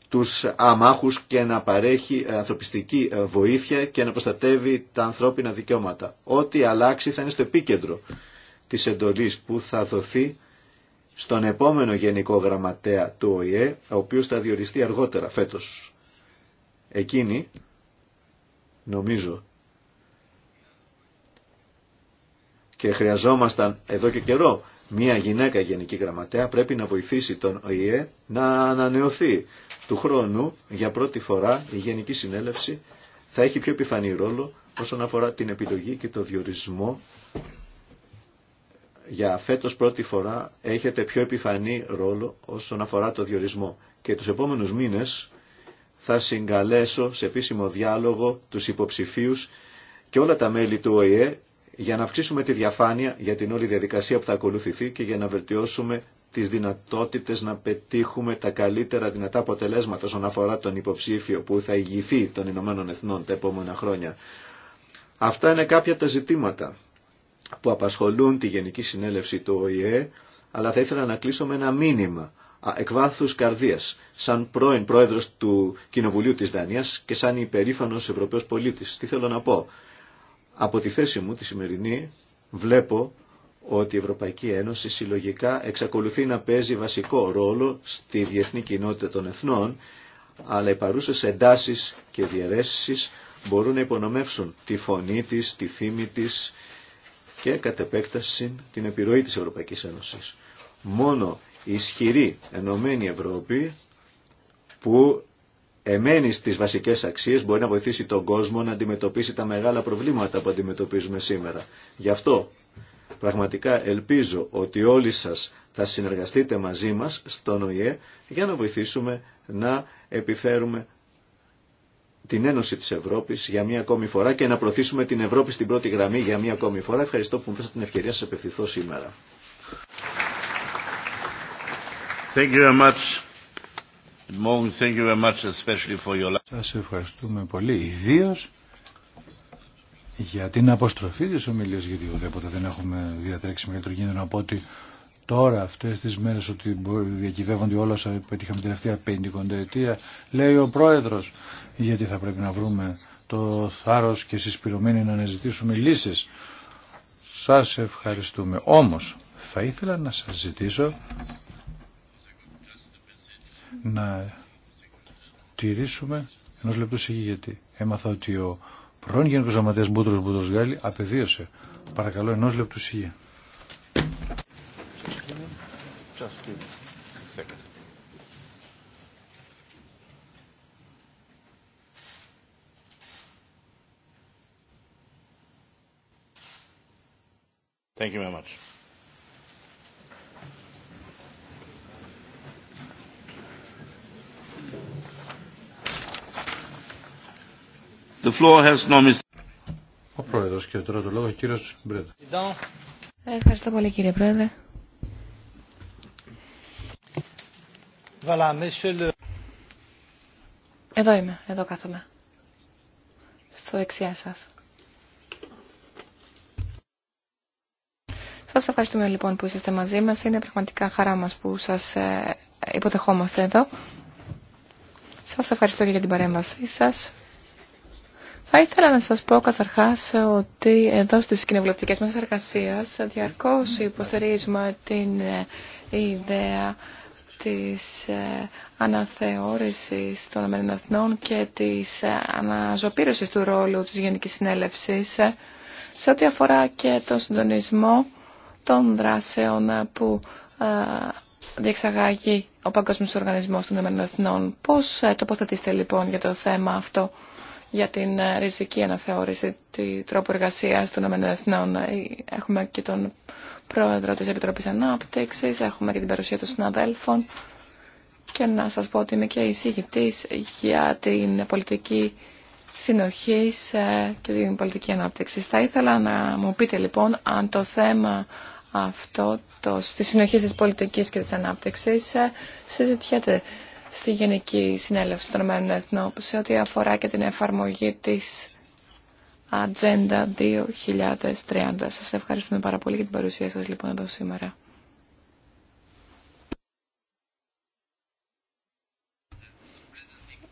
τους αμάχους και να παρέχει ανθρωπιστική βοήθεια και να προστατεύει τα ανθρώπινα δικαιώματα. Ό,τι αλλάξει θα είναι στο επίκεντρο της εντολής που θα δοθεί στον επόμενο Γενικό Γραμματέα του ΟΗΕ, ο οποίος θα διοριστεί αργότερα φέτος. Εκείνη, νομίζω, και χρειαζόμασταν εδώ και καιρό μια γυναίκα γενική γραμματέα πρέπει να βοηθήσει τον ΟΗΕ να ανανεωθεί. Του χρόνου για πρώτη φορά η Γενική Συνέλευση θα έχει πιο επιφανή ρόλο όσον αφορά την επιλογή και το διορισμό. Για φέτος πρώτη φορά έχετε πιο επιφανή ρόλο όσον αφορά το διορισμό. Και τους επόμενους μήνες θα συγκαλέσω σε επίσημο διάλογο τους υποψηφίους και όλα τα μέλη του ΟΗΕ για να αυξήσουμε τη διαφάνεια για την όλη διαδικασία που θα ακολουθηθεί και για να βελτιώσουμε τις δυνατότητες να πετύχουμε τα καλύτερα δυνατά αποτελέσματα όσον αφορά τον υποψήφιο που θα ηγηθεί των Ηνωμένων Εθνών τα επόμενα χρόνια. Αυτά είναι κάποια τα ζητήματα που απασχολούν τη Γενική Συνέλευση του ΟΗΕ, αλλά θα ήθελα να κλείσω με ένα μήνυμα εκ βάθους καρδίας, σαν πρώην πρόεδρος του Κοινοβουλίου της Δανίας και σαν υπερήφανος Ευρωπαίος πολίτης. Τι θέλω να πω. Από τη θέση μου τη σημερινή βλέπω ότι η Ευρωπαϊκή Ένωση συλλογικά εξακολουθεί να παίζει βασικό ρόλο στη διεθνή κοινότητα των εθνών, αλλά οι παρούσες εντάσεις και διαιρέσεις μπορούν να υπονομεύσουν τη φωνή της, τη φήμη της και κατ' επέκταση την επιρροή της Ευρωπαϊκής Ένωσης. Μόνο η ισχυρή ενωμένη Ευρώπη που εμένει στις βασικές αξίες μπορεί να βοηθήσει τον κόσμο να αντιμετωπίσει τα μεγάλα προβλήματα που αντιμετωπίζουμε σήμερα. Γι' αυτό πραγματικά ελπίζω ότι όλοι σας θα συνεργαστείτε μαζί μας στον ΟΗΕ για να βοηθήσουμε να επιφέρουμε την Ένωση της Ευρώπης για μία ακόμη φορά και να προωθήσουμε την Ευρώπη στην πρώτη γραμμή για μία ακόμη φορά. Ευχαριστώ που μου δώσατε την ευκαιρία να σας απευθυνθώ σήμερα. Thank you very much. Σας ευχαριστούμε πολύ, ιδίω για την αποστροφή της ομιλίας, γιατί ουδέποτε δεν έχουμε διατρέξει μεγαλύτερο κίνδυνο από ότι τώρα αυτές τις μέρες ότι διακυβεύονται όλα όσα πετύχαμε τελευταία κονταετία, λέει ο πρόεδρος, γιατί θα πρέπει να βρούμε το θάρρος και συσπηρωμένοι να αναζητήσουμε λύσεις. Σας ευχαριστούμε. Όμως, θα ήθελα να σας ζητήσω να τηρήσουμε ενό λεπτού σιγή γιατί έμαθα ότι ο πρώην Γενικός Γραμματέα Μπούτρος Μπούτρος Γκάλη απεδίωσε Παρακαλώ ενό λεπτού σιγή. Thank you very much. The floor has no Ο Πρόεδρος και τώρα το λόγο κύριος Μπρέντα. Ευχαριστώ πολύ κύριε Πρόεδρε. Εδώ είμαι, εδώ κάθομαι. Στο δεξιά σας. Σας ευχαριστούμε λοιπόν που είσαστε μαζί μας. Είναι πραγματικά χαρά μας που σας ε, υποδεχόμαστε εδώ. Σας ευχαριστώ και για την παρέμβασή σας. Θα ήθελα να σας πω καταρχάς ότι εδώ στις κοινοβουλευτικές μας εργασίες διαρκώς υποστηρίζουμε την ε, ιδέα της ε, αναθεώρησης των Εθνών και της ε, αναζωπήρωσης του ρόλου της Γενικής Συνέλευσης σε ό,τι αφορά και τον συντονισμό των δράσεων που διεξαγάγει ο Παγκόσμιος Οργανισμός των Εθνών. Πώς τοποθετήσετε λοιπόν για το θέμα αυτό για την ε, ριζική αναθεώρηση του τρόπου εργασία των ΗΕ. Έχουμε και τον πρόεδρο της Επιτροπής Ανάπτυξης, έχουμε και την παρουσία των συναδέλφων και να σας πω ότι είμαι και εισηγητής για την πολιτική συνοχής και την πολιτική ανάπτυξη. Θα ήθελα να μου πείτε λοιπόν αν το θέμα αυτό το, στη συνοχή της πολιτικής και της ανάπτυξης ε, συζητιέται στη Γενική Συνέλευση των Ηνωμένων Εθνών σε ό,τι αφορά και την εφαρμογή της Ατζέντα 2030. Σας ευχαριστούμε πάρα πολύ για την παρουσία σας λοιπόν εδώ σήμερα.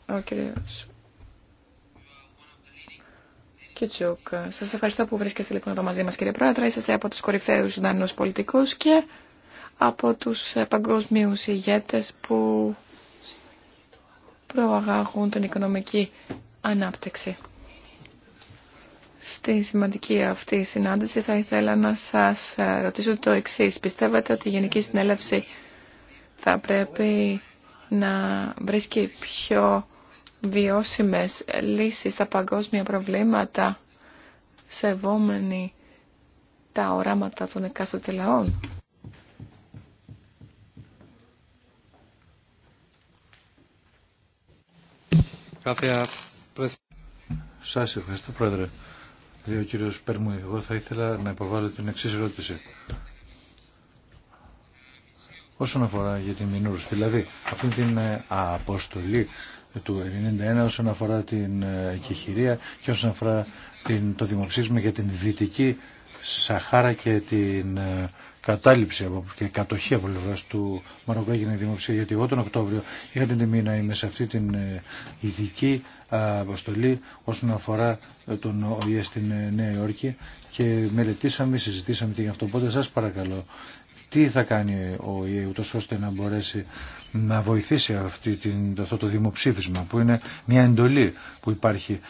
Ο κύριος Κιτσούκ. Σας ευχαριστώ που βρίσκεστε λοιπόν εδώ μαζί μας κύριε Πρόεδρε. Είσαστε από τους κορυφαίους δανούς πολιτικούς και από τους παγκόσμιους ηγέτες που προαγάγουν την οικονομική ανάπτυξη. Στη σημαντική αυτή συνάντηση θα ήθελα να σας ρωτήσω το εξής. Πιστεύετε ότι η Γενική Συνέλευση θα πρέπει να βρίσκει πιο βιώσιμες λύσεις στα παγκόσμια προβλήματα σεβόμενοι τα οράματα των εκάστοτε λαών. Σας ευχαριστώ πρόεδρε. Λέει ο κύριος εγώ θα ήθελα να υποβάλω την εξή ερώτηση. Όσον αφορά για την Μινούρους, δηλαδή αυτή την ε, αποστολή του 1991 όσον αφορά την ε, Κεχηρία και όσον αφορά το δημοψήφισμα για την Δυτική Σαχάρα και την ε, κατάληψη και κατοχή από πλευρά του Μαροκού έγινε δημοψία. Γιατί εγώ τον Οκτώβριο είχα την τιμή να είμαι σε αυτή την ε, ειδική αποστολή όσον αφορά ε, τον ΟΗΕ στην ε, Νέα Υόρκη και μελετήσαμε, συζητήσαμε τι αυτό. Οπότε σα παρακαλώ, τι θα κάνει ο ΙΕ ούτως ώστε να μπορέσει να βοηθήσει αυτή την, αυτό το δημοψήφισμα που είναι μια εντολή που υπάρχει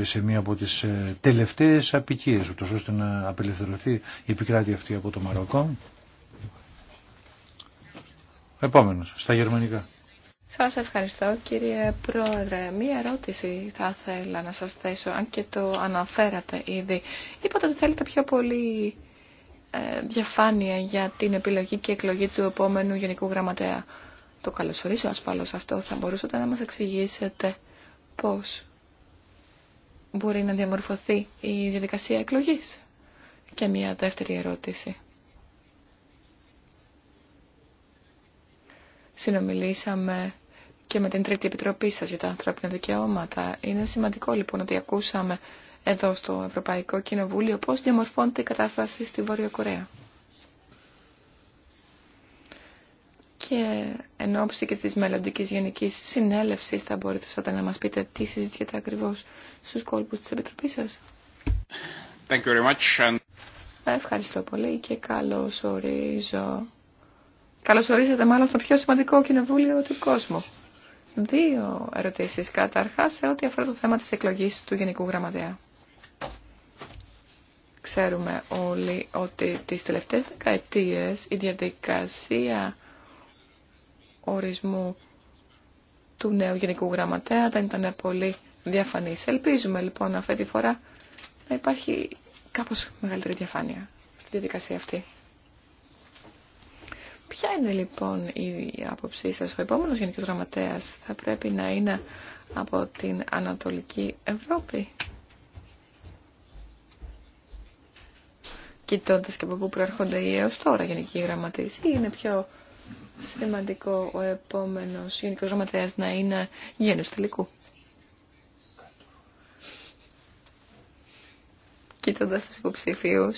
ε, σε μια από τις ε, τελευταίες απικίες ούτως ώστε να απελευθερωθεί η επικράτεια αυτή από το Μαροκό. Επόμενος, στα γερμανικά. Σας ευχαριστώ κύριε Πρόεδρε. Μία ερώτηση θα ήθελα να σας θέσω, αν και το αναφέρατε ήδη. Είπατε ότι θέλετε πιο πολύ ε, διαφάνεια για την επιλογή και εκλογή του επόμενου Γενικού Γραμματέα. Το καλωσορίζω ασφαλώς αυτό. Θα μπορούσατε να μας εξηγήσετε πώς μπορεί να διαμορφωθεί η διαδικασία εκλογής. Και μια δεύτερη ερώτηση. Συνομιλήσαμε και με την Τρίτη Επιτροπή σας για τα ανθρώπινα δικαιώματα. Είναι σημαντικό λοιπόν ότι ακούσαμε εδώ στο Ευρωπαϊκό Κοινοβούλιο πώς διαμορφώνεται η κατάσταση στη Βόρεια Κορέα. Και εν ώψη και της μελλοντικής γενικής συνέλευσης θα μπορείτε να μας πείτε τι συζητιέται ακριβώς στους κόλπους της Επιτροπής σας. Thank you very much. Ευχαριστώ πολύ και καλώς ορίζω. Καλώς ορίσατε μάλλον στο πιο σημαντικό κοινοβούλιο του κόσμου. Δύο ερωτήσεις καταρχάς σε ό,τι αφορά το θέμα της εκλογής του Γενικού Γραμματέα. Ξέρουμε όλοι ότι τις τελευταίες δεκαετίες η διαδικασία ορισμού του νέου Γενικού Γραμματέα δεν ήταν πολύ διαφανής. Ελπίζουμε λοιπόν αυτή τη φορά να υπάρχει κάπως μεγαλύτερη διαφάνεια στη διαδικασία αυτή. Ποια είναι λοιπόν η άποψή σας. Ο επόμενος Γενικός Γραμματέας θα πρέπει να είναι από την Ανατολική Ευρώπη. κοιτώντα και από πού προέρχονται οι έω τώρα γενικοί γραμματεί, ή είναι πιο σημαντικό ο επόμενο γενικό γραμματέα να είναι γένο τελικού. Κοιτώντα του υποψηφίου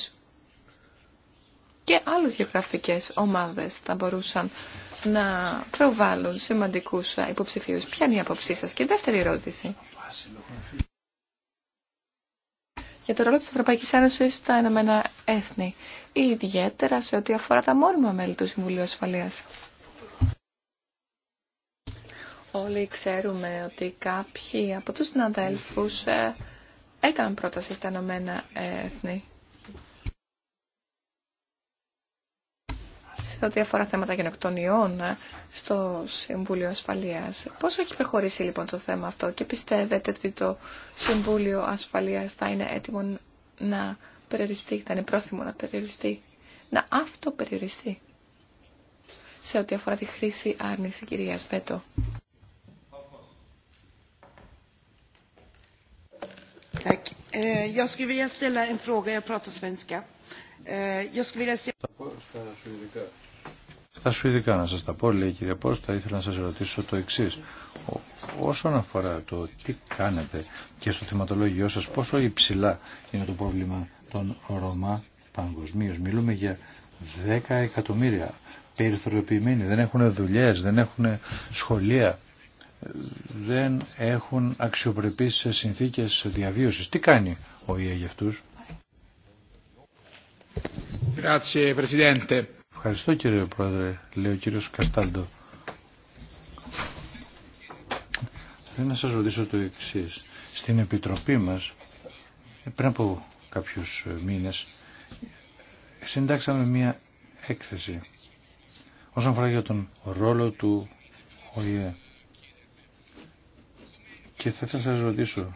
και άλλε γεωγραφικέ ομάδε θα μπορούσαν να προβάλλουν σημαντικού υποψηφίου. Ποια είναι η άποψή σα, και δεύτερη ερώτηση για το ρόλο της Ευρωπαϊκής Ένωσης στα Ηνωμένα Έθνη, ιδιαίτερα σε ό,τι αφορά τα μόνιμα μέλη του Συμβουλίου Ασφαλείας. Όλοι ξέρουμε ότι κάποιοι από τους συναδέλφους ε, έκαναν πρόταση στα Ηνωμένα Έθνη. σε ό,τι αφορά θέματα γενοκτονιών ε, στο Συμβούλιο Ασφαλείας. Πόσο έχει προχωρήσει λοιπόν το θέμα αυτό και πιστεύετε ότι το Συμβούλιο Ασφαλείας θα είναι έτοιμο να περιοριστεί, θα είναι πρόθυμο να περιοριστεί, να αυτοπεριοριστεί σε ό,τι αφορά τη χρήση άρνηση κυρίας Βέτο. Eh, jag skulle στα σουηδικά να σας τα πω, λέει η κυρία Πόρστα, ήθελα να σας ρωτήσω το εξή. Όσον αφορά το τι κάνετε και στο θεματολόγιο σας, πόσο υψηλά είναι το πρόβλημα των Ρωμά παγκοσμίω. Μιλούμε για 10 εκατομμύρια περιθωριοποιημένοι, δεν έχουν δουλειές, δεν έχουν σχολεία, δεν έχουν αξιοπρεπείς συνθήκες διαβίωσης. Τι κάνει ο ΙΕ για αυτούς. Ευχαριστώ κύριε Πρόεδρε, λέει ο κύριος Καστάλτο. Θέλω να σας ρωτήσω το εξή. Στην Επιτροπή μας, πριν από κάποιους μήνες, συντάξαμε μία έκθεση όσον αφορά για τον ρόλο του ΟΗΕ. Και θα ήθελα να σας ρωτήσω,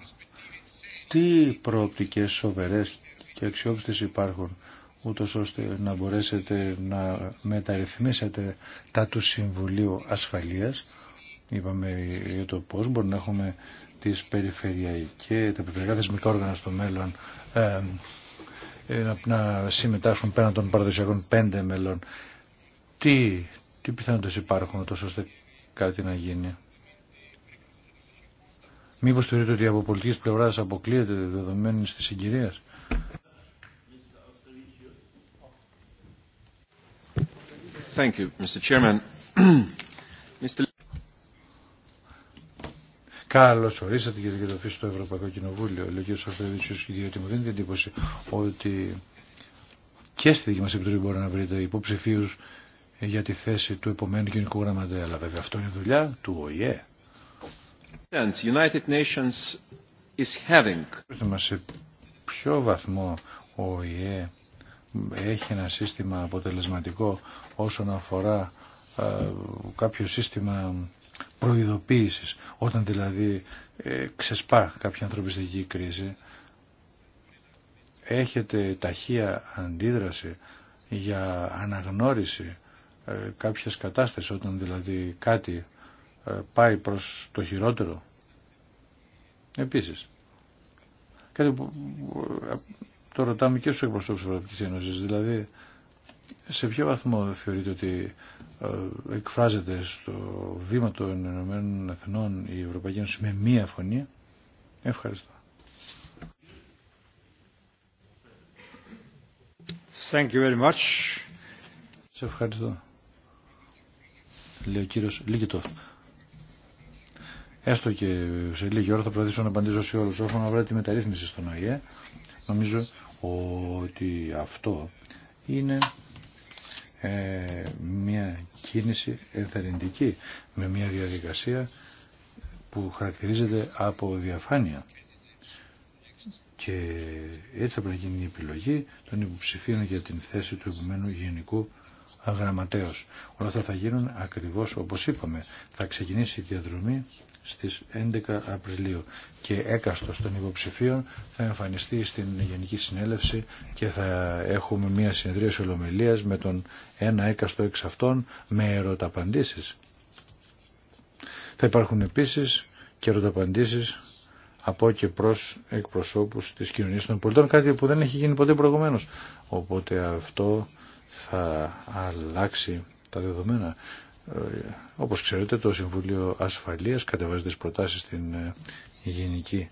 τι προοπτικές σοβερές και αξιόπιστες υπάρχουν ούτως ώστε να μπορέσετε να μεταρρυθμίσετε τα του Συμβουλίου Ασφαλείας. Είπαμε για το πώς μπορούμε να έχουμε τις περιφερειακές, τα περιφερειακά θεσμικά όργανα στο μέλλον ε, ε, να συμμετάσχουν πέραν των παραδοσιακών πέντε μελών. Τι, τι πιθανότητες υπάρχουν τόσο ώστε κάτι να γίνει. Μήπως θεωρείτε ότι από πολιτικής πλευράς αποκλείεται δεδομένη της συγκυρίας. Καλώ ορίσατε κύριε Κεντροφή στο Ευρωπαϊκό Κοινοβούλιο. Λέγει ο κ. και διότι μου την εντύπωση ότι και στη δική μα επιτροπή μπορεί να βρείτε υποψηφίου για τη θέση του επομένου Γενικού Γραμματέα. Αλλά βέβαια αυτό είναι δουλειά του ΟΗΕ. United Nations is having. σε ποιο βαθμό ο ΟΗΕ έχει ένα σύστημα αποτελεσματικό όσον αφορά ε, κάποιο σύστημα προειδοποίησης όταν δηλαδή ε, ξεσπά κάποια ανθρωπιστική κρίση έχετε ταχεία αντίδραση για αναγνώριση ε, κάποιες κατάστασεις όταν δηλαδή κάτι πάει προς το χειρότερο επίσης κάτι το ρωτάμε και στους εκπροσώπους της Ευρωπαϊκής Ένωσης. Δηλαδή, σε ποιο βαθμό θεωρείτε ότι ε, εκφράζεται στο βήμα των Ηνωμένων Εθνών η Ευρωπαϊκή Ένωση με μία φωνή. Ευχαριστώ. Thank you very much. Σε ευχαριστώ. Λέει ο κύριος Λίκητοφ. Έστω και σε λίγη ώρα θα προσπαθήσω να απαντήσω σε όλους. να βρω τη μεταρρύθμιση στον ΟΗΕ, νομίζω ότι αυτό είναι ε, μια κίνηση ενθαρρυντική με μια διαδικασία που χαρακτηρίζεται από διαφάνεια και έτσι θα πρέπει να γίνει η επιλογή των υποψηφίων για την θέση του επομένου Γενικού γραμματέως. Όλα αυτά θα γίνουν ακριβώς όπως είπαμε. Θα ξεκινήσει η διαδρομή στις 11 Απριλίου και έκαστος των υποψηφίων θα εμφανιστεί στην Γενική Συνέλευση και θα έχουμε μια συνεδρίαση ολομελίας με τον ένα έκαστο εξ αυτών με ερωταπαντήσεις. Θα υπάρχουν επίσης και ερωταπαντήσεις από και προς εκπροσώπους της κοινωνίας των πολιτών, κάτι που δεν έχει γίνει ποτέ προηγουμένως. Οπότε αυτό θα αλλάξει τα δεδομένα. Ε, όπως ξέρετε το Συμβούλιο Ασφαλείας κατεβάζει τις προτάσεις στην ε, Γενική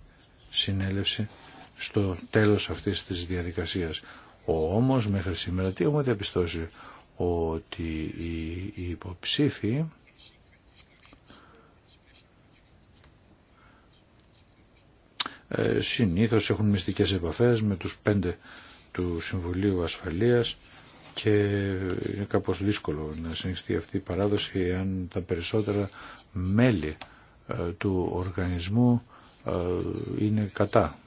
Συνέλευση στο τέλος αυτής της διαδικασίας. Όμως μέχρι σήμερα τι έχουμε διαπιστώσει ότι οι υποψήφοι ε, συνήθως έχουν μυστικές επαφές με τους πέντε του Συμβουλίου Ασφαλείας και είναι κάπως δύσκολο να συνεχιστεί αυτή η παράδοση εάν τα περισσότερα μέλη ε, του οργανισμού ε, είναι κατά.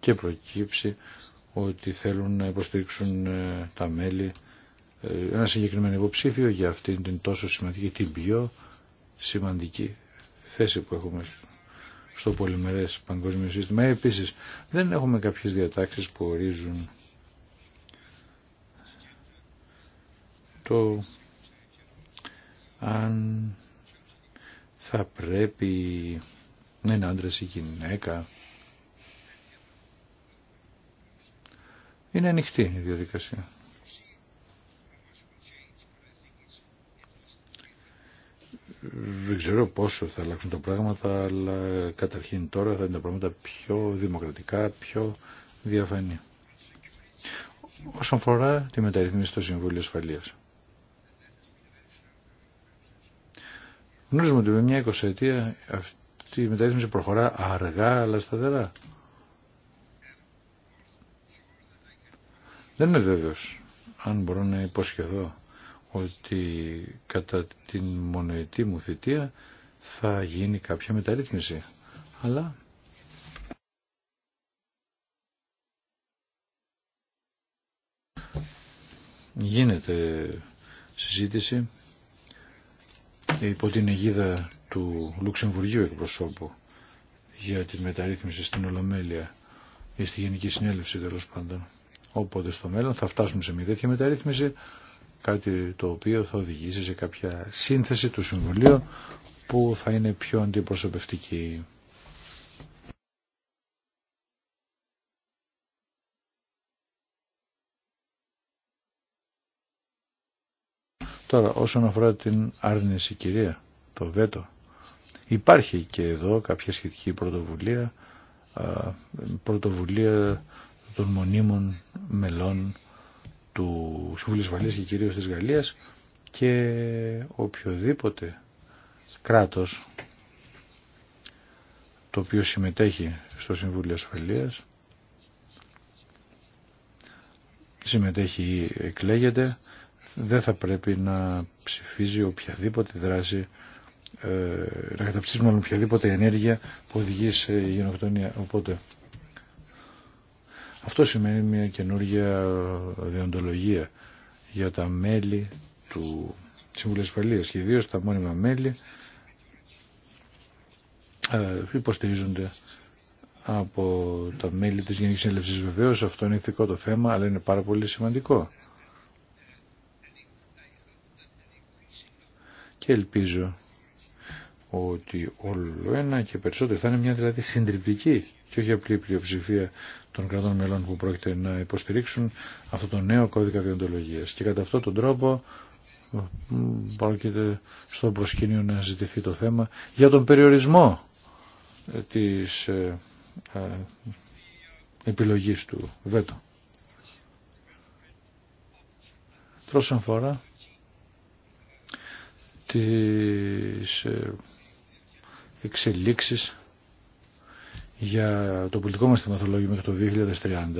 Και προκύψει ότι θέλουν να υποστηρίξουν ε, τα μέλη ένα συγκεκριμένο υποψήφιο για αυτήν την τόσο σημαντική, την πιο σημαντική θέση που έχουμε στο πολυμερές παγκόσμιο σύστημα. Επίσης δεν έχουμε κάποιες διατάξεις που ορίζουν το αν θα πρέπει να είναι άντρας ή γυναίκα. Είναι ανοιχτή η διαδικασία. δεν ξέρω πόσο θα αλλάξουν τα πράγματα, αλλά καταρχήν τώρα θα είναι τα πράγματα πιο δημοκρατικά, πιο διαφανή. Όσον αφορά τη μεταρρυθμίση στο Συμβούλιο Ασφαλείας. Γνωρίζουμε ότι με μια εικοσαετία αυτή η μεταρρύθμιση προχωρά αργά αλλά σταθερά. Δεν είμαι βέβαιος αν μπορώ να υποσχεθώ ότι κατά την μονοετή μου θητεία θα γίνει κάποια μεταρρύθμιση. Αλλά γίνεται συζήτηση υπό την αιγίδα του Λουξεμβουργίου εκπροσώπου για τη μεταρρύθμιση στην Ολομέλεια ή στη Γενική Συνέλευση τέλο πάντων. Οπότε στο μέλλον θα φτάσουμε σε μια τέτοια μεταρρύθμιση κάτι το οποίο θα οδηγήσει σε κάποια σύνθεση του Συμβουλίου που θα είναι πιο αντιπροσωπευτική. Τώρα όσον αφορά την άρνηση κυρία, το βέτο, υπάρχει και εδώ κάποια σχετική πρωτοβουλία, πρωτοβουλία των μονίμων μελών του Συμβουλίου Ασφαλείας και κυρίως της Γαλλίας και οποιοδήποτε κράτος το οποίο συμμετέχει στο Συμβούλιο Ασφαλείας συμμετέχει ή εκλέγεται δεν θα πρέπει να ψηφίζει οποιαδήποτε δράση ε, να καταψήσουμε οποιαδήποτε ενέργεια που οδηγεί σε γενοκτονία. Οπότε αυτό σημαίνει μια καινούργια διοντολογία για τα μέλη του Συμβουλίου Ασφαλείας και ιδίως τα μόνιμα μέλη ε, υποστηρίζονται από τα μέλη της Γενικής Συνέλευσης βεβαίως. Αυτό είναι ηθικό το θέμα, αλλά είναι πάρα πολύ σημαντικό. Και ελπίζω ότι όλο ένα και περισσότερο θα είναι μια δηλαδή συντριπτική και όχι απλή πλειοψηφία των κρατών μελών που πρόκειται να υποστηρίξουν αυτό το νέο κώδικα διοντολογίας. Και κατά αυτόν τον τρόπο πρόκειται στο προσκήνιο να ζητηθεί το θέμα για τον περιορισμό ε, της ε, ε, επιλογής του ΒΕΤΟ. Τρόσον φορά τις εξελίξεις για το πολιτικό μας θεματολόγιο μέχρι το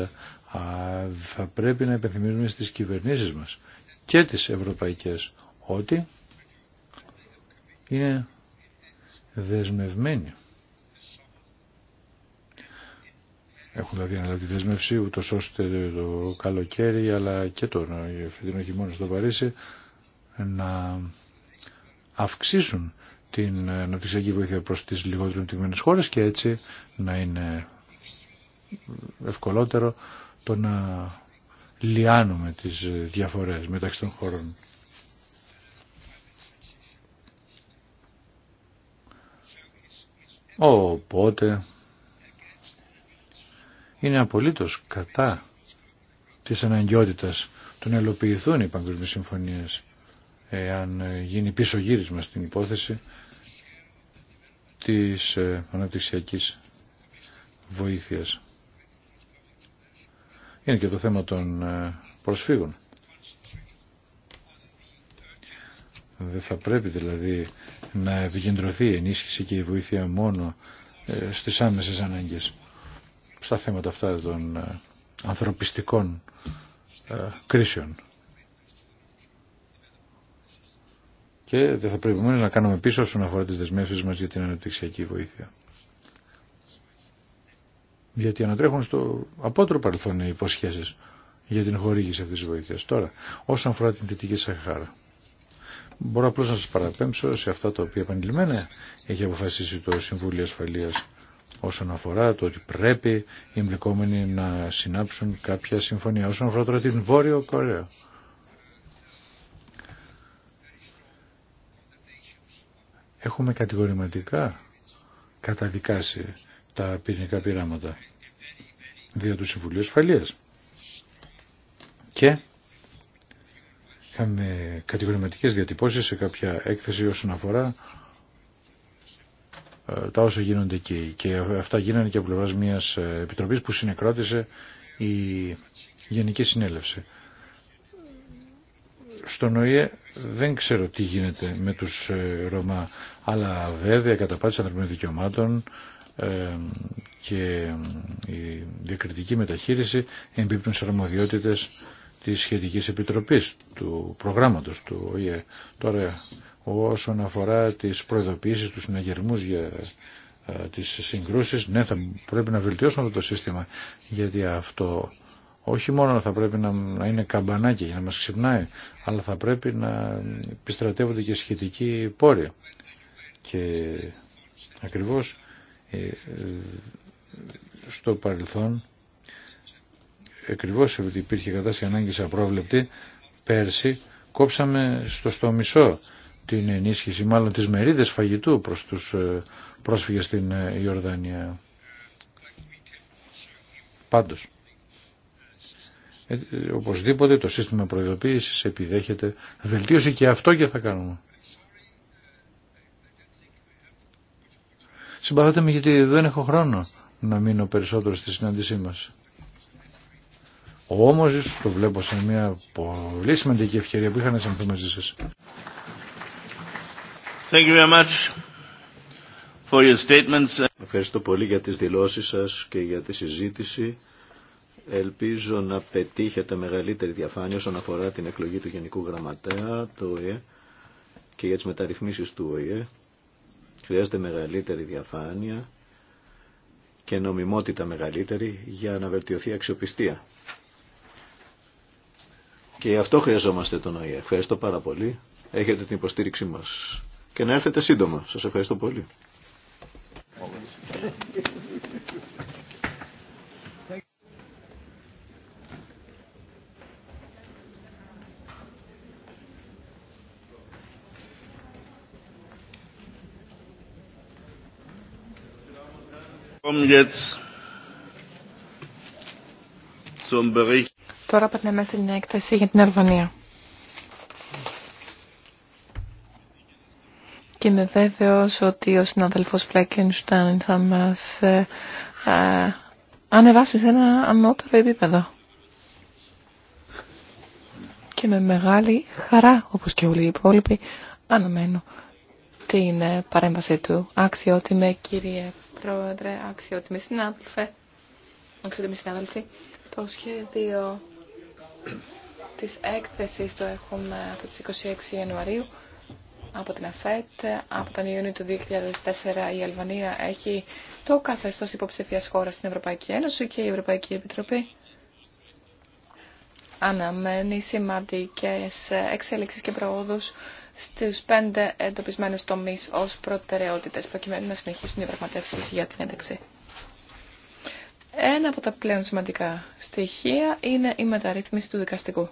2030 θα πρέπει να υπενθυμίζουμε στις κυβερνήσεις μας και τις ευρωπαϊκές ότι είναι δεσμευμένοι. Έχουν δηλαδή αναλάβει τη δεσμευσή ούτως ώστε το καλοκαίρι αλλά και το φετινό χειμώνα στο Παρίσι να αυξήσουν την αναπτυξιακή βοήθεια προς τις λιγότερο ανεπτυγμένες χώρες και έτσι να είναι ευκολότερο το να λιάνουμε τις διαφορές μεταξύ των χωρών. Οπότε είναι απολύτως κατά της αναγκαιότητας το να ελοποιηθούν οι παγκοσμίες συμφωνίες εάν γίνει πίσω γύρισμα στην υπόθεση της ε, αναπτυξιακής βοήθειας. Είναι και το θέμα των ε, προσφύγων. Δεν θα πρέπει δηλαδή να επικεντρωθεί η ενίσχυση και η βοήθεια μόνο ε, στις άμεσες ανάγκες στα θέματα αυτά των ανθρωπιστικών κρίσεων. και δεν θα πρέπει να κάνουμε πίσω όσον αφορά τις δεσμεύσεις μας για την αναπτυξιακή βοήθεια. Γιατί ανατρέχουν στο απότρο παρελθόν οι υποσχέσεις για την χορήγηση αυτής της βοήθειας. Τώρα, όσον αφορά την Δυτική Σαχάρα, μπορώ απλώς να σας παραπέμψω σε αυτά τα οποία επανειλημμένα έχει αποφασίσει το Συμβούλιο Ασφαλείας όσον αφορά το ότι πρέπει οι εμπλεκόμενοι να συνάψουν κάποια συμφωνία. Όσον αφορά τώρα την Βόρειο Κορέα. έχουμε κατηγορηματικά καταδικάσει τα πυρηνικά πειράματα δια του Συμβουλίου Ασφαλείας. Και είχαμε κατηγορηματικές διατυπώσεις σε κάποια έκθεση όσον αφορά ε, τα όσα γίνονται εκεί. Και αυτά γίνανε και από πλευρά μια ε, επιτροπή που συνεκρότησε η Γενική Συνέλευση. Στον ΟΗΕ δεν ξέρω τι γίνεται με τους ε, Ρωμά, αλλά βέβαια κατά καταπάτηση ανθρωπίνων δικαιωμάτων ε, και ε, η διακριτική μεταχείριση εμπίπτουν σε αρμοδιότητες της σχετικής επιτροπής του προγράμματος του ΟΗΕ. Τώρα όσον αφορά τις προειδοποιήσεις, τους συναγερμούς για τις συγκρούσεις, ναι θα πρέπει να βελτιώσουμε αυτό το σύστημα γιατί αυτό όχι μόνο θα πρέπει να, να είναι καμπανάκι για να μας ξυπνάει, αλλά θα πρέπει να επιστρατεύονται και σχετικοί πόροι. Και ακριβώς ε, στο παρελθόν, ακριβώς επειδή υπήρχε κατάσταση ανάγκης απρόβλεπτη, πέρσι κόψαμε στο στο μισό την ενίσχυση μάλλον τις μερίδες φαγητού προς τους ε, πρόσφυγες στην ε, Ιορδανία. Πάντως. Ε, οπωσδήποτε το σύστημα προειδοποίηση επιδέχεται βελτίωση και αυτό και θα κάνουμε. Συμπαθάτε με γιατί δεν έχω χρόνο να μείνω περισσότερο στη συνάντησή μας. Όμως το βλέπω σε μια πολύ σημαντική ευκαιρία που είχα να συμφωνήσω μαζί σας. Ευχαριστώ πολύ για τις δηλώσεις σας και για τη συζήτηση. Ελπίζω να πετύχετε μεγαλύτερη διαφάνεια όσον αφορά την εκλογή του Γενικού Γραμματέα, το ΟΗΕ και για τις μεταρρυθμίσεις του ΟΗΕ. Χρειάζεται μεγαλύτερη διαφάνεια και νομιμότητα μεγαλύτερη για να βελτιωθεί η αξιοπιστία. Και αυτό χρειαζόμαστε τον ΟΗΕ. Ευχαριστώ πάρα πολύ. Έχετε την υποστήριξή μας. Και να έρθετε σύντομα. Σας ευχαριστώ πολύ. Τώρα περνάμε στην έκθεση για την Αλβανία. Και είμαι βέβαιο ότι ο συναδέλφο Φλέκενσταν θα μα ε, ε, ανεβάσει σε ένα ανώτερο επίπεδο. Και με μεγάλη χαρά, όπω και όλοι οι υπόλοιποι, αναμένω την ε, παρέμβαση του. Άξιότιμε κύριε Πρόεδρε, αξιότιμη συνάδελφε, το σχέδιο της έκθεσης το έχουμε από τις 26 Ιανουαρίου από την ΑΦΕΤ. Από τον Ιούνιο του 2004 η Αλβανία έχει το καθεστώς υποψηφίας χώρα στην Ευρωπαϊκή Ένωση και η Ευρωπαϊκή Επιτροπή αναμένει σημαντικές εξέλιξεις και προόδους στου πέντε εντοπισμένου τομεί ω προτεραιότητε, προκειμένου να συνεχίσουν οι διαπραγματεύσει για την ένταξη. Ένα από τα πλέον σημαντικά στοιχεία είναι η μεταρρύθμιση του δικαστικού.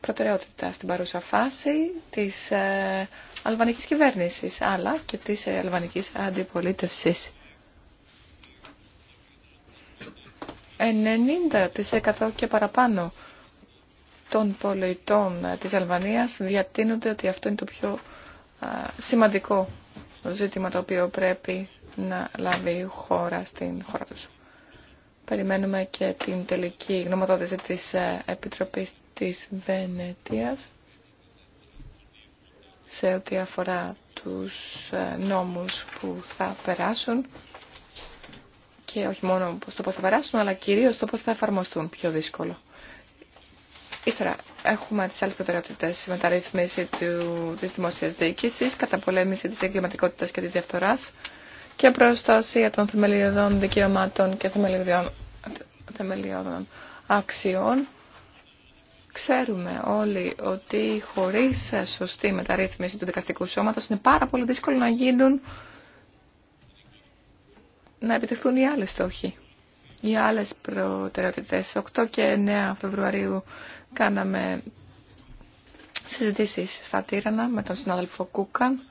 Προτεραιότητα στην παρούσα φάση της ε, αλβανικής κυβέρνησης, αλλά και τη ε, αλβανικής αντιπολίτευσης. 90% και παραπάνω των πολιτών της Αλβανίας διατείνονται ότι αυτό είναι το πιο σημαντικό ζήτημα το οποίο πρέπει να λάβει η χώρα στην χώρα τους. Περιμένουμε και την τελική γνωμοδότηση της ε, Επιτροπής της Βενετίας σε ό,τι αφορά τους ε, νόμους που θα περάσουν και όχι μόνο στο πώς θα περάσουν αλλά κυρίως το πώς θα εφαρμοστούν πιο δύσκολο. Ύστερα έχουμε τις άλλες προτεραιότητες, μεταρρύθμιση του, της δημόσιας διοίκησης, καταπολέμηση της εγκληματικότητας και της διαφθοράς και προστασία των θεμελιωδών δικαιωμάτων και θεμελιωδών, αξιών. Ξέρουμε όλοι ότι χωρίς σωστή μεταρρύθμιση του δικαστικού σώματος είναι πάρα πολύ δύσκολο να γίνουν να επιτευχθούν οι άλλες στόχοι. Οι άλλες προτεραιότητες, 8 και 9 Φεβρουαρίου Κάναμε συζητήσεις στα Τύρανα με τον συνάδελφο Κούκαν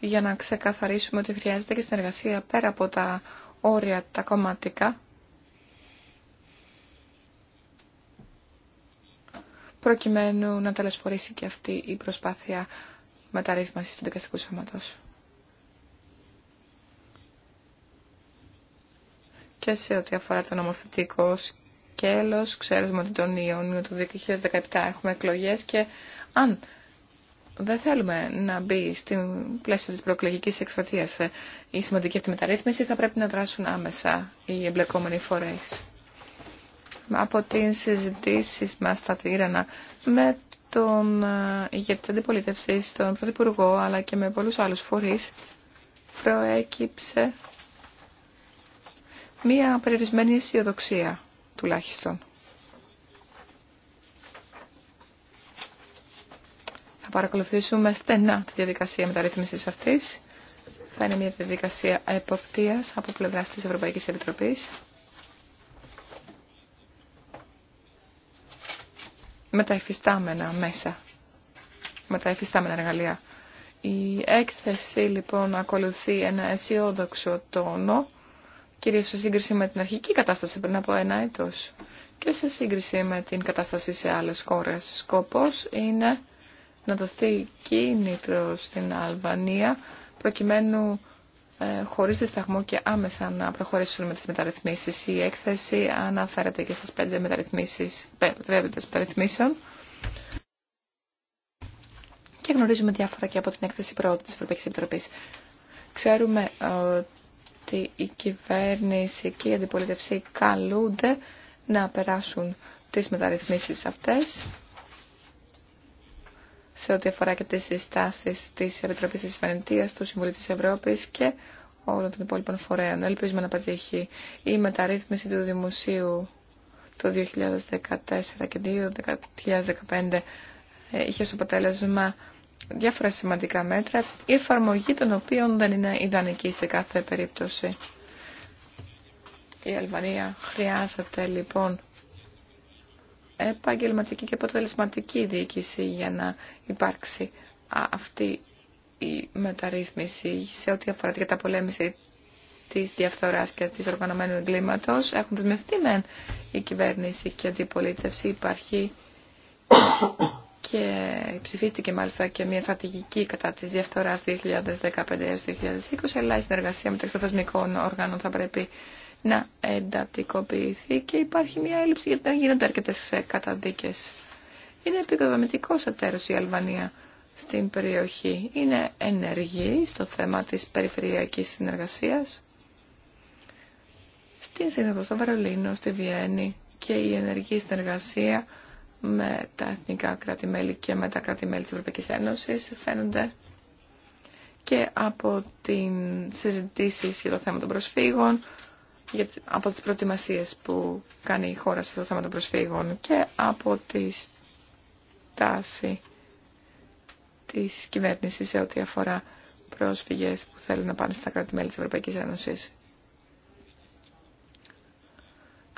για να ξεκαθαρίσουμε ότι χρειάζεται και συνεργασία πέρα από τα όρια τα κομματικά προκειμένου να τελεσφορήσει και αυτή η προσπάθεια μεταρρύθμισης του δικαστικού σώματο. Και σε ό,τι αφορά το νομοθετικό σκέλος. Ξέρουμε ότι τον Ιόνιο του 2017 έχουμε εκλογές και αν δεν θέλουμε να μπει στην πλαίσιο της προεκλογικής εκστρατείας η σημαντική αυτή μεταρρύθμιση, θα πρέπει να δράσουν άμεσα οι εμπλεκόμενοι φορέ. Από τι συζητήσει μα στα Τύρανα με τον ε, ηγέτη τη αντιπολίτευση τον Πρωθυπουργό, αλλά και με πολλού άλλου φορεί προέκυψε μία περιορισμένη αισιοδοξία τουλάχιστον. Θα παρακολουθήσουμε στενά τη διαδικασία μεταρρύθμισης αυτής. Θα είναι μια διαδικασία εποπτείας από πλευράς της Ευρωπαϊκής Επιτροπής. με τα εφιστάμενα μέσα, με τα εφιστάμενα εργαλεία. Η έκθεση λοιπόν ακολουθεί ένα αισιόδοξο τόνο κυρίως σε σύγκριση με την αρχική κατάσταση πριν από ένα έτος και σε σύγκριση με την κατάσταση σε άλλες χώρες. Σκοπός είναι να δοθεί κίνητρο στην Αλβανία προκειμένου ε, χωρίς δισταγμό και άμεσα να προχωρήσουν με τις μεταρρυθμίσεις. Η έκθεση αναφέρεται και στις πέντε μεταρρυθμίσεις, πέντε μεταρρυθμίσεων και γνωρίζουμε διάφορα και από την έκθεση πρώτη της Ευρωπαϊκής Επιτροπής. Ξέρουμε ε, ότι η κυβέρνηση και η αντιπολίτευση καλούνται να περάσουν τις μεταρρυθμίσεις αυτές σε ό,τι αφορά και τις συστάσεις της Επιτροπής της Βενετίας, του Συμβουλίου της Ευρώπης και όλων των υπόλοιπων φορέων. Ελπίζουμε να πετύχει η μεταρρύθμιση του Δημοσίου το 2014 και 2015 ε, είχε ως αποτέλεσμα διάφορα σημαντικά μέτρα, η εφαρμογή των οποίων δεν είναι ιδανική σε κάθε περίπτωση. Η Αλβανία χρειάζεται λοιπόν επαγγελματική και αποτελεσματική διοίκηση για να υπάρξει αυτή η μεταρρύθμιση σε ό,τι αφορά την καταπολέμηση της διαφθοράς και της οργανωμένου εγκλήματος. Έχουν δεσμευτεί μεν η κυβέρνηση και η αντιπολίτευση. Υπάρχει και ψηφίστηκε μάλιστα και μια στρατηγική κατά της διαφθοράς 2015 2020, αλλά η συνεργασία μεταξύ των θεσμικών οργάνων θα πρέπει να εντατικοποιηθεί και υπάρχει μια έλλειψη γιατί δεν γίνονται αρκετέ καταδίκες. Είναι επικοδομητικός εταίρος η Αλβανία στην περιοχή. Είναι ενεργή στο θέμα της περιφερειακής συνεργασίας. Στην Σύνοδο, στο Βερολίνο, στη Βιέννη και η ενεργή συνεργασία με τα εθνικά κράτη-μέλη και με τα κράτη-μέλη της Ευρωπαϊκής Ένωσης φαίνονται και από την συζητήσει για το θέμα των προσφύγων, από τις προετοιμασίες που κάνει η χώρα στο θέμα των προσφύγων και από τη στάση της κυβέρνησης σε ό,τι αφορά πρόσφυγες που θέλουν να πάνε στα κράτη-μέλη της Ευρωπαϊκής Ένωσης.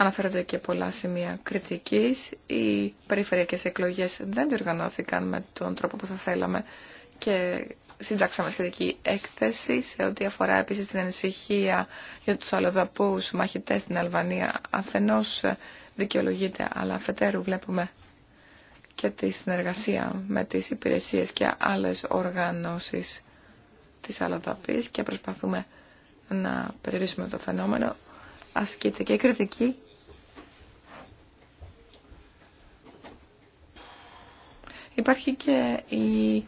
Αναφέρονται και πολλά σημεία κριτικής. Οι περιφερειακές εκλογές δεν διοργανώθηκαν με τον τρόπο που θα θέλαμε και συντάξαμε σχετική έκθεση σε ό,τι αφορά επίσης την ανησυχία για τους αλλοδαπούς μαχητές στην Αλβανία. Αφενό δικαιολογείται, αλλά αφετέρου βλέπουμε και τη συνεργασία με τις υπηρεσίες και άλλες οργανώσει της αλλοδαπής και προσπαθούμε να περιορίσουμε το φαινόμενο. Ασκείται και κριτική Υπάρχει και η...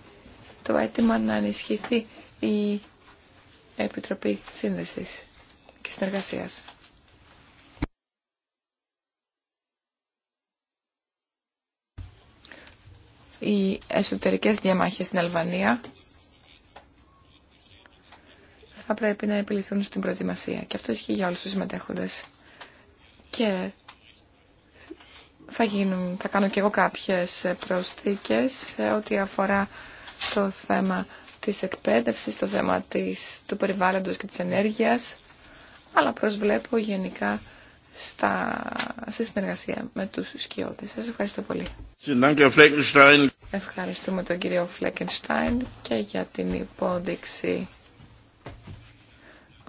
το αίτημα να ενισχυθεί η Επιτροπή Σύνδεσης και Συνεργασίας. Οι εσωτερικές διαμάχες στην Αλβανία θα πρέπει να επιληθούν στην προετοιμασία. Και αυτό ισχύει για όλους τους συμμετέχοντες. Και θα, γίνουν, θα κάνω και εγώ κάποιες ε, προσθήκες σε ό,τι αφορά το θέμα της εκπαίδευσης, το θέμα της, του περιβάλλοντος και της ενέργειας, αλλά προσβλέπω γενικά στα, στη συνεργασία με τους σκιώτες. Σας ευχαριστώ πολύ. Ευχαριστούμε τον κύριο Φλέκενστάιν και για την υπόδειξη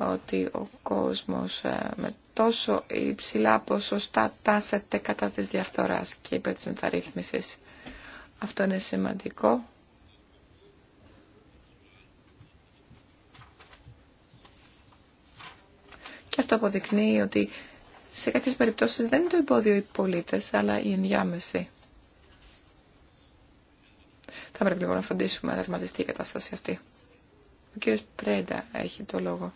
ότι ο κόσμος ε, με τόσο υψηλά ποσοστά τάσεται κατά της διαφθοράς και υπέρ της μεταρρύθμισης. Αυτό είναι σημαντικό. Και αυτό αποδεικνύει ότι σε κάποιες περιπτώσεις δεν είναι το εμπόδιο οι πολίτες, αλλά η ενδιάμεση. Θα πρέπει λοιπόν να φροντίσουμε να ρευματιστεί η κατάσταση αυτή. Ο κύριος Πρέντα έχει το λόγο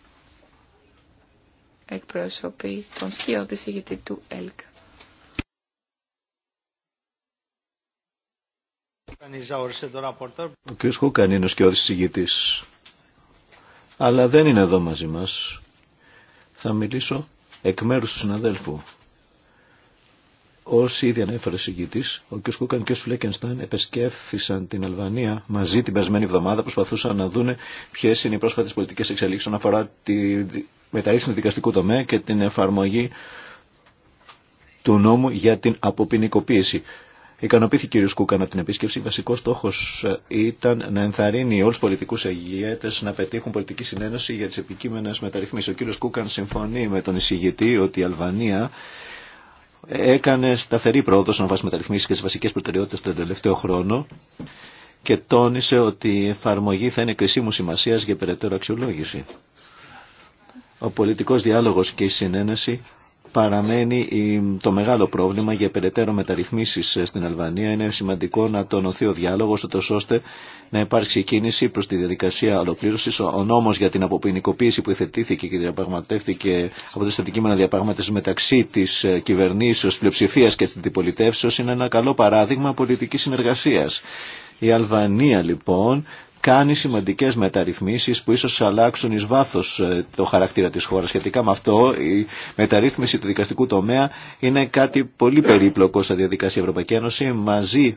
εκπρόσωποι των Σκιώδης ηγητή του ΕΛΚ. Ο κ. Χούκαν είναι ο σκιώδης ηγητής, αλλά δεν είναι εδώ μαζί μας. Θα μιλήσω εκ μέρους του συναδέλφου. Όσοι ήδη ανέφερε συγκητής, ο κ. Κούκαν και ο Φλέκενσταν επεσκέφθησαν την Αλβανία μαζί την περασμένη εβδομάδα. Προσπαθούσαν να δούνε ποιε είναι οι πρόσφατες πολιτικέ εξελίξει όσον αφορά τη μεταρρύθμιση του δικαστικού τομέα και την εφαρμογή του νόμου για την αποποινικοποίηση. Ικανοποιήθηκε ο κ. Κούκαν από την επίσκεψη. Βασικό στόχο ε, ήταν να ενθαρρύνει όλου του πολιτικού ηγέτε να πετύχουν πολιτική συνένωση για τι επικείμενε μεταρρυθμίσει. Ο κ. Κούκαν συμφωνεί με τον εισηγητή ότι η Αλβανία έκανε σταθερή πρόοδο να βάσει μεταρρυθμίσει και τι βασικέ προτεραιότητε τον τελευταίο χρόνο και τόνισε ότι η εφαρμογή θα είναι κρισίμου σημασία για περαιτέρω αξιολόγηση. Ο πολιτικός διάλογος και η συνένεση παραμένει το μεγάλο πρόβλημα για περαιτέρω μεταρρυθμίσεις στην Αλβανία. Είναι σημαντικό να τονωθεί ο διάλογος, ώστε να υπάρξει κίνηση προς τη διαδικασία ολοκλήρωσης. Ο νόμος για την αποποινικοποίηση που υθετήθηκε και διαπραγματεύτηκε από το αντικείμενο διαπραγματεύσεις μεταξύ της κυβερνήσεως, πλειοψηφίας και της αντιπολιτεύσεως είναι ένα καλό παράδειγμα πολιτικής συνεργασίας. Η Αλβανία λοιπόν κάνει σημαντικές μεταρρυθμίσεις που ίσως αλλάξουν εις βάθος ε, το χαρακτήρα της χώρας. Σχετικά με αυτό η μεταρρύθμιση του δικαστικού τομέα είναι κάτι πολύ περίπλοκο στα διαδικασία Ευρωπαϊκή Ένωση μαζί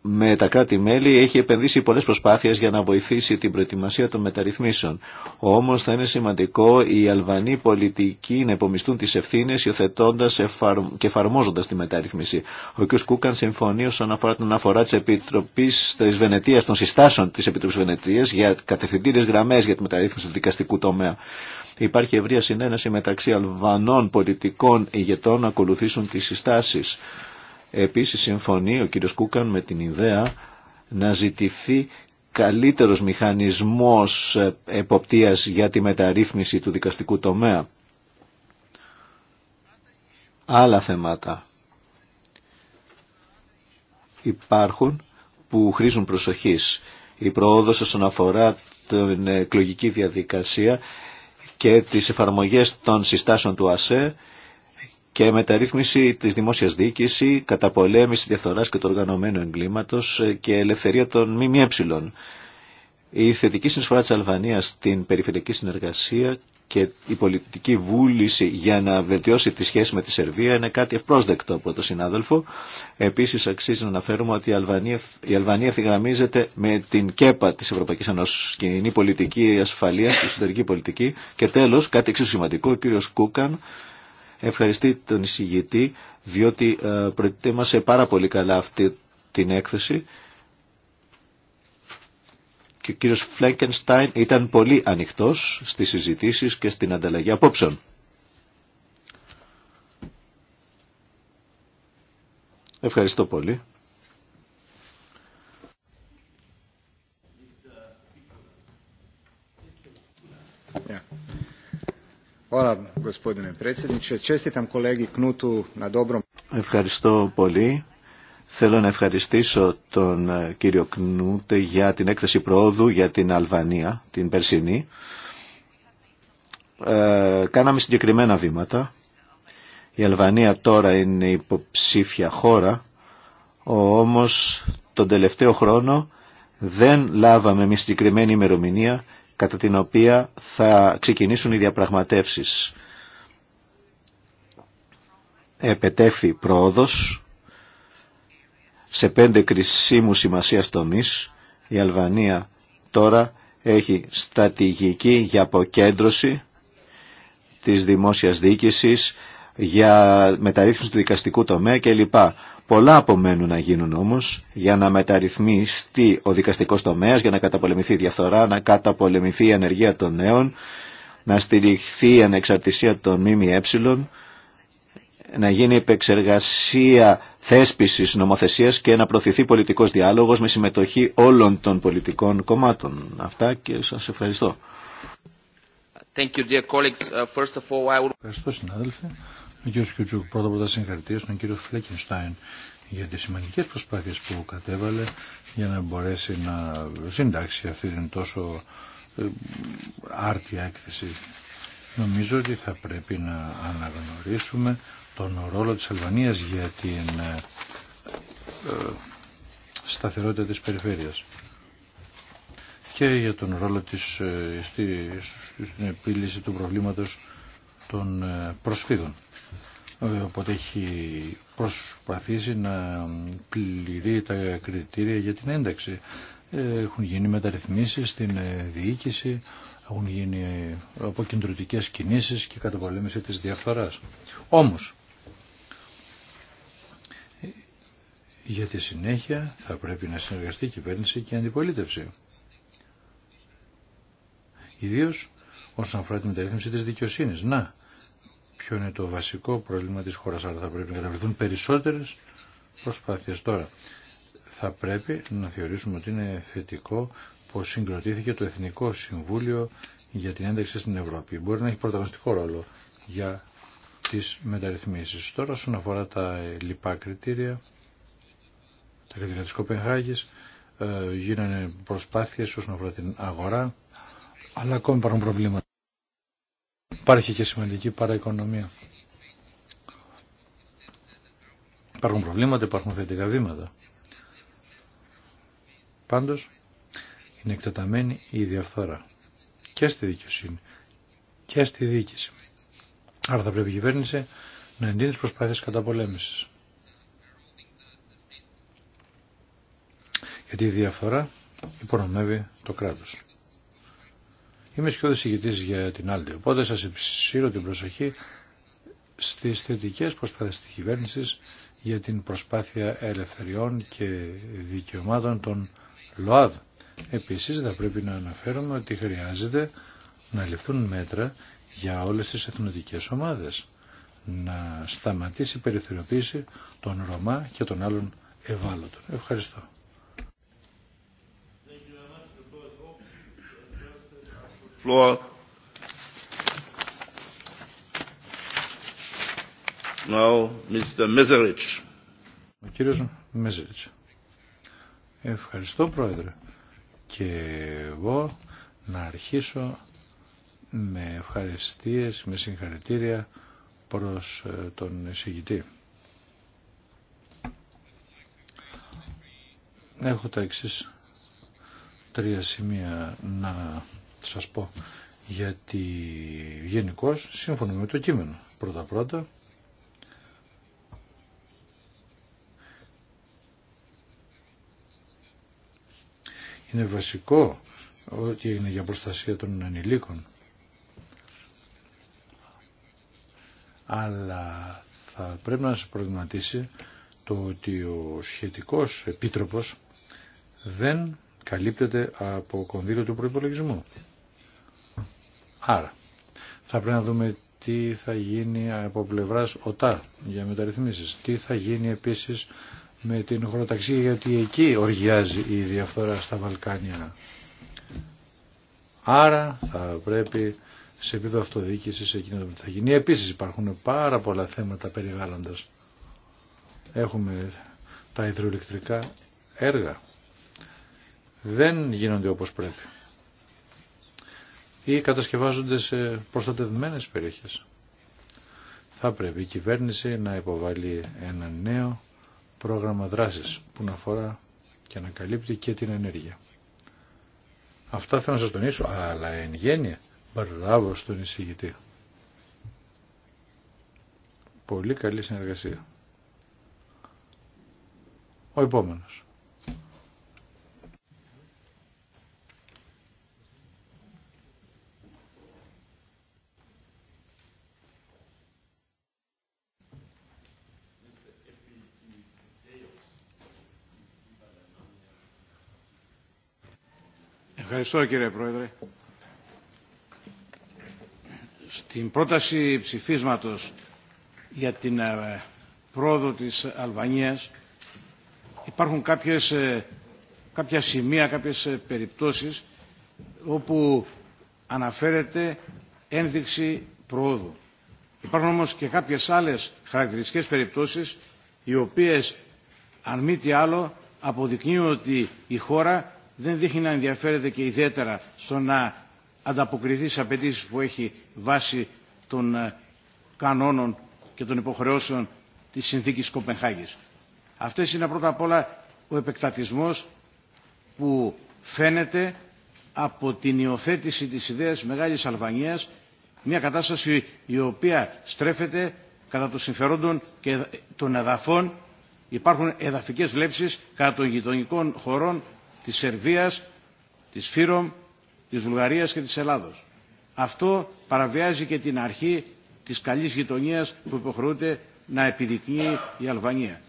με τα κράτη-μέλη έχει επενδύσει πολλές προσπάθειες για να βοηθήσει την προετοιμασία των μεταρρυθμίσεων. Όμως θα είναι σημαντικό οι Αλβανοί πολιτικοί να υπομισθούν τις ευθύνες υιοθετώντα και εφαρμόζοντα τη μεταρρυθμίση. Ο κ. Κούκαν συμφωνεί όσον αφορά την αναφορά της Επιτροπής της Βενετίας, των συστάσεων της Επιτροπής Βενετίας για κατευθυντήριες γραμμές για τη μεταρρύθμιση του δικαστικού τομέα. Υπάρχει ευρεία συνένεση μεταξύ Αλβανών πολιτικών ηγετών να ακολουθήσουν τις συστάσεις Επίσης συμφωνεί ο κύριος Κούκαν με την ιδέα να ζητηθεί καλύτερος μηχανισμός ε, εποπτείας για τη μεταρρύθμιση του δικαστικού τομέα. Άλλα θέματα υπάρχουν που χρήζουν προσοχής. Η προόδος όσον αφορά την εκλογική διαδικασία και τις εφαρμογές των συστάσεων του ΑΣΕ και μεταρρύθμιση της δημόσιας διοίκηση, καταπολέμηση διαφθοράς και του οργανωμένου εγκλήματος και ελευθερία των ΜΜΕ. Η θετική συνεισφορά της Αλβανίας στην περιφερειακή συνεργασία και η πολιτική βούληση για να βελτιώσει τη σχέση με τη Σερβία είναι κάτι ευπρόσδεκτο από τον συνάδελφο. Επίσης αξίζει να αναφέρουμε ότι η Αλβανία, η ευθυγραμμίζεται με την ΚΕΠΑ της Ευρωπαϊκής Ενώσης, κοινή πολιτική ασφαλείας, εσωτερική πολιτική. Και τέλος, κάτι εξίσου ο κύριος Κούκαν ευχαριστεί τον εισηγητή διότι ε, προετοίμασε πάρα πολύ καλά αυτή την έκθεση και ο κύριος Φλέγκενστάιν ήταν πολύ ανοιχτός στις συζητήσεις και στην ανταλλαγή απόψεων. Ευχαριστώ πολύ. Ευχαριστώ πολύ. Θέλω να ευχαριστήσω τον ε, κύριο Κνούτε για την έκθεση προόδου για την Αλβανία, την Περσινή. Ε, κάναμε συγκεκριμένα βήματα. Η Αλβανία τώρα είναι υποψήφια χώρα, όμως τον τελευταίο χρόνο δεν λάβαμε μια συγκεκριμένη ημερομηνία κατά την οποία θα ξεκινήσουν οι διαπραγματεύσεις. Επετέφθη πρόοδος σε πέντε κρισίμου σημασία τομείς. Η Αλβανία τώρα έχει στρατηγική για αποκέντρωση της δημόσιας διοίκησης, για μεταρρύθμιση του δικαστικού τομέα κλπ. Πολλά απομένουν να γίνουν όμως για να μεταρρυθμιστεί ο δικαστικός τομέας, για να καταπολεμηθεί η διαφθορά, να καταπολεμηθεί η ανεργία των νέων, να στηριχθεί η ανεξαρτησία των ΜΜΕ, να γίνει επεξεργασία θέσπισης νομοθεσίας και να προωθηθεί πολιτικός διάλογος με συμμετοχή όλων των πολιτικών κομμάτων. Αυτά και σας ευχαριστώ. Ευχαριστώ συνάδελφε. Ο κ. Κιουτσούκ πρώτα τα συγχαρητήρια στον κύριο Φλέκινστάιν για τις σημαντικές προσπάθειες που κατέβαλε για να μπορέσει να συντάξει αυτή την τόσο ε, άρτια έκθεση. Νομίζω ότι θα πρέπει να αναγνωρίσουμε τον ρόλο της Αλβανίας για την ε, ε, σταθερότητα της περιφέρειας και για τον ρόλο της στην επίλυση του προβλήματος των προσφύγων. Ε, οπότε έχει προσπαθήσει να πληρεί τα κριτήρια για την ένταξη. Ε, έχουν γίνει μεταρρυθμίσεις στην ε, διοίκηση, έχουν γίνει αποκεντρωτικές κινήσεις και καταπολέμηση της διαφθοράς. Όμως, για τη συνέχεια θα πρέπει να συνεργαστεί η κυβέρνηση και η αντιπολίτευση. Ιδίως όσον αφορά τη μεταρρύθμιση της δικαιοσύνης. Να, ποιο είναι το βασικό πρόβλημα της χώρας, αλλά θα πρέπει να καταβληθούν περισσότερες προσπάθειες. Τώρα, θα πρέπει να θεωρήσουμε ότι είναι θετικό πως συγκροτήθηκε το Εθνικό Συμβούλιο για την ένταξη στην Ευρώπη. Μπορεί να έχει πρωταγωνιστικό ρόλο για τις μεταρρυθμίσεις. Τώρα, όσον αφορά τα λοιπά κριτήρια, τα κριτήρια της Κοπενχάγης, ε, γίνανε προσπάθειες όσον αφορά την αγορά, αλλά ακόμη υπάρχουν προβλήματα. Υπάρχει και σημαντική παραοικονομία. Υπάρχουν προβλήματα, υπάρχουν θετικά βήματα. Πάντως, είναι εκτεταμένη η διαφθορά και στη δικαιοσύνη και στη διοίκηση. Άρα θα πρέπει η κυβέρνηση να εντείνει τις προσπάθειες καταπολέμησης. Γιατί η διαφθορά υπονομεύει το κράτος. Είμαι σκιώδης ηγητής για την άλλη. Οπότε σας επισύρω την προσοχή στις θετικές προσπάθειες της κυβέρνησης για την προσπάθεια ελευθεριών και δικαιωμάτων των ΛΟΑΔ. Επίσης θα πρέπει να αναφέρουμε ότι χρειάζεται να ληφθούν μέτρα για όλες τις εθνοτικές ομάδες. Να σταματήσει η περιθωριοποίηση των Ρωμά και των άλλων ευάλωτων. Ευχαριστώ. floor. Now, Mr. Meserich. Ο κύριος Ευχαριστώ Πρόεδρε. Και εγώ να αρχίσω με ευχαριστίες, με συγχαρητήρια προς ε, τον εισηγητή. Έχω τα εξής τρία σημεία να θα σας πω. Γιατί γενικώ σύμφωνα με το κείμενο. Πρώτα πρώτα είναι βασικό ότι είναι για προστασία των ανηλίκων. Αλλά θα πρέπει να σας προβληματίσει το ότι ο σχετικός επίτροπος δεν καλύπτεται από κονδύλιο του προϋπολογισμού. Άρα, θα πρέπει να δούμε τι θα γίνει από πλευρά ΟΤΑ για μεταρρυθμίσεις. Τι θα γίνει επίσης με την χωροταξία γιατί εκεί οργιάζει η διαφθορά στα Βαλκάνια. Άρα θα πρέπει σε επίπεδο αυτοδιοίκησης εκείνο το θα γίνει. Επίσης υπάρχουν πάρα πολλά θέματα περιβάλλοντας. Έχουμε τα υδροελεκτρικά έργα. Δεν γίνονται όπως πρέπει ή κατασκευάζονται σε προστατευμένες περιοχές. Θα πρέπει η κυβέρνηση να υποβάλει ένα νέο πρόγραμμα δράσης που να αφορά και να καλύπτει και την ενέργεια. Αυτά θέλω να σας τονίσω, αλλά εν γέννη, μπράβο στον εισηγητή. Πολύ καλή συνεργασία. Ο επόμενος. Ευχαριστώ κύριε Πρόεδρε. Στην πρόταση ψηφίσματος για την ε, πρόοδο της Αλβανίας υπάρχουν κάποιες, ε, κάποια σημεία, κάποιες ε, περιπτώσεις όπου αναφέρεται ένδειξη προόδου. Υπάρχουν όμως και κάποιες άλλες χαρακτηριστικές περιπτώσεις οι οποίες αν μη τι άλλο αποδεικνύουν ότι η χώρα δεν δείχνει να ενδιαφέρεται και ιδιαίτερα στο να ανταποκριθεί στις απαιτήσει που έχει βάσει των ε, κανόνων και των υποχρεώσεων της συνθήκης Κοπενχάγης. Αυτές είναι πρώτα απ' όλα ο επεκτατισμός που φαίνεται από την υιοθέτηση της ιδέας Μεγάλης Αλβανίας μια κατάσταση η οποία στρέφεται κατά των συμφερόντων και των εδαφών υπάρχουν εδαφικές βλέψεις κατά των γειτονικών χωρών της Σερβίας, της Φύρομ, της Βουλγαρίας και της Ελλάδος. Αυτό παραβιάζει και την αρχή της καλής γειτονίας που υποχρεούται να επιδεικνύει η Αλβανία.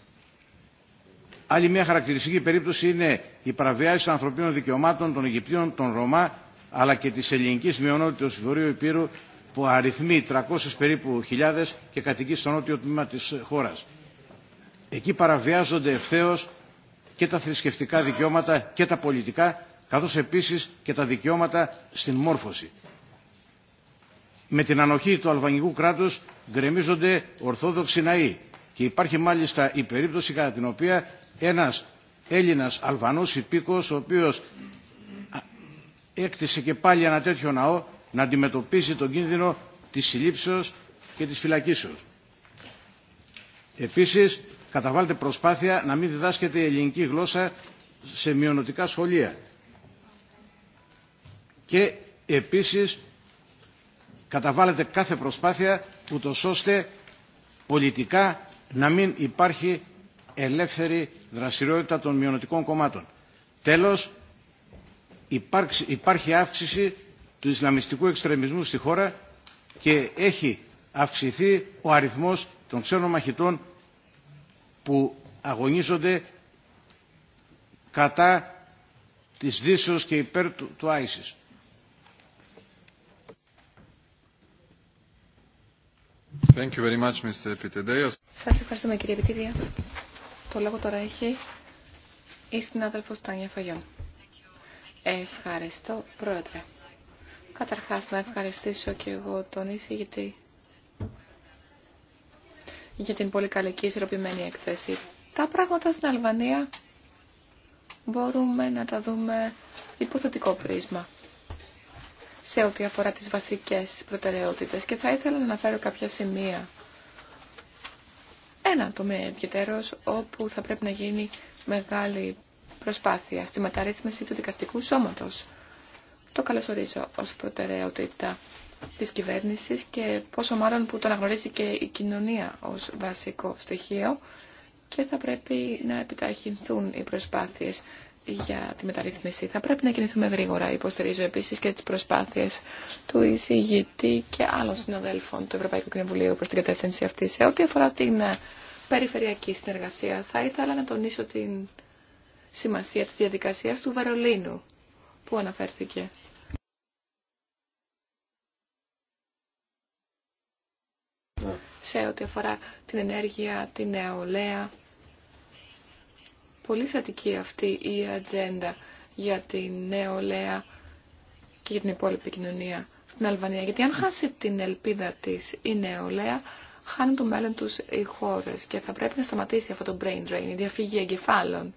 Άλλη μια χαρακτηριστική περίπτωση είναι η παραβιάση των ανθρωπίνων δικαιωμάτων των Αιγυπτίων, των Ρωμά αλλά και της ελληνικής μειονότητας του Βορείου Υπήρου που αριθμεί 300 περίπου χιλιάδες και κατοικεί στο νότιο τμήμα της χώρας. Εκεί παραβιάζονται ευθέω και τα θρησκευτικά δικαιώματα και τα πολιτικά, καθώς επίσης και τα δικαιώματα στην μόρφωση. Με την ανοχή του αλβανικού κράτους γκρεμίζονται ορθόδοξοι ναοί και υπάρχει μάλιστα η περίπτωση κατά την οποία ένας Έλληνας Αλβανός υπήκος ο οποίος έκτισε και πάλι ένα τέτοιο ναό να αντιμετωπίσει τον κίνδυνο της συλλήψεως και της φυλακίσεως. Επίσης καταβάλλεται προσπάθεια να μην διδάσκεται η ελληνική γλώσσα σε μειωνοτικά σχολεία. Και επίσης καταβάλλεται κάθε προσπάθεια ούτω ώστε πολιτικά να μην υπάρχει ελεύθερη δραστηριότητα των μειωνοτικών κομμάτων. Τέλος, υπάρχει αύξηση του Ισλαμιστικού εξτρεμισμού στη χώρα και έχει αυξηθεί ο αριθμός των ξένων μαχητών που αγωνίζονται κατά της Δύσεως και υπέρ του, του Άισις. Thank you very Σας ευχαριστούμε κύριε Επιτήδια. Το λόγο τώρα έχει η συνάδελφος Τάνια Φαγιών. Ευχαριστώ, Πρόεδρε. Καταρχάς, να ευχαριστήσω και εγώ τον γιατί για την πολύ καλή και ισορροπημένη έκθεση. Τα πράγματα στην Αλβανία μπορούμε να τα δούμε υποθετικό πρίσμα σε ό,τι αφορά τις βασικές προτεραιότητες και θα ήθελα να αναφέρω κάποια σημεία. Ένα τομέα ιδιαίτερος όπου θα πρέπει να γίνει μεγάλη προσπάθεια στη μεταρρύθμιση του δικαστικού σώματος. Το καλωσορίζω ως προτεραιότητα της κυβέρνησης και πόσο μάλλον που το αναγνωρίζει και η κοινωνία ως βασικό στοιχείο και θα πρέπει να επιταχυνθούν οι προσπάθειες για τη μεταρρύθμιση. Θα πρέπει να κινηθούμε γρήγορα. Υποστηρίζω επίσης και τις προσπάθειες του εισηγητή και άλλων συνοδέλφων του Ευρωπαϊκού Κοινοβουλίου προς την κατεύθυνση αυτή. Σε ό,τι αφορά την περιφερειακή συνεργασία, θα ήθελα να τονίσω την σημασία της διαδικασίας του Βερολίνου που αναφέρθηκε. σε ό,τι αφορά την ενέργεια, την νεολαία. Πολύ θετική αυτή η ατζέντα για την νεολαία και για την υπόλοιπη κοινωνία στην Αλβανία. Γιατί αν χάσει την ελπίδα της η νεολαία, χάνει το μέλλον τους οι χώρες και θα πρέπει να σταματήσει αυτό το brain drain, η διαφυγή εγκεφάλων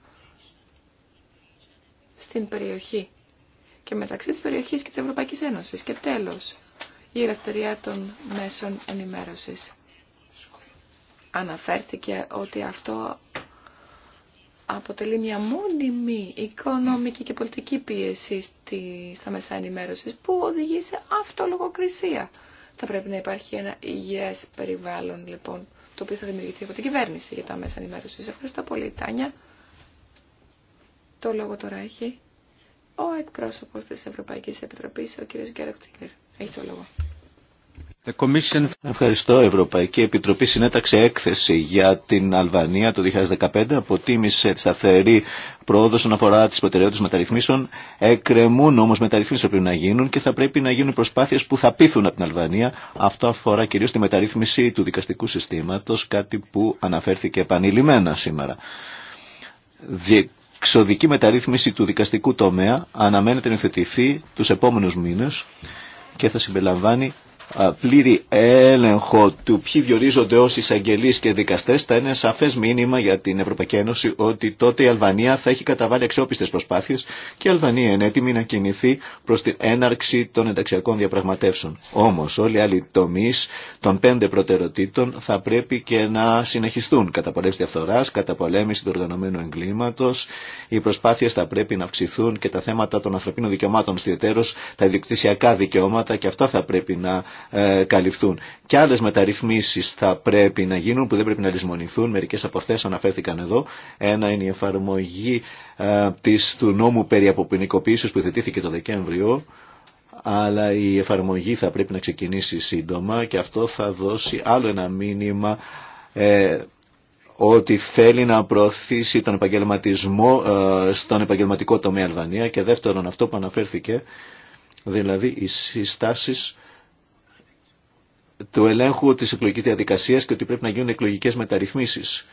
στην περιοχή και μεταξύ της περιοχής και της Ευρωπαϊκής Ένωσης. Και τέλος, η ελευθερία των μέσων ενημέρωσης αναφέρθηκε ότι αυτό αποτελεί μια μόνιμη οικονομική και πολιτική πίεση στη, στα μέσα ενημέρωσης που οδηγεί σε αυτολογοκρισία. Θα πρέπει να υπάρχει ένα υγιές περιβάλλον λοιπόν το οποίο θα δημιουργηθεί από την κυβέρνηση για τα μέσα ενημέρωσης. Ευχαριστώ πολύ Τάνια. Το λόγο τώρα έχει ο εκπρόσωπος της Ευρωπαϊκής Επιτροπής, ο κ. Γκέρακ Τσίγκερ. Έχει το λόγο. Ευχαριστώ. Ευρωπαϊκή Επιτροπή συνέταξε έκθεση για την Αλβανία το 2015. Αποτίμησε τη σταθερή πρόοδο στον αφορά τι προτεραιότητε μεταρρυθμίσεων. Εκκρεμούν όμω μεταρρυθμίσει που πρέπει να γίνουν και θα πρέπει να γίνουν προσπάθειε που θα πείθουν από την Αλβανία. Αυτό αφορά κυρίω τη μεταρρύθμιση του δικαστικού συστήματο, κάτι που αναφέρθηκε επανειλημμένα σήμερα. Διεξοδική μεταρρύθμιση του δικαστικού τομέα αναμένεται να υιοθετηθεί του επόμενου μήνε και θα συμπεριλαμβάνει πλήρη έλεγχο του ποιοι διορίζονται ως εισαγγελείς και δικαστές θα είναι σαφές μήνυμα για την Ευρωπαϊκή Ένωση ότι τότε η Αλβανία θα έχει καταβάλει αξιόπιστες προσπάθειες και η Αλβανία είναι έτοιμη να κινηθεί προς την έναρξη των ενταξιακών διαπραγματεύσεων. Όμως όλοι οι άλλοι τομείς των πέντε προτεραιοτήτων θα πρέπει και να συνεχιστούν. κατά Καταπολέμηση διαφθοράς, καταπολέμηση του οργανωμένου εγκλήματος, οι προσπάθειες θα πρέπει να αυξηθούν και τα θέματα των ανθρωπίνων δικαιωμάτων στο τα ιδιοκτησιακά δικαιώματα και αυτά θα πρέπει να ε, καλυφθούν. Και άλλες μεταρρυθμίσεις θα πρέπει να γίνουν που δεν πρέπει να λησμονηθούν. Μερικές από αυτές αναφέρθηκαν εδώ. Ένα είναι η εφαρμογή ε, της, του νόμου περί αποποινικοποίησης που θετήθηκε το Δεκέμβριο αλλά η εφαρμογή θα πρέπει να ξεκινήσει σύντομα και αυτό θα δώσει άλλο ένα μήνυμα ε, ότι θέλει να προωθήσει τον επαγγελματισμό ε, στον επαγγελματικό τομέα Αλβανία και δεύτερον αυτό που αναφέρθηκε, δηλαδή οι συστάσεις του ελέγχου της εκλογικής διαδικασίας και ότι πρέπει να γίνουν εκλογικές μεταρρυθμίσεις.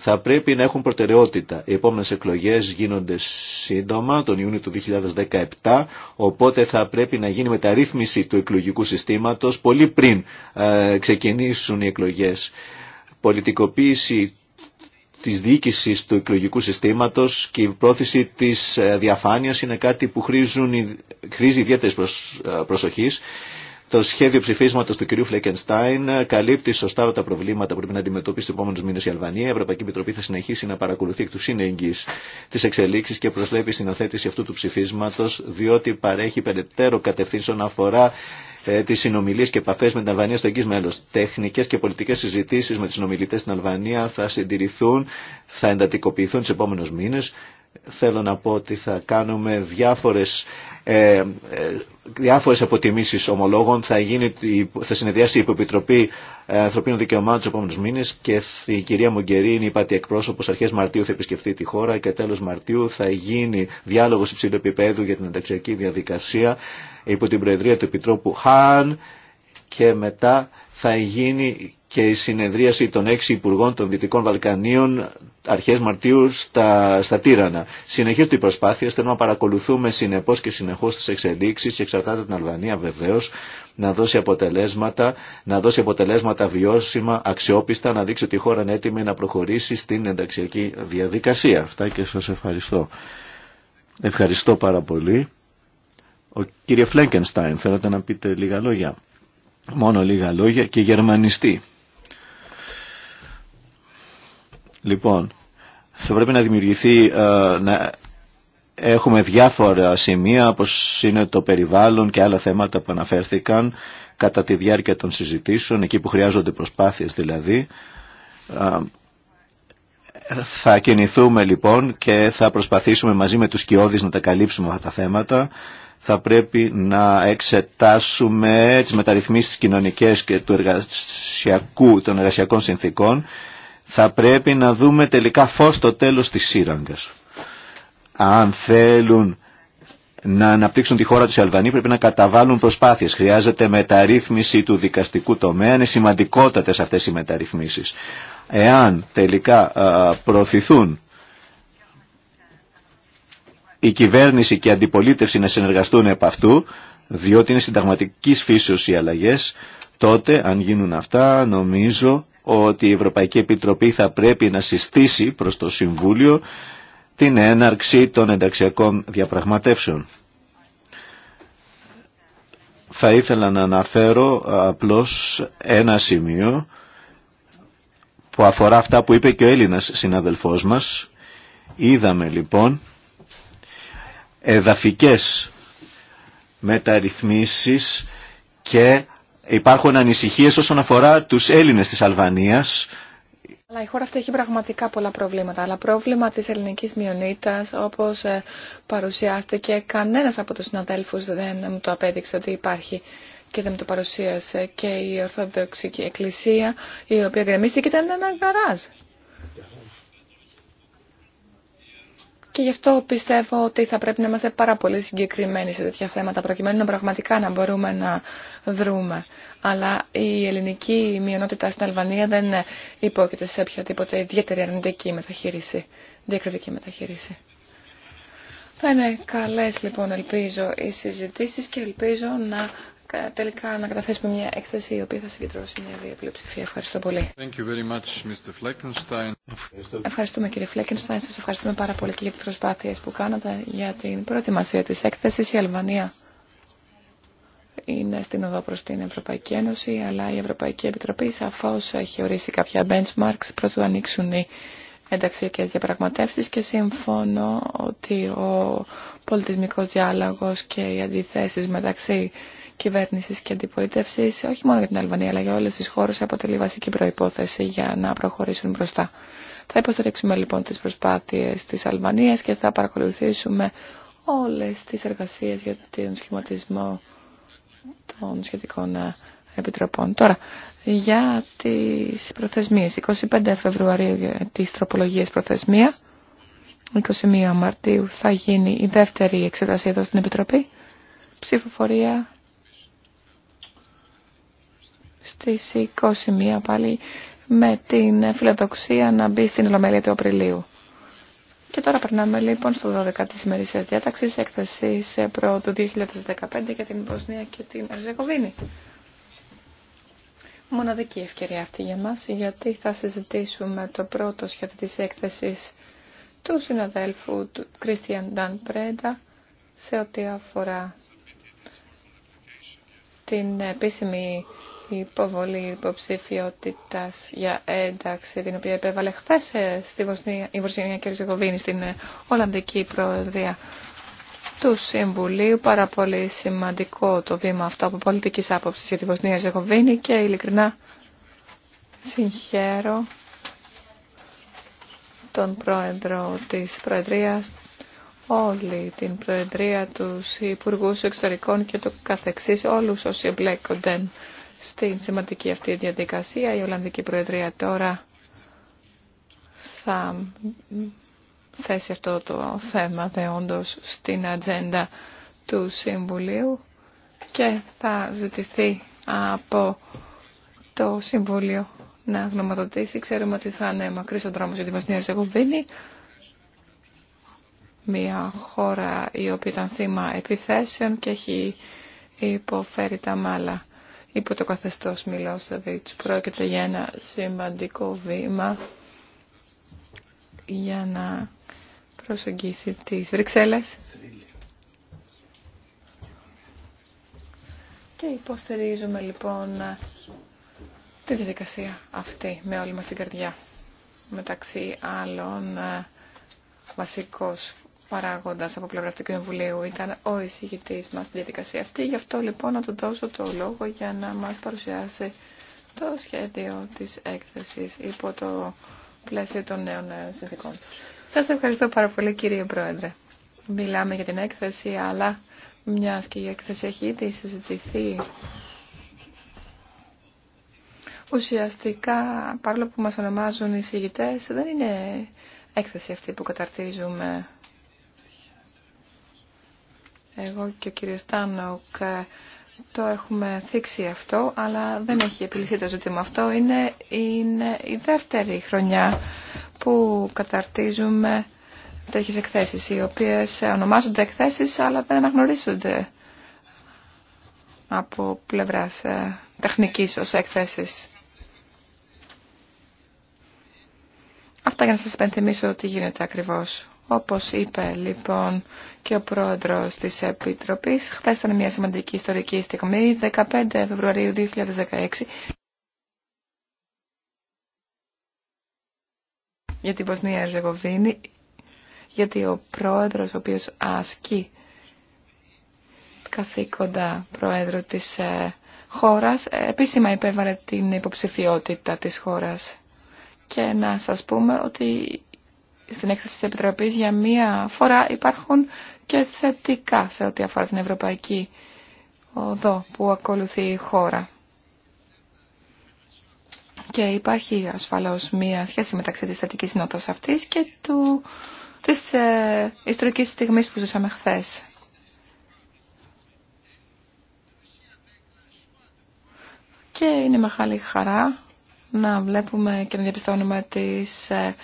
Θα πρέπει να έχουν προτεραιότητα. Οι επόμενες εκλογές γίνονται σύντομα, τον Ιούνιο του 2017, οπότε θα πρέπει να γίνει μεταρρύθμιση του εκλογικού συστήματος πολύ πριν ε, ξεκινήσουν οι εκλογές. Πολιτικοποίηση της διοίκησης του εκλογικού συστήματος και η πρόθεση της ε, διαφάνειας είναι κάτι που χρήζουν, χρήζει ιδιαίτερη ε, προσοχής το σχέδιο ψηφίσματο του κ. Φλεκενστάιν καλύπτει σωστά τα προβλήματα που πρέπει να αντιμετωπίσει του επόμενου μήνε η Αλβανία. Η Ευρωπαϊκή Επιτροπή θα συνεχίσει να παρακολουθεί εκ του σύνεγγυ τι εξελίξει και προσβλέπει στην οθέτηση αυτού του ψηφίσματο, διότι παρέχει περαιτέρω κατευθύνσει όσον αφορά ε, τι συνομιλίε και επαφέ με την Αλβανία στο εγγύ μέλο. Τεχνικέ και πολιτικέ συζητήσει με του συνομιλητέ στην Αλβανία θα συντηρηθούν, θα εντατικοποιηθούν του επόμενου μήνε θέλω να πω ότι θα κάνουμε διάφορες, ε, ε, διάφορες αποτιμήσεις ομολόγων. Θα, γίνει, θα συνεδριάσει η Υποπιτροπή ε, Ανθρωπίνων Δικαιωμάτων του επόμενου μήνε και η κυρία Μογκερίνη, η πάτη εκπρόσωπο, αρχέ Μαρτίου θα επισκεφτεί τη χώρα και τέλο Μαρτίου θα γίνει διάλογο υψηλού επίπεδου για την ενταξιακή διαδικασία υπό την Προεδρία του Επιτρόπου Χάν και μετά θα γίνει και η συνεδρίαση των έξι υπουργών των Δυτικών Βαλκανίων αρχές Μαρτίου στα, στα Τύρανα. Συνεχίζεται η προσπάθεια ώστε να παρακολουθούμε συνεπώς και συνεχώς τις εξελίξεις και εξαρτάται την Αλβανία βεβαίως να δώσει αποτελέσματα, να δώσει αποτελέσματα βιώσιμα, αξιόπιστα, να δείξει ότι η χώρα είναι έτοιμη να προχωρήσει στην ενταξιακή διαδικασία. Αυτά και σας ευχαριστώ. Ευχαριστώ πάρα πολύ. Ο κύριε Φλέγκενστάιν, θέλετε να πείτε λίγα λόγια. Μόνο λίγα λόγια και γερμανιστή. Λοιπόν, θα πρέπει να δημιουργηθεί, ε, να έχουμε διάφορα σημεία όπως είναι το περιβάλλον και άλλα θέματα που αναφέρθηκαν κατά τη διάρκεια των συζητήσεων, εκεί που χρειάζονται προσπάθειες δηλαδή. Ε, θα κινηθούμε λοιπόν και θα προσπαθήσουμε μαζί με τους κοιόδης να τα καλύψουμε αυτά τα θέματα. Θα πρέπει να εξετάσουμε τις μεταρρυθμίσεις κοινωνικές και του εργασιακού, των εργασιακών συνθήκων θα πρέπει να δούμε τελικά φως στο τέλος της σύραγγας. Αν θέλουν να αναπτύξουν τη χώρα τους οι πρέπει να καταβάλουν προσπάθειες. Χρειάζεται μεταρρύθμιση του δικαστικού τομέα, είναι σημαντικότατες αυτές οι μεταρρυθμίσεις. Εάν τελικά προωθηθούν η κυβέρνηση και η αντιπολίτευση να συνεργαστούν επ' αυτού, διότι είναι συνταγματικής φύσεως οι αλλαγές, τότε αν γίνουν αυτά νομίζω ότι η Ευρωπαϊκή Επιτροπή θα πρέπει να συστήσει προς το Συμβούλιο την έναρξη των ενταξιακών διαπραγματεύσεων. Θα ήθελα να αναφέρω απλώς ένα σημείο που αφορά αυτά που είπε και ο Έλληνας συναδελφός μας. Είδαμε λοιπόν εδαφικές μεταρρυθμίσεις και Υπάρχουν ανησυχίες όσον αφορά τους Έλληνες της Αλβανίας. Αλλά η χώρα αυτή έχει πραγματικά πολλά προβλήματα. Αλλά πρόβλημα της ελληνικής μειονίτας όπως ε, παρουσιάστηκε, κανένας από τους συναδέλφους δεν μου το απέδειξε ότι υπάρχει και δεν μου το παρουσίασε και η Ορθόδοξη Εκκλησία, η οποία γκρεμίστηκε, ήταν ένα γαράζ. Και γι' αυτό πιστεύω ότι θα πρέπει να είμαστε πάρα πολύ συγκεκριμένοι σε τέτοια θέματα, προκειμένου να πραγματικά να μπορούμε να δρούμε. Αλλά η ελληνική μειονότητα στην Αλβανία δεν υπόκειται σε οποιαδήποτε ιδιαίτερη αρνητική μεταχείριση, διακριτική μεταχείριση. Θα είναι καλές λοιπόν ελπίζω οι συζητήσεις και ελπίζω να τελικά να καταθέσουμε μια έκθεση η οποία θα συγκεντρώσει μια ευρία Ευχαριστώ πολύ. Thank you very much, Mr. Ευχαριστούμε κύριε Φλέκενστάιν. Σας ευχαριστούμε πάρα πολύ και για τις προσπάθειες που κάνατε για την προετοιμασία της έκθεσης. Η Αλβανία είναι στην οδό προς την Ευρωπαϊκή Ένωση, αλλά η Ευρωπαϊκή Επιτροπή σαφώς έχει ορίσει κάποια benchmarks πρωτού ανοίξουν οι ενταξιακέ διαπραγματεύσει και συμφωνώ ότι ο πολιτισμικός διάλογος και οι αντιθέσεις μεταξύ κυβέρνηση και αντιπολίτευση, όχι μόνο για την Αλβανία, αλλά για όλε τι χώρε, αποτελεί βασική προπόθεση για να προχωρήσουν μπροστά. Θα υποστηρίξουμε λοιπόν τι προσπάθειε τη Αλβανία και θα παρακολουθήσουμε όλε τι εργασίε για τον σχηματισμό των σχετικών ε, επιτροπών. Τώρα, για τι προθεσμίε. 25 Φεβρουαρίου τη τροπολογία προθεσμία. 21 Μαρτίου θα γίνει η δεύτερη εξετασία εδώ στην Επιτροπή. Ψηφοφορία στις 21 πάλι με την φιλοδοξία να μπει στην Ολομέλεια του Απριλίου. Και τώρα περνάμε λοιπόν στο 12 της ημερήσιας διάταξης έκθεσης προ του 2015 για την Βοσνία και την Ερζεγοβίνη. Μοναδική ευκαιρία αυτή για μας, γιατί θα συζητήσουμε το πρώτο σχέδιο της έκθεσης του συναδέλφου του Κρίστιαν Νταν Πρέντα σε ό,τι αφορά την επίσημη η υποβολή υποψηφιότητα για ένταξη, την οποία επέβαλε χθε ε, στη Βοσνία, η Βοσνία και Ριζεγοβίνη στην ε, Ολλανδική Προεδρία του Συμβουλίου. Πάρα πολύ σημαντικό το βήμα αυτό από πολιτική άποψη για τη Βοσνία Ριζεγοβίνη και ειλικρινά συγχαίρω τον πρόεδρο της Προεδρίας, όλη την Προεδρία, τους Υπουργούς Εξωτερικών και το καθεξής, όλους όσοι εμπλέκονται στην σημαντική αυτή διαδικασία. Η Ολλανδική Προεδρία τώρα θα θέσει αυτό το θέμα δεόντως στην ατζέντα του Συμβουλίου και θα ζητηθεί από το Συμβούλιο να γνωματοτήσει. Ξέρουμε ότι θα είναι μακρύς ο δρόμος για τη Βοσνία Ζεγοβίνη, μια χώρα η οποία ήταν θύμα επιθέσεων και έχει υποφέρει τα μάλα υπό το καθεστώς Μιλόσεβιτς. Πρόκειται για ένα σημαντικό βήμα για να προσεγγίσει τις Βρυξέλλες και υποστηρίζουμε λοιπόν τη διαδικασία αυτή με όλη μας την καρδιά. Μεταξύ άλλων ε, βασικός Παράγοντα από πλευρά του Κοινοβουλίου ήταν ο εισηγητή μα στη διαδικασία αυτή. Γι' αυτό λοιπόν να του δώσω το λόγο για να μα παρουσιάσει το σχέδιο τη έκθεση υπό το πλαίσιο των νέων ε, συνθήκων. Σα ευχαριστώ πάρα πολύ κύριε Πρόεδρε. Μιλάμε για την έκθεση, αλλά μια και η έκθεση έχει ήδη συζητηθεί ουσιαστικά, παρόλο που μας ονομάζουν οι συγητές, δεν είναι έκθεση αυτή που καταρτίζουμε εγώ και ο κύριος Τάνοκ ε, το έχουμε θίξει αυτό, αλλά δεν έχει επιληθεί το ζήτημα αυτό. Είναι, είναι η δεύτερη χρονιά που καταρτίζουμε τέτοιε εκθέσεις, οι οποίες ονομάζονται εκθέσεις, αλλά δεν αναγνωρίζονται από πλευράς ε, τεχνικής ως εκθέσεις. Αυτά για να σας υπενθυμίσω τι γίνεται ακριβώς. Όπως είπε λοιπόν και ο πρόεδρος της Επιτροπής, χθες ήταν μια σημαντική ιστορική στιγμή, 15 Φεβρουαρίου 2016, για την Βοσνία Ερζεγοβίνη, γιατί ο πρόεδρος ο οποίος ασκεί καθήκοντα πρόεδρο της ε, χώρας, επίσημα υπέβαλε την υποψηφιότητα της χώρας. Και να σας πούμε ότι στην έκθεση της Επιτροπής για μία φορά υπάρχουν και θετικά σε ό,τι αφορά την ευρωπαϊκή οδό που ακολουθεί η χώρα. Και υπάρχει ασφαλώς μία σχέση μεταξύ της θετικής νότας αυτής και του, της ε, ιστορικής στιγμής που ζούσαμε χθε. Και είναι μεγάλη χαρά να βλέπουμε και να διαπιστώνουμε τις ε,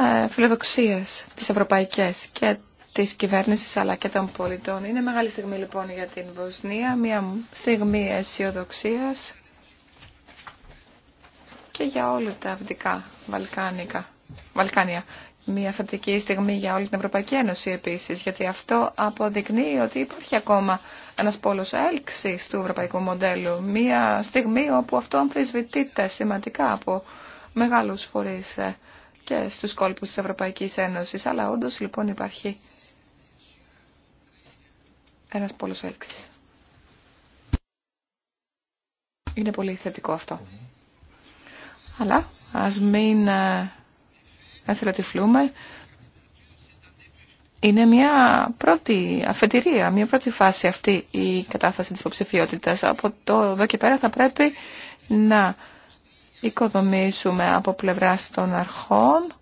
ε, Φιλοδοξίας της ευρωπαϊκής και της κυβέρνησης αλλά και των πολιτών. Είναι μεγάλη στιγμή λοιπόν για την Βοσνία, μια στιγμή αισιοδοξία και για όλα τα αυτικά Βαλκάνικα. Βαλκάνια. Μια θετική στιγμή για όλη την Ευρωπαϊκή Ένωση επίσης, γιατί αυτό αποδεικνύει ότι υπάρχει ακόμα ένας πόλος έλξης του ευρωπαϊκού μοντέλου. Μια στιγμή όπου αυτό αμφισβητείται σημαντικά από μεγάλους φορείς ε, και στους κόλπους της Ευρωπαϊκής Ένωσης. Αλλά όντως λοιπόν υπάρχει ένας πόλος έλξης. Είναι πολύ θετικό αυτό. Αλλά ας μην εθελοτυφλούμε. Είναι μια πρώτη αφετηρία, μια πρώτη φάση αυτή η κατάφαση της υποψηφιότητας. Από το εδώ και πέρα θα πρέπει να οικοδομήσουμε από πλευράς των αρχών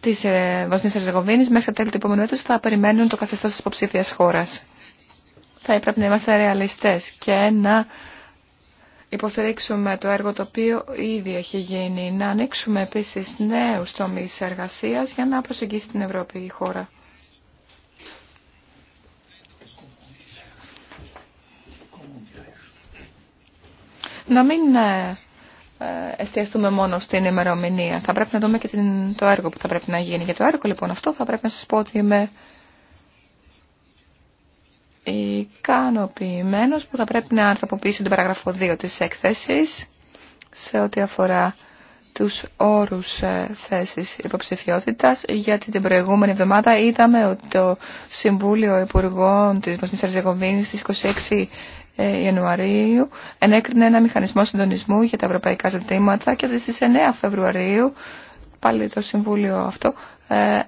της ε, Βοσνίας Ερζεγοβίνης μέχρι τα τέλη του επόμενου έτους θα περιμένουν το καθεστώς της υποψήφιας χώρας. Θα έπρεπε να είμαστε ρεαλιστές και να υποστηρίξουμε το έργο το οποίο ήδη έχει γίνει. Να ανοίξουμε επίσης νέους τομείς εργασίας για να προσεγγίσει την Ευρώπη η χώρα. να μην ε, ε, εστιαστούμε μόνο στην ημερομηνία. Θα πρέπει να δούμε και το έργο που θα πρέπει να γίνει. Για το έργο λοιπόν αυτό θα πρέπει να σας πω ότι είμαι ικανοποιημένο που θα πρέπει να ανθρωποποιήσω την παραγραφό 2 της έκθεσης σε ό,τι αφορά τους όρους ε, θέσης υποψηφιότητας, γιατί την προηγούμενη εβδομάδα είδαμε ότι το Συμβούλιο Υπουργών της Βοσνής Αρζεγοβίνης στις 26 Ιανουαρίου ενέκρινε ένα μηχανισμό συντονισμού για τα ευρωπαϊκά ζητήματα και στι 9 Φεβρουαρίου πάλι το Συμβούλιο αυτό ε,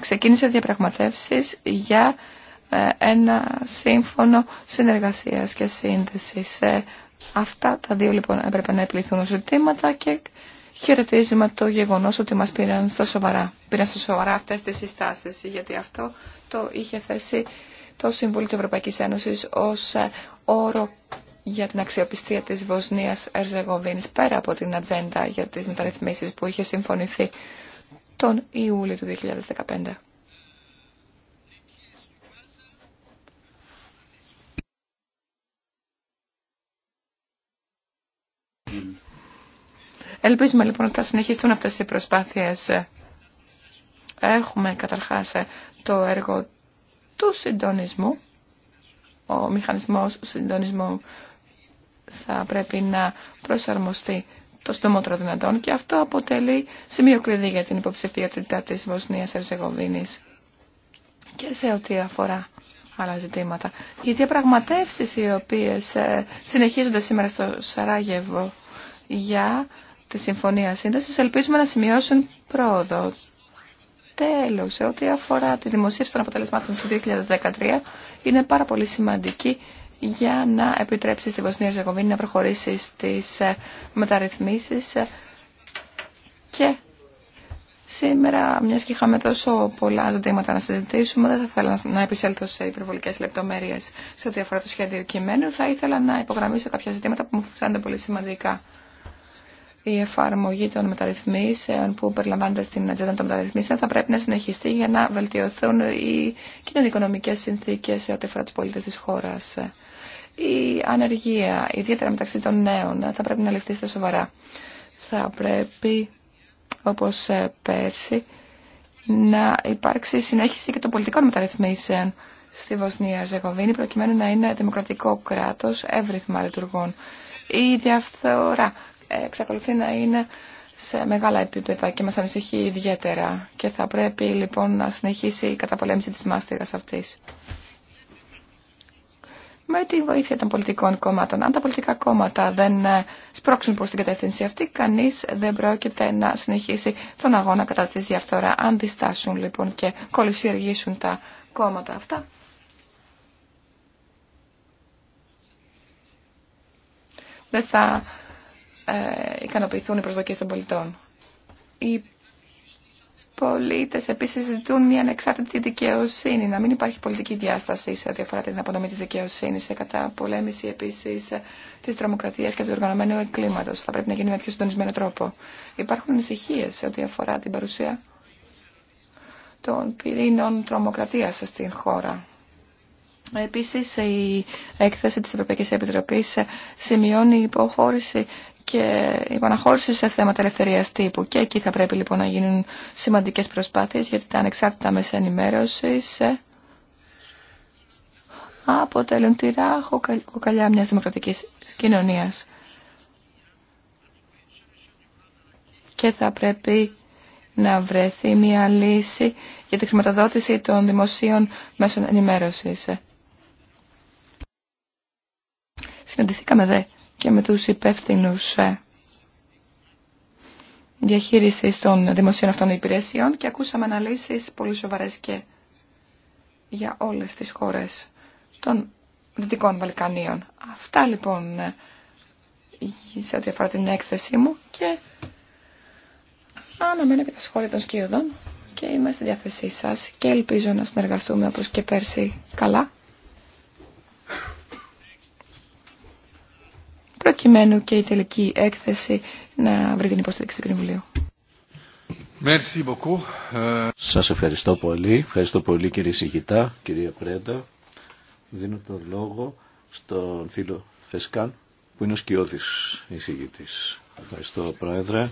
ξεκίνησε διαπραγματεύσεις για ε, ένα σύμφωνο συνεργασίας και σύνδεσης. Ε, αυτά τα δύο λοιπόν έπρεπε να επιληθούν ζητήματα και χαιρετίζουμε το γεγονός ότι μας πήραν στα σοβαρά, πήραν στα σοβαρά αυτές τις συστάσεις γιατί αυτό το είχε θέσει το Συμβούλιο της Ευρωπαϊκής Ένωσης ως ε, όρο για την αξιοπιστία της Βοσνίας Ερζεγοβίνης πέρα από την ατζέντα για τις μεταρρυθμίσεις που είχε συμφωνηθεί τον Ιούλιο του 2015. Ελπίζουμε λοιπόν ότι θα συνεχιστούν αυτές οι προσπάθειες. Έχουμε καταρχάς το έργο του συντονισμού. Ο μηχανισμός συντονισμού θα πρέπει να προσαρμοστεί το στομότερο δυνατόν και αυτό αποτελεί σημείο κλειδί για την υποψηφιότητα της Βοσνίας Ερσεγοβίνης. και σε ό,τι αφορά άλλα ζητήματα. Οι διαπραγματεύσεις οι οποίες ε, συνεχίζονται σήμερα στο Σαράγεβο για τη Συμφωνία Σύνδεσης ελπίζουμε να σημειώσουν πρόοδο. Τέλος, σε ό,τι αφορά τη δημοσίευση των αποτελεσμάτων του 2013, είναι πάρα πολύ σημαντική για να επιτρέψει στη Βοσνία Ζεγοβίνη να προχωρήσει στις ε, μεταρρυθμίσεις ε, και σήμερα, μιας και είχαμε τόσο πολλά ζητήματα να συζητήσουμε, δεν θα ήθελα να επισέλθω σε υπερβολικές λεπτομέρειες σε ό,τι αφορά το σχέδιο κειμένου, θα ήθελα να υπογραμμίσω κάποια ζητήματα που μου φαίνονται πολύ σημαντικά η εφαρμογή των μεταρρυθμίσεων που περιλαμβάνεται στην ατζέντα των μεταρρυθμίσεων θα πρέπει να συνεχιστεί για να βελτιωθούν οι κοινωνικονομικέ συνθήκε σε ό,τι αφορά του πολίτε τη χώρα. Η ανεργία, ιδιαίτερα μεταξύ των νέων, θα πρέπει να ληφθεί στα σοβαρά. Θα πρέπει, όπω πέρσι, να υπάρξει συνέχιση και των πολιτικών μεταρρυθμίσεων στη Βοσνία Ζεγοβίνη προκειμένου να είναι δημοκρατικό κράτο, εύρυθμα λειτουργών. Η διαφθορά εξακολουθεί να είναι σε μεγάλα επίπεδα και μας ανησυχεί ιδιαίτερα και θα πρέπει λοιπόν να συνεχίσει η καταπολέμηση της μάστιγας αυτής. Με τη βοήθεια των πολιτικών κομμάτων. Αν τα πολιτικά κόμματα δεν ε, σπρώξουν προς την κατεύθυνση αυτή, κανείς δεν πρόκειται να συνεχίσει τον αγώνα κατά της διαφθορά. Αν διστάσουν λοιπόν και κολυσιεργήσουν τα κόμματα αυτά, δεν θα ε, ικανοποιηθούν οι προσδοκίες των πολιτών. Οι πολίτες επίσης ζητούν μια ανεξάρτητη δικαιοσύνη, να μην υπάρχει πολιτική διάσταση σε ό,τι αφορά την απονομή της δικαιοσύνης, σε καταπολέμηση επίσης της τρομοκρατίας και του οργανωμένου εγκλήματος. Θα πρέπει να γίνει με πιο συντονισμένο τρόπο. Υπάρχουν ανησυχίε σε ό,τι αφορά την παρουσία των πυρήνων τρομοκρατίας στην χώρα. Επίσης, η έκθεση της Ευρωπαϊκής Επιτροπής σημειώνει υποχώρηση και η παναχώρηση σε θέματα ελευθερία τύπου. Και εκεί θα πρέπει λοιπόν να γίνουν σημαντικέ προσπάθειε γιατί τα ανεξάρτητα μέσα ενημέρωση ε, αποτελούν τη ράχο κοκαλιά μια δημοκρατική κοινωνία. Και θα πρέπει να βρεθεί μια λύση για τη χρηματοδότηση των δημοσίων μέσων ενημέρωσης. Συναντηθήκαμε δε και με τους υπεύθυνους ε, διαχείρισης των δημοσίων αυτών υπηρεσιών και ακούσαμε αναλύσεις πολύ σοβαρές και για όλες τις χώρες των Δυτικών Βαλκανίων. Αυτά λοιπόν σε ό,τι αφορά την έκθεσή μου και αναμένω και τα σχόλια των σκιωδών και είμαι στη διάθεσή σας και ελπίζω να συνεργαστούμε όπως και πέρσι καλά προκειμένου και η τελική έκθεση να βρει την υποστήριξη του Κοινοβουλίου. Ε, Σας ευχαριστώ πολύ. Ευχαριστώ πολύ κύριε Σιγητά, κυρία Πρέντα. Δίνω τον λόγο στον φίλο Φεσκάν που είναι ο σκιώδης εισηγητής. Ευχαριστώ Πρόεδρε.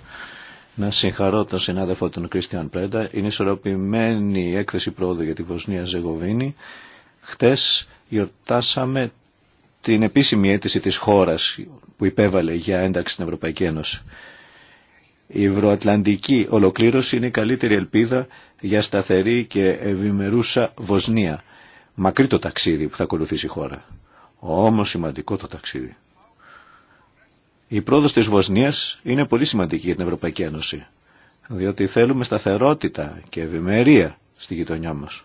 Να συγχαρώ τον συνάδελφο τον Κρίστιαν Πρέντα. Είναι ισορροπημένη η έκθεση πρόοδου για τη Βοσνία Ζεγοβίνη. Χτες γιορτάσαμε την επίσημη αίτηση της χώρας που υπέβαλε για ένταξη στην Ευρωπαϊκή Ένωση. Η ευρωατλαντική ολοκλήρωση είναι η καλύτερη ελπίδα για σταθερή και ευημερούσα Βοσνία. Μακρύ το ταξίδι που θα ακολουθήσει η χώρα. Όμως σημαντικό το ταξίδι. Η πρόοδος της Βοσνίας είναι πολύ σημαντική για την Ευρωπαϊκή Ένωση. Διότι θέλουμε σταθερότητα και ευημερία στη γειτονιά μας.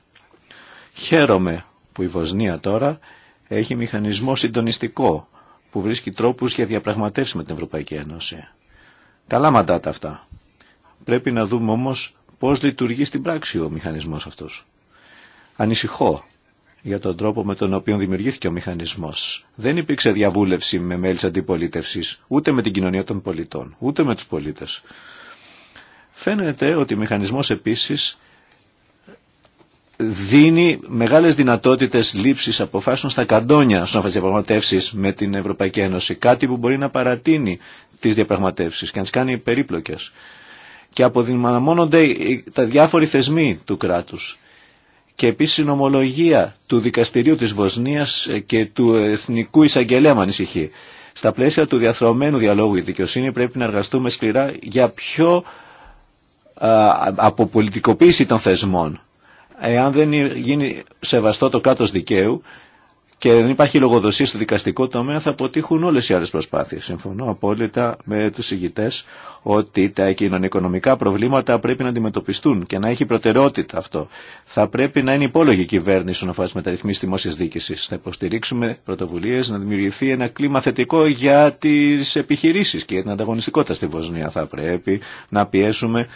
Χαίρομαι που η Βοσνία τώρα έχει μηχανισμό συντονιστικό που βρίσκει τρόπους για διαπραγματεύσει με την Ευρωπαϊκή Ένωση. Καλά μαντάτα αυτά. Πρέπει να δούμε όμως πώς λειτουργεί στην πράξη ο μηχανισμός αυτός. Ανησυχώ για τον τρόπο με τον οποίο δημιουργήθηκε ο μηχανισμός. Δεν υπήρξε διαβούλευση με μέλη αντιπολίτευσης, ούτε με την κοινωνία των πολιτών, ούτε με τους πολίτες. Φαίνεται ότι ο μηχανισμός επίσης δίνει μεγάλες δυνατότητες λήψης αποφάσεων στα καντόνια στους διαπραγματεύσεις με την Ευρωπαϊκή Ένωση. Κάτι που μπορεί να παρατείνει τις διαπραγματεύσεις και να τις κάνει περίπλοκες. Και αποδυναμώνονται τα διάφοροι θεσμοί του κράτους. Και επίσης η νομολογία του Δικαστηρίου της Βοσνίας ε, και του Εθνικού Εισαγγελέα ανησυχεί. Στα πλαίσια του διαθρωμένου διαλόγου η δικαιοσύνη πρέπει να εργαστούμε σκληρά για πιο αποπολιτικοποίηση των θεσμών εάν δεν γίνει σεβαστό το κάτω δικαίου και δεν υπάρχει λογοδοσία στο δικαστικό τομέα, θα αποτύχουν όλες οι άλλες προσπάθειες. Συμφωνώ απόλυτα με τους ηγητές ότι τα κοινωνικονομικά προβλήματα πρέπει να αντιμετωπιστούν και να έχει προτεραιότητα αυτό. Θα πρέπει να είναι υπόλογη η κυβέρνηση να αφορά τι μεταρρυθμίσει δημόσια Θα υποστηρίξουμε πρωτοβουλίε να δημιουργηθεί ένα κλίμα θετικό για τι επιχειρήσει και για την ανταγωνιστικότητα στη Βοσνία. Θα πρέπει να πιέσουμε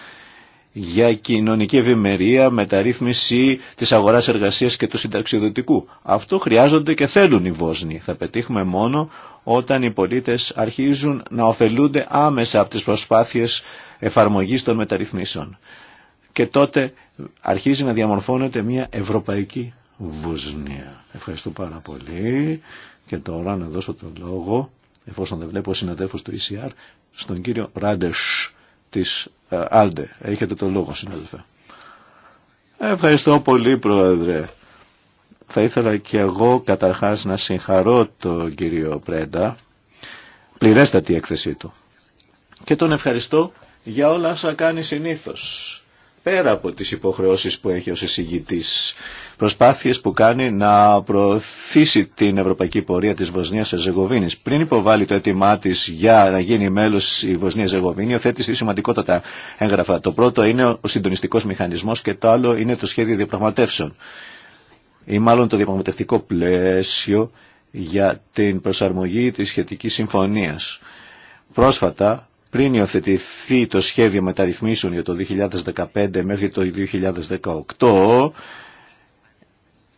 για κοινωνική ευημερία, μεταρρύθμιση της αγοράς εργασίας και του συνταξιδοτικού. Αυτό χρειάζονται και θέλουν οι Βόσνοι. Θα πετύχουμε μόνο όταν οι πολίτες αρχίζουν να ωφελούνται άμεσα από τις προσπάθειες εφαρμογής των μεταρρυθμίσεων. Και τότε αρχίζει να διαμορφώνεται μια ευρωπαϊκή Βοσνία. Ευχαριστώ πάρα πολύ και τώρα να δώσω το λόγο, εφόσον δεν βλέπω συναδέλφους του ECR, στον κύριο Ράντεσ της ε, Άλντε. Έχετε το λόγο, συνάδελφε. Ευχαριστώ πολύ, Πρόεδρε. Θα ήθελα και εγώ καταρχάς να συγχαρώ τον κύριο Πρέντα, πληρέστατη έκθεσή του. Και τον ευχαριστώ για όλα όσα κάνει συνήθως πέρα από τις υποχρεώσεις που έχει ως εισηγητής. Προσπάθειες που κάνει να προωθήσει την ευρωπαϊκή πορεία της Βοσνίας Ζεγοβίνης. Πριν υποβάλει το αίτημά τη για να γίνει μέλος η Βοσνία Ζεγοβίνη, οθέτησε στη σημαντικότατα έγγραφα. Το πρώτο είναι ο συντονιστικός μηχανισμός και το άλλο είναι το σχέδιο διαπραγματεύσεων. Ή μάλλον το διαπραγματευτικό πλαίσιο για την προσαρμογή της σχετικής συμφωνίας. Πρόσφατα πριν υιοθετηθεί το σχέδιο μεταρρυθμίσεων για το 2015 μέχρι το 2018,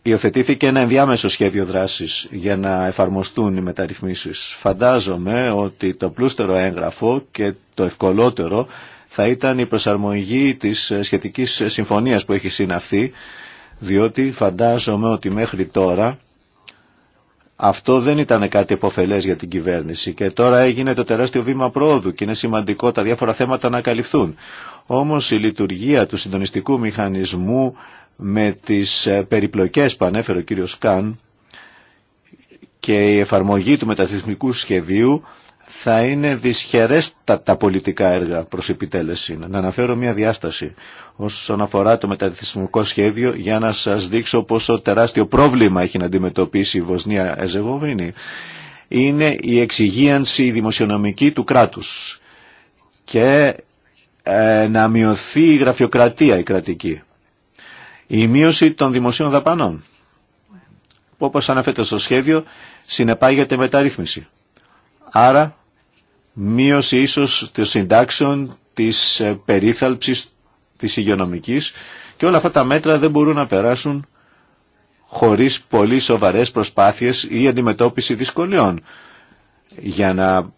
υιοθετήθηκε ένα ενδιάμεσο σχέδιο δράσης για να εφαρμοστούν οι μεταρρυθμίσεις. Φαντάζομαι ότι το πλούστερο έγγραφο και το ευκολότερο θα ήταν η προσαρμογή της σχετικής συμφωνίας που έχει συναυθεί, διότι φαντάζομαι ότι μέχρι τώρα αυτό δεν ήταν κάτι υποφελές για την κυβέρνηση και τώρα έγινε το τεράστιο βήμα πρόοδου και είναι σημαντικό τα διάφορα θέματα να καλυφθούν. Όμω η λειτουργία του συντονιστικού μηχανισμού με τις ε, περιπλοκές που ανέφερε ο κύριος Καν και η εφαρμογή του μεταθυσμικού σχεδίου θα είναι δυσχερέστατα τα πολιτικά έργα προς επιτέλεση. Να αναφέρω μια διάσταση όσον αφορά το μεταρρυθμιστικό σχέδιο για να σας δείξω πόσο τεράστιο πρόβλημα έχει να αντιμετωπίσει η Βοσνία Εζεγοβίνη. Είναι η εξυγίανση δημοσιονομική του κράτους και ε, να μειωθεί η γραφειοκρατία η κρατική. Η μείωση των δημοσίων δαπανών που όπως αναφέρεται στο σχέδιο συνεπάγεται μεταρρύθμιση Άρα, μείωση ίσως των συντάξεων της ε, περίθαλψης της υγειονομικής και όλα αυτά τα μέτρα δεν μπορούν να περάσουν χωρίς πολύ σοβαρές προσπάθειες ή αντιμετώπιση δυσκολιών για να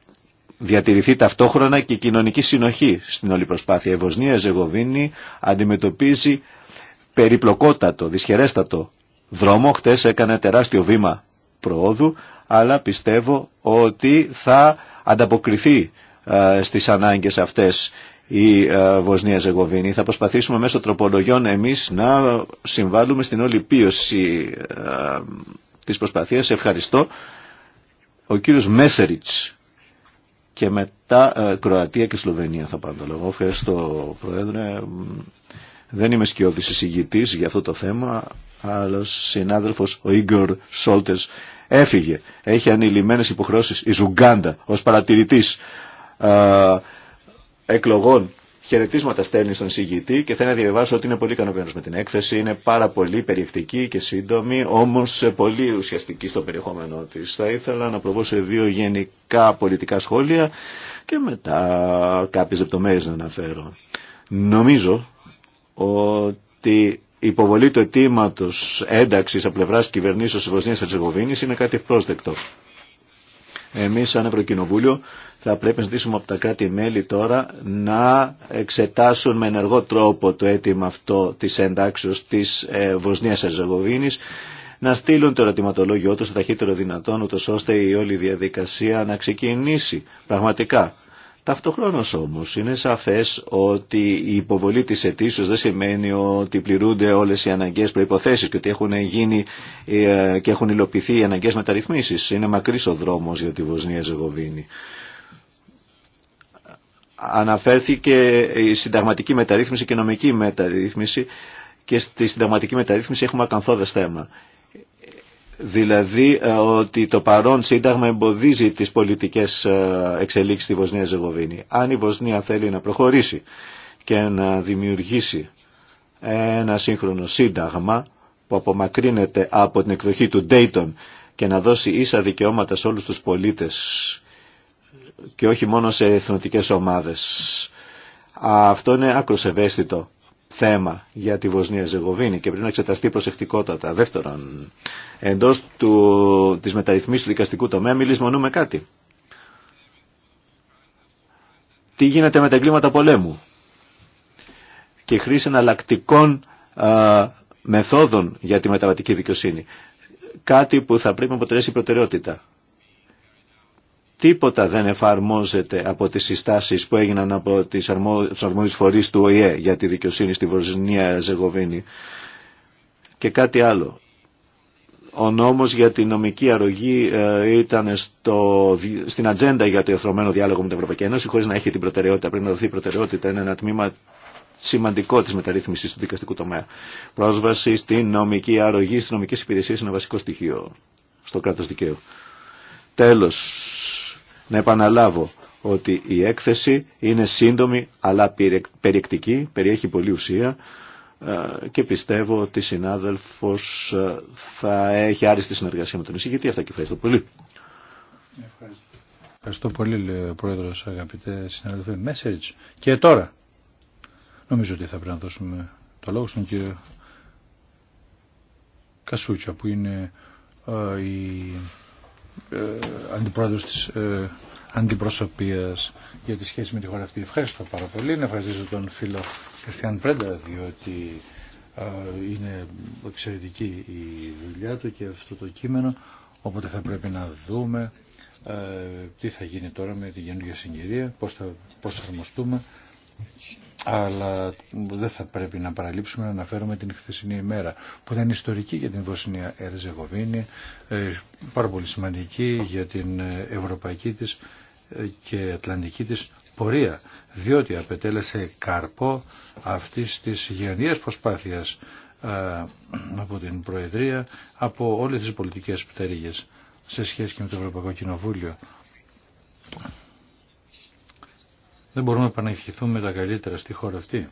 διατηρηθεί ταυτόχρονα και η κοινωνική συνοχή στην όλη προσπάθεια. Η Βοσνία Ζεγοβίνη αντιμετωπίζει περιπλοκότατο, δυσχερέστατο δρόμο. Χτες έκανε τεράστιο βήμα προόδου, αλλά πιστεύω ότι θα ανταποκριθεί ε, στις ανάγκες αυτές η ε, Βοσνία Ζεγοβίνη. Θα προσπαθήσουμε μέσω τροπολογιών εμείς να συμβάλλουμε στην όλη πίωση ε, της προσπαθίας. Ευχαριστώ. Ο κύριος Μέσεριτς και μετά Κροατία και Σλοβενία θα πάνε το λόγο. Ευχαριστώ Πρόεδρε. Δεν είμαι σκιώδης εισηγητής για αυτό το θέμα, αλλά συνάδελφος ο Ίγκορ Σόλτες Έφυγε. Έχει ανηλυμένες υποχρεώσεις. Η Ζουγκάντα ως παρατηρητής εκλογών χαιρετίσματα στέλνει στον συγγητή και θέλει να διαβάσω ότι είναι πολύ ικανοποιημένο με την έκθεση. Είναι πάρα πολύ περιεκτική και σύντομη, όμω πολύ ουσιαστική στο περιεχόμενό τη. Θα ήθελα να προβώ σε δύο γενικά πολιτικά σχόλια και μετά κάποιε λεπτομέρειε να αναφέρω. Νομίζω ότι η υποβολή του αιτήματο ένταξη από πλευρά κυβερνήσεω τη Βοσνία Ερζεγοβίνη είναι κάτι ευπρόσδεκτο. Εμεί, σαν Ευρωκοινοβούλιο, θα πρέπει να ζητήσουμε από τα κράτη-μέλη τώρα να εξετάσουν με ενεργό τρόπο το αίτημα αυτό τη ένταξη τη ε, Βοσνία Ερζεγοβίνη να στείλουν το ερωτηματολόγιο του το ταχύτερο δυνατόν, ώστε η όλη διαδικασία να ξεκινήσει πραγματικά. Ταυτοχρόνως όμως είναι σαφές ότι η υποβολή της αιτήσεως δεν σημαίνει ότι πληρούνται όλες οι αναγκαίες προϋποθέσεις και ότι έχουν γίνει ε, και έχουν υλοποιηθεί οι αναγκαίες μεταρρυθμίσεις. Είναι μακρύς ο δρόμος για τη Βοσνία Ζεγοβίνη. Αναφέρθηκε η συνταγματική μεταρρύθμιση και η νομική μεταρρύθμιση και στη συνταγματική μεταρρύθμιση έχουμε ακαθόδες θέμα δηλαδή ε, ότι το παρόν σύνταγμα εμποδίζει τις πολιτικές ε, εξελίξεις στη Βοσνία Ζεγοβίνη. Αν η Βοσνία θέλει να προχωρήσει και να δημιουργήσει ένα σύγχρονο σύνταγμα που απομακρύνεται από την εκδοχή του Dayton και να δώσει ίσα δικαιώματα σε όλους τους πολίτες και όχι μόνο σε εθνοτικές ομάδες. Αυτό είναι άκρος ευαίσθητο θέμα για τη Βοσνία Ζεγοβίνη και πρέπει να εξεταστεί προσεκτικότατα. Δεύτερον, εντός του, της μεταρρυθμίσης του δικαστικού τομέα με κάτι. Τι γίνεται με τα εγκλήματα πολέμου και χρήση εναλλακτικών μεθόδων για τη μεταβατική δικαιοσύνη. Κάτι που θα πρέπει να αποτελέσει προτεραιότητα. Τίποτα δεν εφαρμόζεται από τις συστάσεις που έγιναν από τις αρμόδιες φορείς του ΟΗΕ για τη δικαιοσύνη στη Βοσνία Ζεγοβίνη. Και κάτι άλλο. Ο νόμος για την νομική αρρωγή ε, ήταν στο, στην ατζέντα για το εθρομένο διάλογο με την Ευρωπαϊκή Ένωση χωρίς να έχει την προτεραιότητα. Πρέπει να δοθεί η προτεραιότητα. Είναι ένα τμήμα σημαντικό της μεταρρύθμισης του δικαστικού τομέα. Πρόσβαση στην νομική αρρωγή, στις νομικές υπηρεσίες είναι ένα βασικό στοιχείο στο κράτος δικαίου. Τέλος, να επαναλάβω ότι η έκθεση είναι σύντομη αλλά περιεκτική, περιέχει πολλή ουσία. Ε, και πιστεύω ότι η συνάδελφος ε, θα έχει άριστη συνεργασία με τον εισηγητή. Αυτά και ευχαριστώ πολύ. Ευχαριστώ, ευχαριστώ πολύ, λέει ο Πρόεδρος, αγαπητέ συνάδελφοι. Message. Και τώρα, νομίζω ότι θα πρέπει να δώσουμε το λόγο στον κύριο Κασούτσα, που είναι ε, η ε, αντιπρόεδρος της ε, αντιπροσωπείας για τη σχέση με τη χώρα αυτή. Ευχαριστώ πάρα πολύ. Να ευχαριστήσω τον φίλο Κριστιαν Πρέντα, διότι είναι εξαιρετική η δουλειά του και αυτό το κείμενο, οπότε θα πρέπει να δούμε τι θα γίνει τώρα με τη καινούργια συγκυρία, πώς θα, πώς θα αλλά δεν θα πρέπει να παραλείψουμε να αναφέρουμε την χθεσινή ημέρα που ήταν ιστορική για την Βοσνία Ερζεγοβίνη, ε, πάρα πολύ σημαντική για την ε, ευρωπαϊκή της ε, και ατλαντική της πορεία, διότι απετέλεσε καρπό αυτής της γενιαίας προσπάθειας από την Προεδρία, από όλες τις πολιτικές πτέρυγες σε σχέση και με το Ευρωπαϊκό Κοινοβούλιο. Δεν μπορούμε να με τα καλύτερα στη χώρα αυτή.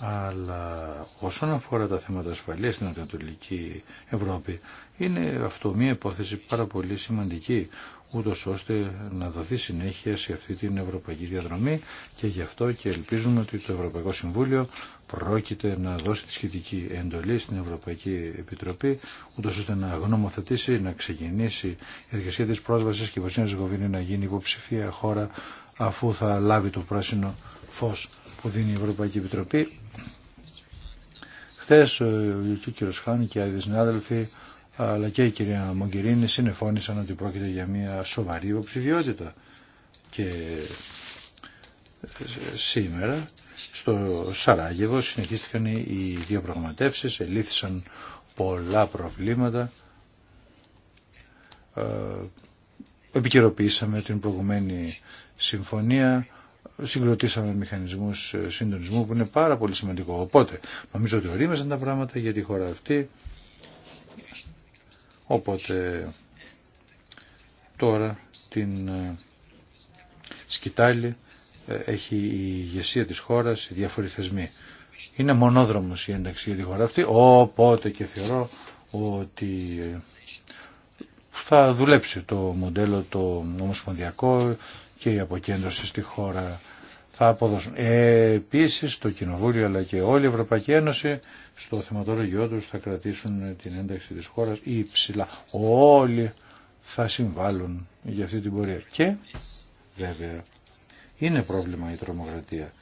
Αλλά όσον αφορά τα θέματα ασφαλείας στην Ανατολική Ευρώπη, είναι αυτό μια υπόθεση πάρα πολύ σημαντική, ούτω ώστε να δοθεί συνέχεια σε αυτή την ευρωπαϊκή διαδρομή και γι' αυτό και ελπίζουμε ότι το Ευρωπαϊκό Συμβούλιο πρόκειται να δώσει τη σχετική εντολή στην Ευρωπαϊκή Επιτροπή, ούτω ώστε να γνωμοθετήσει, να ξεκινήσει η διαδικασία τη πρόσβαση και η Βοσνία να γίνει υποψηφία χώρα αφού θα λάβει το πράσινο φως που δίνει η Ευρωπαϊκή Επιτροπή. Χθε ε, ο κ. Χάνη και οι συνάδελφοι αλλά και η κυρία Μογκερίνη συνεφώνησαν ότι πρόκειται για μια σοβαρή υποψηφιότητα. Και ε, σήμερα στο Σαράγεβο συνεχίστηκαν οι δύο πραγματεύσεις, ελήφθησαν πολλά προβλήματα ε, επικαιροποιήσαμε την προηγουμένη συμφωνία, συγκροτήσαμε μηχανισμούς συντονισμού που είναι πάρα πολύ σημαντικό. Οπότε, νομίζω ότι ορίμεσαν τα πράγματα για τη χώρα αυτή. Οπότε, τώρα την ε, σκητάλη ε, έχει η ηγεσία της χώρας, οι διάφοροι θεσμοί. Είναι μονόδρομος η ένταξη για τη χώρα αυτή, οπότε και θεωρώ ότι ε, θα δουλέψει το μοντέλο το ομοσπονδιακό και η αποκέντρωση στη χώρα θα αποδώσουν. Ε, επίσης το Κοινοβούλιο αλλά και όλη η Ευρωπαϊκή Ένωση στο θεματολογιό τους θα κρατήσουν την ένταξη της χώρας υψηλά. Όλοι θα συμβάλλουν για αυτή την πορεία. Και βέβαια είναι πρόβλημα η τρομοκρατία.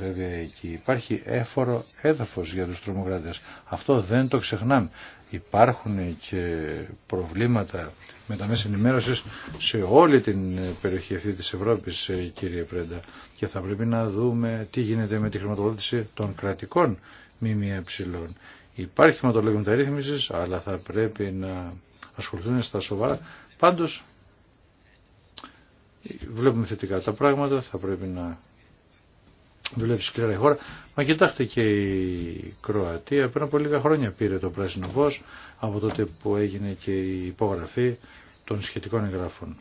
Βέβαια εκεί υπάρχει έφορο έδαφος για τους τρομοκράτες. Αυτό δεν το ξεχνάμε υπάρχουν και προβλήματα με τα μέσα ενημέρωση σε όλη την περιοχή αυτή της Ευρώπης, ε, κύριε Πρέντα. Και θα πρέπει να δούμε τι γίνεται με τη χρηματοδότηση των κρατικών ΜΜΕ. Υπάρχει θεματολόγιο μεταρρύθμισης, αλλά θα πρέπει να ασχοληθούν στα σοβαρά. Πάντως, βλέπουμε θετικά τα πράγματα, θα πρέπει να δουλεύει σκληρά η χώρα. Μα κοιτάξτε και η Κροατία πριν από λίγα χρόνια πήρε το πράσινο φως από τότε που έγινε και η υπογραφή των σχετικών εγγράφων.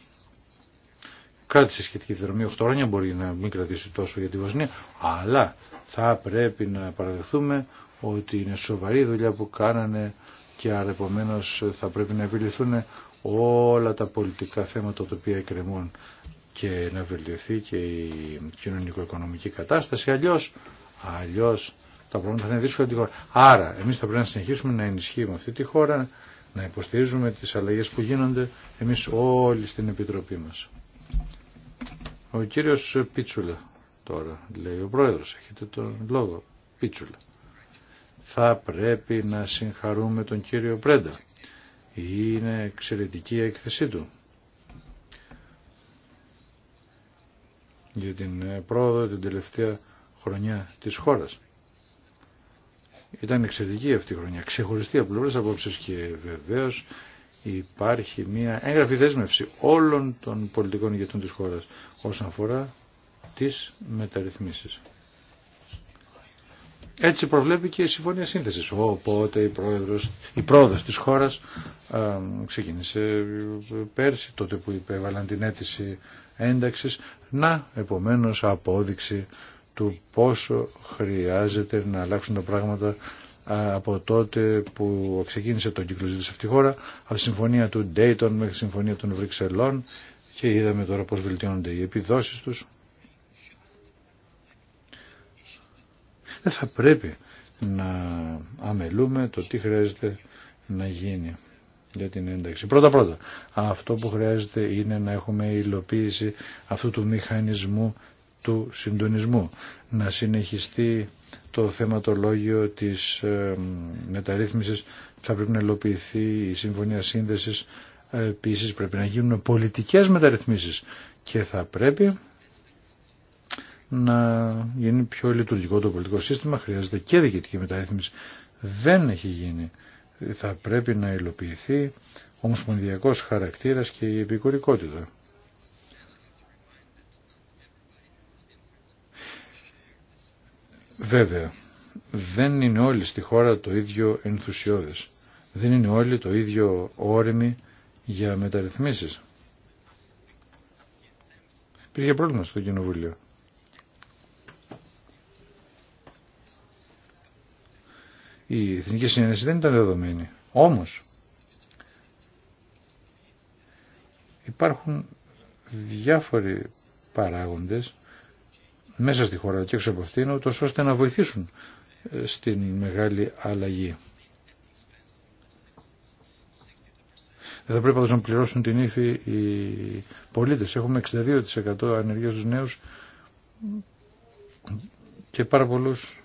Κράτησε σχετική δρομή 8 χρόνια, μπορεί να μην κρατήσει τόσο για τη Βοσνία, αλλά θα πρέπει να παραδεχθούμε ότι είναι σοβαρή δουλειά που κάνανε και άρα θα πρέπει να επιληθούν όλα τα πολιτικά θέματα τα οποία εκκρεμούν και να βελτιωθεί και η κοινωνικο-οικονομική κατάσταση. Αλλιώς, αλλιώς τα πράγματα θα είναι δύσκολα την χώρα. Άρα, εμείς θα πρέπει να συνεχίσουμε να ενισχύουμε αυτή τη χώρα, να υποστηρίζουμε τις αλλαγές που γίνονται εμείς όλοι στην Επιτροπή μας. Ο κύριος Πίτσουλα τώρα, λέει ο πρόεδρος, έχετε τον λόγο, Πίτσουλα. Θα πρέπει να συγχαρούμε τον κύριο Πρέντα. Είναι εξαιρετική η έκθεσή του. για την ε, πρόοδο την τελευταία χρονιά της χώρας. Ήταν εξαιρετική αυτή η χρονιά, ξεχωριστή από πλευρές απόψεις και βεβαίως υπάρχει μια έγγραφη δέσμευση όλων των πολιτικών ηγετών της χώρας όσον αφορά τις μεταρρυθμίσεις. Έτσι προβλέπει και η Συμφωνία Σύνθεσης. Οπότε η, πρόεδρος, η πρόοδος της χώρας ξεκίνησε πέρσι, τότε που υπέβαλαν την αίτηση ένταξης, να επομένως απόδειξη του πόσο χρειάζεται να αλλάξουν τα πράγματα από τότε που ξεκίνησε το κύκλο ζήτηση αυτή τη χώρα, από τη συμφωνία του Ντέιτον μέχρι τη συμφωνία των Βρυξελών και είδαμε τώρα πώς βελτιώνονται οι επιδόσεις τους. Δεν θα πρέπει να αμελούμε το τι χρειάζεται να γίνει για την ένταξη. Πρώτα πρώτα, αυτό που χρειάζεται είναι να έχουμε υλοποίηση αυτού του μηχανισμού του συντονισμού. Να συνεχιστεί το θεματολόγιο της ε, μεταρρύθμισης θα πρέπει να υλοποιηθεί η Συμφωνία Σύνδεσης ε, επίσης πρέπει να γίνουν πολιτικές μεταρρυθμίσεις και θα πρέπει να γίνει πιο λειτουργικό το πολιτικό σύστημα χρειάζεται και διοικητική μεταρρύθμιση δεν έχει γίνει θα πρέπει να υλοποιηθεί ο ομοσπονδιακός χαρακτήρας και η επικουρικότητα. Βέβαια, δεν είναι όλοι στη χώρα το ίδιο ενθουσιώδες. Δεν είναι όλοι το ίδιο όριμοι για μεταρρυθμίσεις. Υπήρχε πρόβλημα στο Κοινοβούλιο. η Εθνική Συνένεση δεν ήταν δεδομένη. Όμως υπάρχουν διάφοροι παράγοντες μέσα στη χώρα και έξω από αυτήν, ώστε να βοηθήσουν ε, στην μεγάλη αλλαγή. Δεν θα πρέπει να πληρώσουν την ύφη οι πολίτες. Έχουμε 62% ανεργία στους νέους και πάρα πολλούς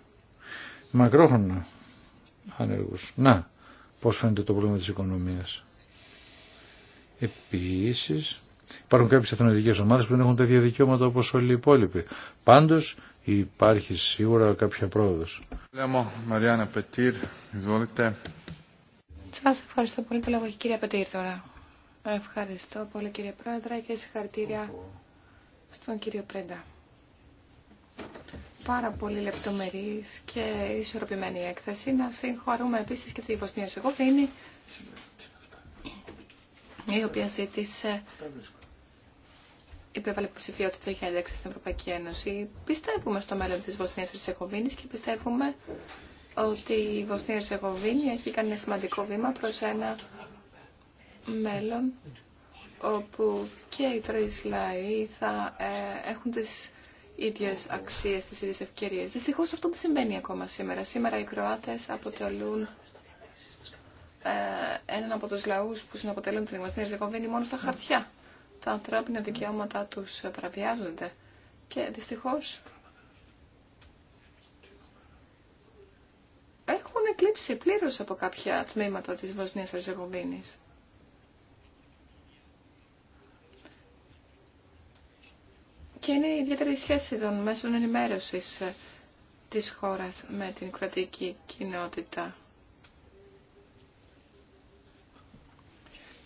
μακρόχρονα ανέργους. Να, πώς φαίνεται το πρόβλημα της οικονομίας. Επίσης, υπάρχουν κάποιες εθνοτικές ομάδες που δεν έχουν ίδια δικαιώματα όπως όλοι οι υπόλοιποι. Πάντως, υπάρχει σίγουρα κάποια πρόοδος. Μαριάννα Πετήρ, Σας ευχαριστώ πολύ. Το λόγο έχει κυρία Πετήρ τώρα. Ευχαριστώ πολύ κύριε Πρόεδρε και συγχαρητήρια στον κύριο Πρέντα πάρα πολύ λεπτομερής και ισορροπημένη έκθεση. Να συγχωρούμε επίσης και τη Βοσνία Σεγοβίνη, η οποία ζήτησε υπέβαλε υποψηφιότητα για ένταξη στην Ευρωπαϊκή Ένωση. Πιστεύουμε στο μέλλον της Βοσνίας Ερσεγοβίνης και πιστεύουμε ότι η Βοσνία Ερσεγοβίνη έχει κάνει ένα σημαντικό βήμα προς ένα μέλλον όπου και οι τρεις λαοί θα ε, έχουν τις ίδιες αξίες, τις ίδιες ευκαιρίες. Δυστυχώς αυτό δεν συμβαίνει ακόμα σήμερα. Σήμερα οι Κροάτες αποτελούν ε, έναν από τους λαούς που συναποτελούν την Εγγλική Ριζεκοβίνη μόνο στα χαρτιά. Τα ανθρώπινα δικαιώματά τους παραβιάζονται και δυστυχώς έχουν εκλείψει πλήρως από κάποια τμήματα της Βοσνίας Ριζεκοβίνης. Και είναι η ιδιαίτερη σχέση των μέσων ενημέρωσης ε, της χώρας με την κρατική κοινότητα.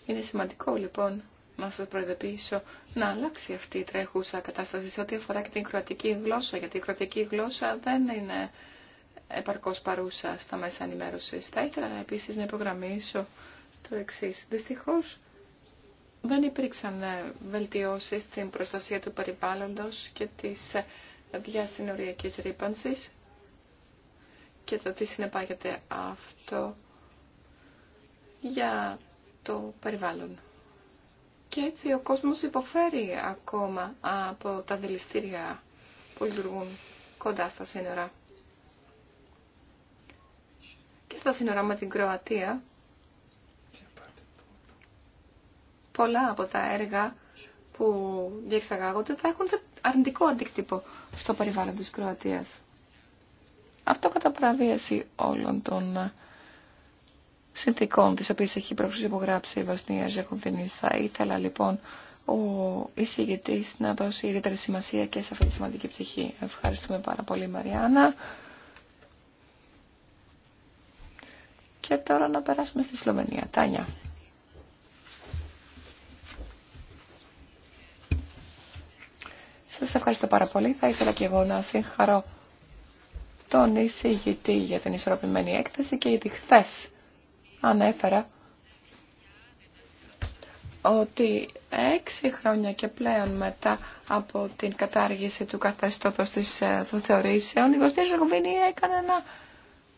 Είναι σημαντικό λοιπόν να σας προειδοποιήσω να αλλάξει αυτή η τρέχουσα κατάσταση σε ό,τι αφορά και την κρατική γλώσσα, γιατί η κρατική γλώσσα δεν είναι επαρκώς παρούσα στα μέσα ενημέρωσης. Θα ήθελα επίσης να υπογραμμίσω το εξής. Δυστυχώς δεν υπήρξαν ε, βελτιώσεις στην προστασία του περιβάλλοντος και της ε, διασυνοριακής ρήπανσης και το τι συνεπάγεται αυτό για το περιβάλλον. Και έτσι ο κόσμος υποφέρει ακόμα από τα δηληστήρια που λειτουργούν κοντά στα σύνορα. Και στα σύνορα με την Κροατία πολλά από τα έργα που διεξαγάγονται θα έχουν αρνητικό αντίκτυπο στο περιβάλλον της Κροατίας. Αυτό κατά παραβίαση όλων των ε, συνθήκων τις οποίες έχει που γράψει η Βασνία Ζεχοβίνη. Θα ήθελα λοιπόν ο εισηγητής να δώσει ιδιαίτερη σημασία και σε αυτή τη σημαντική ψυχή. Ευχαριστούμε πάρα πολύ Μαριάννα. Και τώρα να περάσουμε στη Σλοβενία. Τάνια. Σας ευχαριστώ πάρα πολύ. Θα ήθελα και εγώ να συγχαρώ τον εισηγητή για την ισορροπημένη έκθεση και ήδη χθε ανέφερα ότι έξι χρόνια και πλέον μετά από την κατάργηση του καθεστώτος της, ε, των θεωρήσεων, η Βοστία Ζεγοβίνη έκανε ένα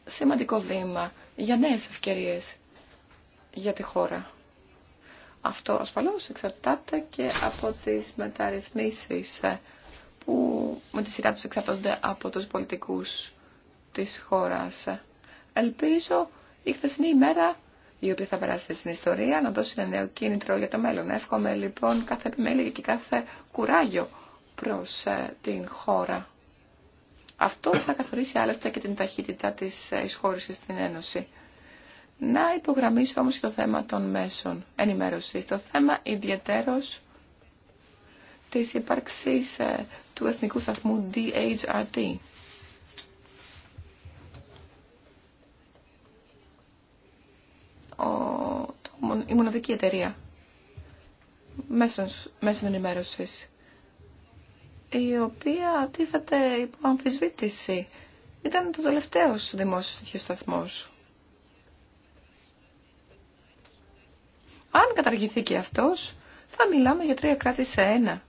σημαντικό βήμα για νέες ευκαιρίες για τη χώρα. Αυτό ασφαλώς εξαρτάται και από τις μεταρρυθμίσεις ε, που με τη σειρά τους εξαρτώνται από τους πολιτικούς της χώρας. Ε, ελπίζω η χθεσινή ημέρα η οποία θα περάσει στην ιστορία, να δώσει ένα νέο κίνητρο για το μέλλον. Εύχομαι λοιπόν κάθε επιμέλεια και κάθε κουράγιο προς ε, την χώρα. Αυτό θα καθορίσει άλλωστε και την ταχύτητα της εισχώρησης στην Ένωση. Να υπογραμμίσω όμως το θέμα των μέσων ενημέρωσης, το θέμα ιδιαίτερος της ύπαρξης ε, του Εθνικού Σταθμού DHRT. Ο, η μοναδική εταιρεία μέσων, μέσων ενημέρωσης, η οποία τίθεται υπό αμφισβήτηση. Ήταν το τελευταίος δημόσιος σταθμός. Αν καταργηθεί και αυτός, θα μιλάμε για τρία κράτη σε ένα.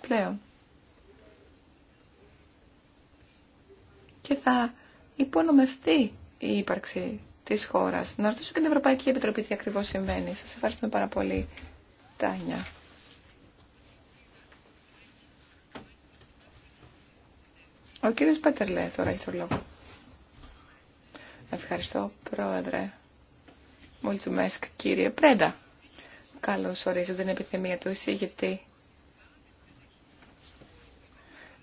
Πλέον. Και θα υπονομευτεί η ύπαρξη της χώρας. Να ρωτήσω και την Ευρωπαϊκή Επιτροπή τι ακριβώς συμβαίνει. Σας ευχαριστούμε πάρα πολύ, Τάνια. Ο κύριος Πέτερλε τώρα έχει το λόγο. Ευχαριστώ, Πρόεδρε. Μολτσουμέσκ, κύριε Πρέντα. Καλώς ορίζω την επιθυμία του εισηγητή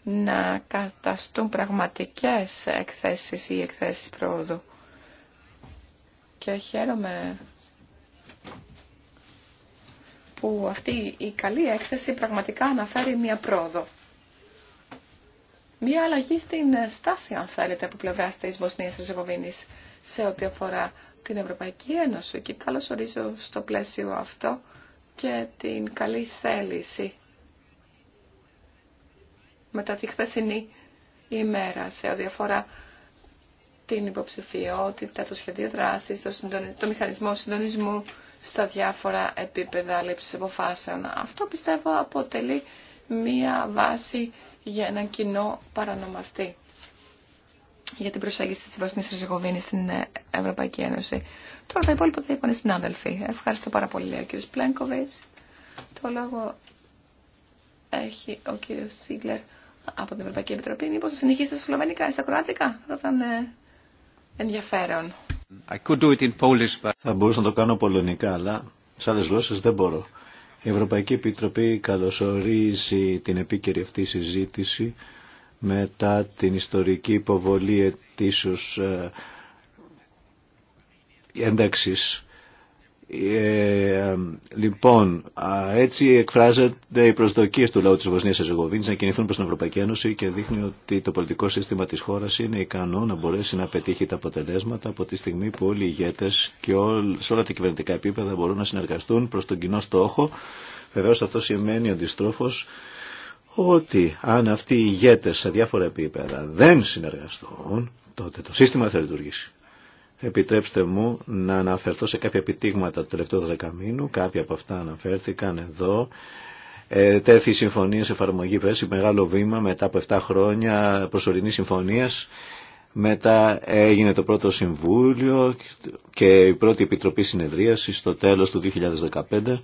να καταστούν πραγματικές εκθέσεις ή εκθέσεις πρόοδου. Και χαίρομαι που αυτή η καλή έκθεση πραγματικά αναφέρει μία πρόοδο. Μία αλλαγή στην στάση, αν θέλετε, από πλευρά τη βοσνιας Ριζεγοβίνη σε ό,τι αφορά την Ευρωπαϊκή Ένωση και καλώ ορίζω στο πλαίσιο αυτό και την καλή θέληση μετά τη χθεσινή ημέρα σε ό,τι αφορά την υποψηφιότητα, το σχεδίο δράσης, το, το μηχανισμό συντονισμού στα διάφορα επίπεδα λήψης αποφάσεων. Αυτό πιστεύω αποτελεί μία βάση για έναν κοινό παρανομαστή για την προσέγγιση της Βοσνής Ρεζεγοβίνης στην ε, Ευρωπαϊκή Ένωση. Τώρα τα υπόλοιπα τα είπαν οι συνάδελφοι. Ευχαριστώ πάρα πολύ ο κύριος Πλένκοβιτς. Το λόγο έχει ο κύριος Σίγκλερ από την Ευρωπαϊκή Επιτροπή. Μήπως θα συνεχίσετε στα σλοβενικά ή στα κροάτικα. Θα ήταν ε, ενδιαφέρον. I could do it in Polish, but... Θα μπορούσα να το κάνω πολωνικά, αλλά σε άλλες γλώσσες δεν μπορώ. Η Ευρωπαϊκή Επιτροπή καλωσορίζει την επίκαιρη αυτή συζήτηση μετά την ιστορική υποβολή ετήσους ε, ένταξης. Ε, λοιπόν, έτσι εκφράζονται οι προσδοκίες του λαού της Βοσνίας Αζεγοβίνης να κινηθούν προς την Ευρωπαϊκή Ένωση και δείχνει ότι το πολιτικό σύστημα της χώρας είναι ικανό να μπορέσει να πετύχει τα αποτελέσματα από τη στιγμή που όλοι οι ηγέτες και ό, σε όλα τα κυβερνητικά επίπεδα μπορούν να συνεργαστούν προς τον κοινό στόχο. Βεβαίως αυτό σημαίνει αντιστρόφως ότι αν αυτοί οι ηγέτες σε διάφορα επίπεδα δεν συνεργαστούν, τότε το σύστημα θα λειτουργήσει. Επιτρέψτε μου να αναφερθώ σε κάποια επιτύγματα του τελευταίου δεκαμήνου, κάποια από αυτά αναφέρθηκαν εδώ. Ε, τέθη η συμφωνία σε εφαρμογή πέρσι, μεγάλο βήμα μετά από 7 χρόνια προσωρινή συμφωνία. Μετά έγινε το πρώτο συμβούλιο και η πρώτη επιτροπή συνεδρίαση στο τέλος του 2015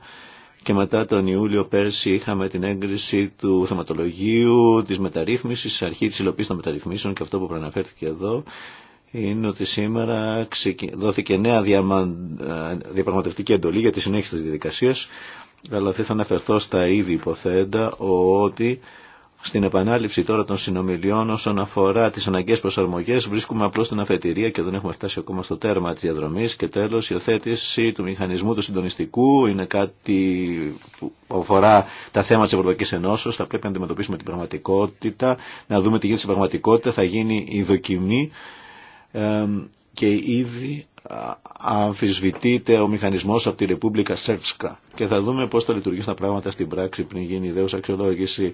και μετά τον Ιούλιο πέρσι είχαμε την έγκριση του θεματολογίου, της μεταρρύθμισης, αρχή της υλοποίησης των μεταρρυθμίσεων και αυτό που προαναφέρθηκε εδώ είναι ότι σήμερα δόθηκε νέα ε, διαπραγματευτική εντολή για τη συνέχιση της διαδικασίας αλλά θα αναφερθώ στα ήδη υποθέντα ότι στην επανάληψη τώρα των συνομιλιών όσον αφορά τις αναγκαίες προσαρμογές βρίσκουμε απλώς την αφετηρία και δεν έχουμε φτάσει ακόμα στο τέρμα της διαδρομής και τέλος η οθέτηση του μηχανισμού του συντονιστικού είναι κάτι που αφορά τα θέματα της Ευρωπαϊκής Ενώσεως, θα πρέπει να αντιμετωπίσουμε την πραγματικότητα, να δούμε τι γίνεται στην πραγματικότητα, θα γίνει η δοκιμή και ήδη αμφισβητείται ο μηχανισμός από τη Ρεπούμπλικα Σέρτσκα και θα δούμε πώς θα λειτουργήσουν τα πράγματα στην πράξη πριν γίνει η αξιολόγηση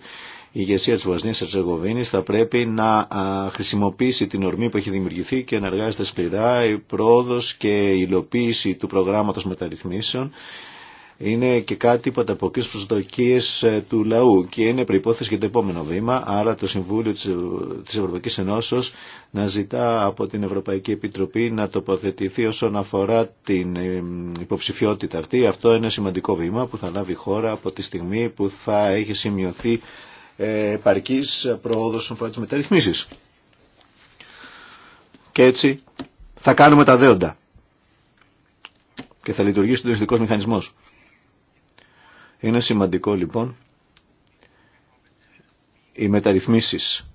η ηγεσία της Βοσνίας Ερζεγοβίνης θα πρέπει να χρησιμοποιήσει την ορμή που έχει δημιουργηθεί και να εργάζεται σκληρά η πρόοδος και η υλοποίηση του προγράμματος μεταρρυθμίσεων είναι και κάτι που ανταποκρίνει στις προσδοκίες ε, του λαού και είναι προϋπόθεση για το επόμενο βήμα, άρα το Συμβούλιο της Ευρωπαϊκής Ενώσεως να ζητά από την Ευρωπαϊκή Επιτροπή να τοποθετηθεί όσον αφορά την ε, υποψηφιότητα αυτή. Αυτό είναι σημαντικό βήμα που θα λάβει η χώρα από τη στιγμή που θα έχει σημειωθεί ε, επαρκής προόδος στον φορά Και έτσι θα κάνουμε τα δέοντα και θα λειτουργήσει ο διευθυντικός μηχανισμός. Είναι σημαντικό λοιπόν οι μεταρρυθμίσεις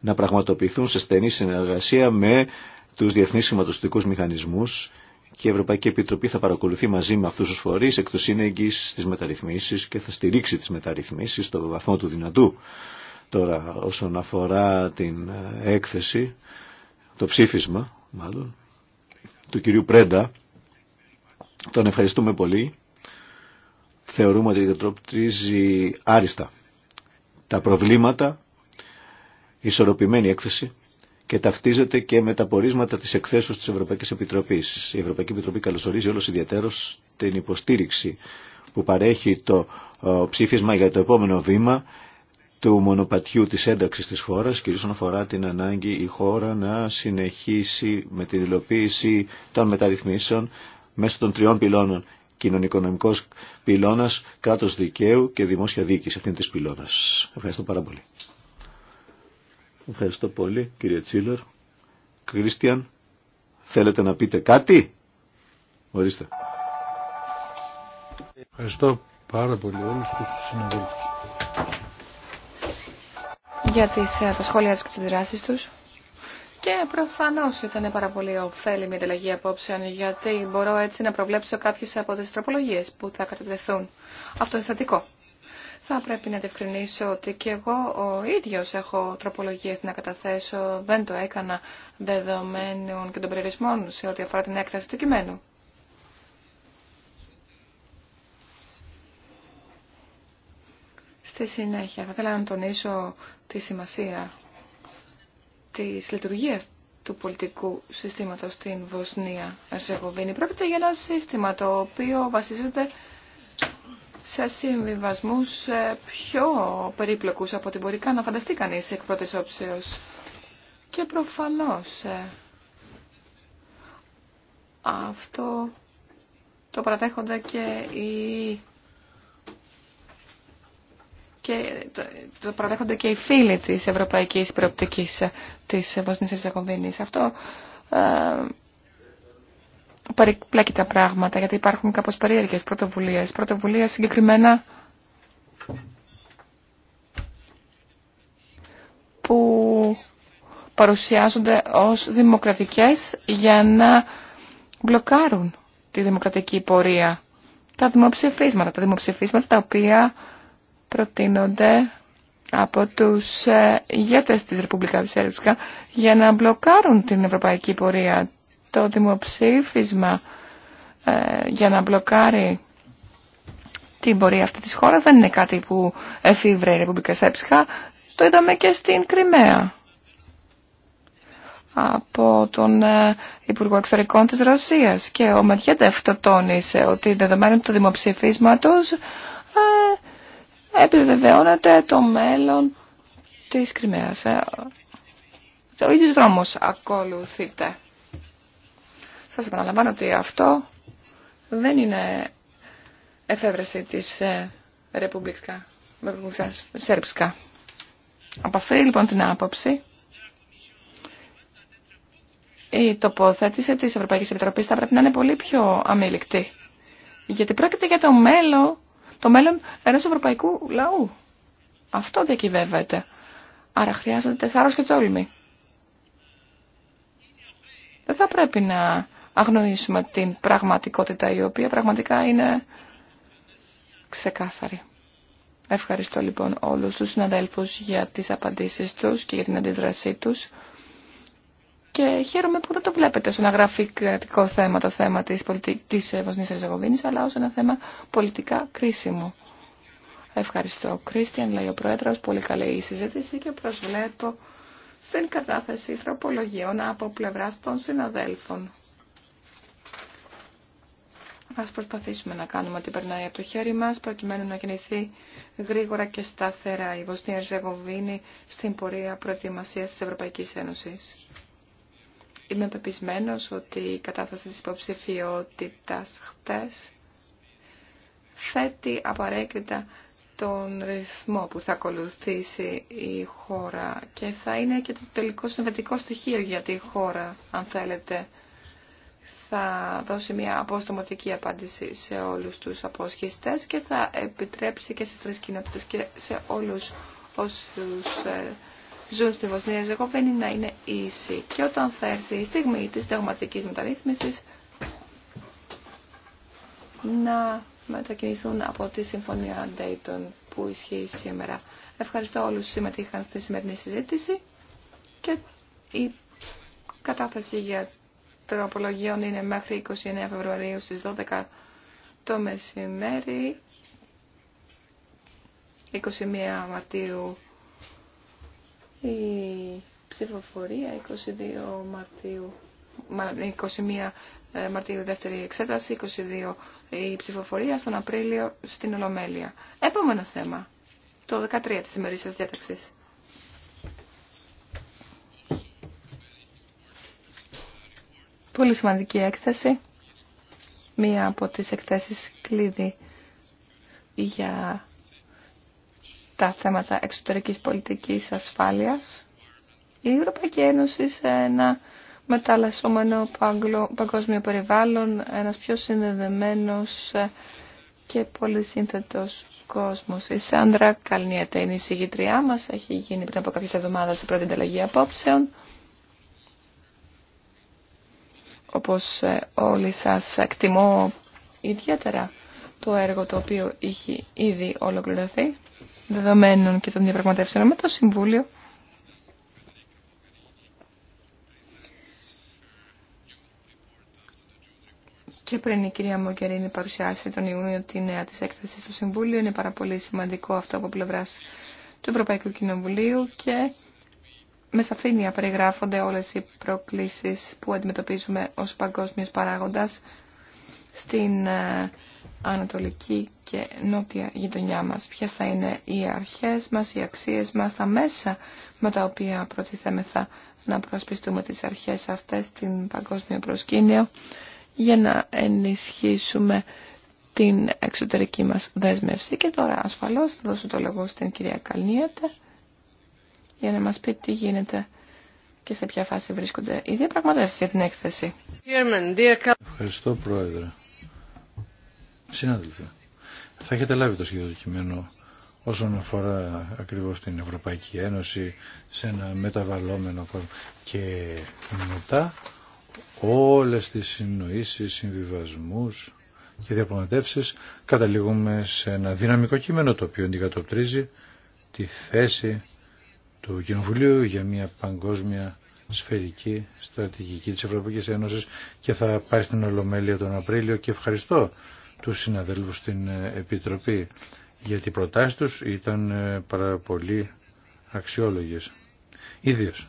να πραγματοποιηθούν σε στενή συνεργασία με τους διεθνείς χρηματοστατικούς μηχανισμούς και η Ευρωπαϊκή Επιτροπή θα παρακολουθεί μαζί με αυτούς τους φορείς εκ του σύνεγγυς τις μεταρρυθμίσεις και θα στηρίξει τις μεταρρυθμίσεις στο βαθμό του δυνατού. Τώρα όσον αφορά την ε, έκθεση, το ψήφισμα μάλλον, του κυρίου Πρέντα, τον ευχαριστούμε πολύ. Θεωρούμε ότι τρίζει άριστα τα προβλήματα, ισορροπημένη έκθεση και ταυτίζεται και με τα πορίσματα της εκθέσεως της Ευρωπαϊκής Επιτροπής. Η Ευρωπαϊκή Επιτροπή καλωσορίζει όλος ιδιαίτερος την υποστήριξη που παρέχει το ψήφισμα για το επόμενο βήμα του μονοπατιού της ένταξης της χώρας κυρίως όσον αφορά την ανάγκη η χώρα να συνεχίσει με την υλοποίηση των μεταρρυθμίσεων μέσω των τριών πυλώνων κοινωνικονομικό πυλώνας, κράτο δικαίου και δημόσια διοίκηση αυτήν τη πυλώνα. Ευχαριστώ πάρα πολύ. Ευχαριστώ πολύ κύριε Τσίλερ. Κρίστιαν, θέλετε να πείτε κάτι. Ορίστε. Ευχαριστώ πάρα πολύ όλους τους συναδέλφους. Για τις, ε, τα σχόλια τους και τις δράσεις τους. Και προφανώς ήταν πάρα πολύ ωφέλιμη η ανταλλαγή απόψεων, γιατί μπορώ έτσι να προβλέψω κάποιες από τις τροπολογίες που θα κατατεθούν. Αυτό είναι θετικό. Θα πρέπει να διευκρινίσω ότι και εγώ ο ίδιος έχω τροπολογίες να καταθέσω, δεν το έκανα δεδομένων και των περιορισμών σε ό,τι αφορά την έκταση του κειμένου. Στη συνέχεια θα ήθελα να τονίσω τη σημασία της λειτουργίας του πολιτικού συστήματος στην Βοσνία Ερσεγοβίνη. Πρόκειται για ένα σύστημα το οποίο βασίζεται σε συμβιβασμού ε, πιο περίπλοκους από ό,τι μπορεί καν να φανταστεί κανεί εκ πρώτη όψεω. Και προφανώς ε, αυτό το παραδέχονται και οι και το παραδέχονται και οι φίλοι της ευρωπαϊκής προοπτικής ε, της Βοσνής Ερζεγοβίνης. Αυτό περιπλέκει τα πράγματα, γιατί υπάρχουν κάπως περίεργες πρωτοβουλίες. Πρωτοβουλία συγκεκριμένα που παρουσιάζονται ως δημοκρατικές για να μπλοκάρουν τη δημοκρατική πορεία. Τα δημοψηφίσματα, τα δημοψηφίσματα τα οποία προτείνονται από τους ε, ηγέτες της Ρεπουμπλικά Βυσέρευσκα για να μπλοκάρουν την ευρωπαϊκή πορεία, το δημοψήφισμα ε, για να μπλοκάρει την πορεία αυτή της χώρας δεν είναι κάτι που εφήβρε η Ρεπουμπλικά Σέψχα. Το είδαμε και στην Κρυμαία από τον ε, Υπουργό Εξωτερικών της Ρωσίας και ο Ματιέντεφ το τόνισε ότι δεδομένου του δημοψηφίσματος ε, επιβεβαιώνεται το μέλλον της Κρυμαίας. Ε, ο ίδιος δρόμος ακολουθείται. Σας επαναλαμβάνω ότι αυτό δεν είναι εφεύρεση της ε, Ρεπουμπίξκα, Σέρψκα. Από αυτή λοιπόν την άποψη, η τοποθέτηση της Ευρωπαϊκής Επιτροπής θα πρέπει να είναι πολύ πιο αμήλικτη. Γιατί πρόκειται για το μέλλον, το μέλλον ενός ευρωπαϊκού λαού. Αυτό διακυβεύεται. Άρα χρειάζεται θάρρος και τόλμη. Δεν θα πρέπει να αγνοήσουμε την πραγματικότητα η οποία πραγματικά είναι ξεκάθαρη. Ευχαριστώ λοιπόν όλους τους συναδέλφους για τις απαντήσεις τους και για την αντίδρασή τους και χαίρομαι που δεν το βλέπετε σε ένα γραφικό θέμα το θέμα της, πολιτι... της ε, Βοσνίας Ερζεγοβίνης αλλά ως ένα θέμα πολιτικά κρίσιμο. Ευχαριστώ. Κρίστιαν, λέει ο Πρόεδρος, πολύ καλή η συζήτηση και προσβλέπω στην κατάθεση τροπολογιών από πλευράς των συναδέλφων. Ας προσπαθήσουμε να κάνουμε ό,τι περνάει από το χέρι μας, προκειμένου να κινηθεί γρήγορα και σταθερά η Βοσνία Ζεγοβίνη στην πορεία προετοιμασία της Ευρωπαϊκής Ένωσης. Είμαι πεπισμένος ότι η κατάσταση της υποψηφιότητας χτες θέτει απαραίτητα τον ρυθμό που θα ακολουθήσει η χώρα και θα είναι και το τελικό συμβατικό στοιχείο για τη χώρα, αν θέλετε, θα δώσει μια αποστομωτική απάντηση σε όλους τους αποσχιστές και θα επιτρέψει και στις τρεις κοινότητες και σε όλους όσους ε, ζουν στη Βοσνία Ζεγοβίνη να είναι ίση. Και όταν θα έρθει η στιγμή της δεγματικής μεταρρύθμισης να μετακινηθούν από τη Συμφωνία Dayton που ισχύει σήμερα. Ευχαριστώ όλους που συμμετείχαν στη σημερινή συζήτηση και η κατάθεση για τροπολογιών είναι μέχρι 29 Φεβρουαρίου στις 12 το μεσημέρι. 21 Μαρτίου η ψηφοφορία, 22 Μαρτίου, 21 ε, Μαρτίου δεύτερη εξέταση, 22 η ψηφοφορία στον Απρίλιο στην Ολομέλεια. Επόμενο θέμα, το 13 της σας διάταξης. Πολύ σημαντική έκθεση. Μία από τις εκθέσεις κλείδι για τα θέματα εξωτερικής πολιτικής ασφάλειας. Η Ευρωπαϊκή Ένωση σε ένα μεταλλασσόμενο παγκόσμιο περιβάλλον, ένας πιο συνδεδεμένος και πολύ σύνθετος κόσμος. Η Σάντρα Καλνιέτα είναι η συγγητριά μας, έχει γίνει πριν από κάποιες εβδομάδες η πρώτη ανταλλαγή απόψεων όπως ε, όλοι σας εκτιμώ ιδιαίτερα το έργο το οποίο είχε ήδη ολοκληρωθεί δεδομένων και των διαπραγματεύσεων με το Συμβούλιο Και πριν η κυρία Μογκερίνη παρουσιάσει τον Ιούνιο τη νέα της έκθεση στο Συμβούλιο, είναι πάρα πολύ σημαντικό αυτό από πλευράς του Ευρωπαϊκού Κοινοβουλίου και με σαφήνεια περιγράφονται όλες οι προκλήσεις που αντιμετωπίζουμε ως παγκόσμιος παράγοντας στην ε, ανατολική και νότια γειτονιά μας. Ποιες θα είναι οι αρχές μας, οι αξίες μας, τα μέσα με τα οποία προτιθέμεθα να προσπιστούμε τις αρχές αυτές στην παγκόσμιο προσκήνιο για να ενισχύσουμε την εξωτερική μας δέσμευση. Και τώρα ασφαλώς θα δώσω το λόγο στην κυρία Καλνίατα για να μας πει τι γίνεται και σε ποια φάση βρίσκονται οι διαπραγματεύσεις για την έκθεση. Ευχαριστώ Πρόεδρε. Συνάδελφε, θα έχετε λάβει το σχέδιο κειμένο όσον αφορά ακριβώς την Ευρωπαϊκή Ένωση σε ένα μεταβαλλόμενο κόσμο και μετά όλες τις συνοήσεις, συμβιβασμούς και διαπραγματεύσεις καταλήγουμε σε ένα δυναμικό κείμενο το οποίο αντικατοπτρίζει τη θέση του Κοινοβουλίου για μια παγκόσμια σφαιρική στρατηγική της Ευρωπαϊκής Ένωσης και θα πάει στην Ολομέλεια τον Απρίλιο και ευχαριστώ τους συναδέλφους στην ε, Επιτροπή γιατί οι προτάσεις τους ήταν ε, πάρα πολύ αξιόλογες. Ίδιος,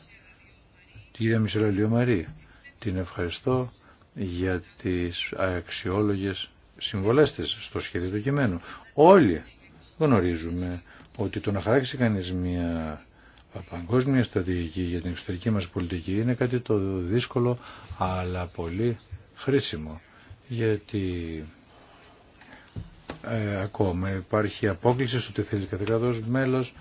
την κυρία Μισελόλιο Μαρή, την ευχαριστώ για τις αξιόλογες συμβολές της στο σχέδιο του κειμένου. Όλοι γνωρίζουμε ότι το να χαράξει κανείς μια παγκόσμια στρατηγική για την εξωτερική μας πολιτική είναι κάτι το δύσκολο αλλά πολύ χρήσιμο γιατί ε, ακόμα υπάρχει απόκληση στο τι θέλει κάθε μέλος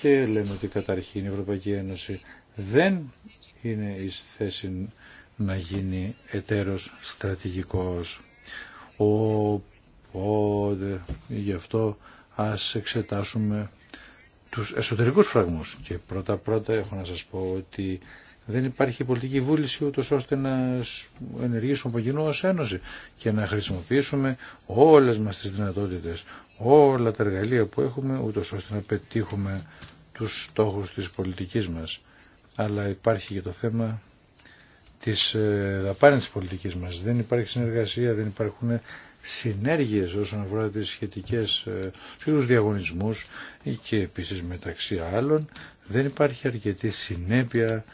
και λέμε ότι καταρχήν η Ευρωπαϊκή Ένωση δεν είναι η θέση να γίνει εταίρος στρατηγικός. Οπότε γι' αυτό ας εξετάσουμε τους εσωτερικούς φραγμούς. Και πρώτα-πρώτα έχω να σας πω ότι δεν υπάρχει πολιτική βούληση ούτως ώστε να ενεργήσουμε από κοινού ως Ένωση και να χρησιμοποιήσουμε όλες μας τις δυνατότητες, όλα τα εργαλεία που έχουμε ούτως ώστε να πετύχουμε τους στόχους της πολιτικής μας. Αλλά υπάρχει και το θέμα της ε, δαπάνης της πολιτικής μας. Δεν υπάρχει συνεργασία, δεν υπάρχουν συνέργειες όσον αφορά τις σχετικές ε, σχετικούς διαγωνισμούς και επίσης μεταξύ άλλων δεν υπάρχει αρκετή συνέπεια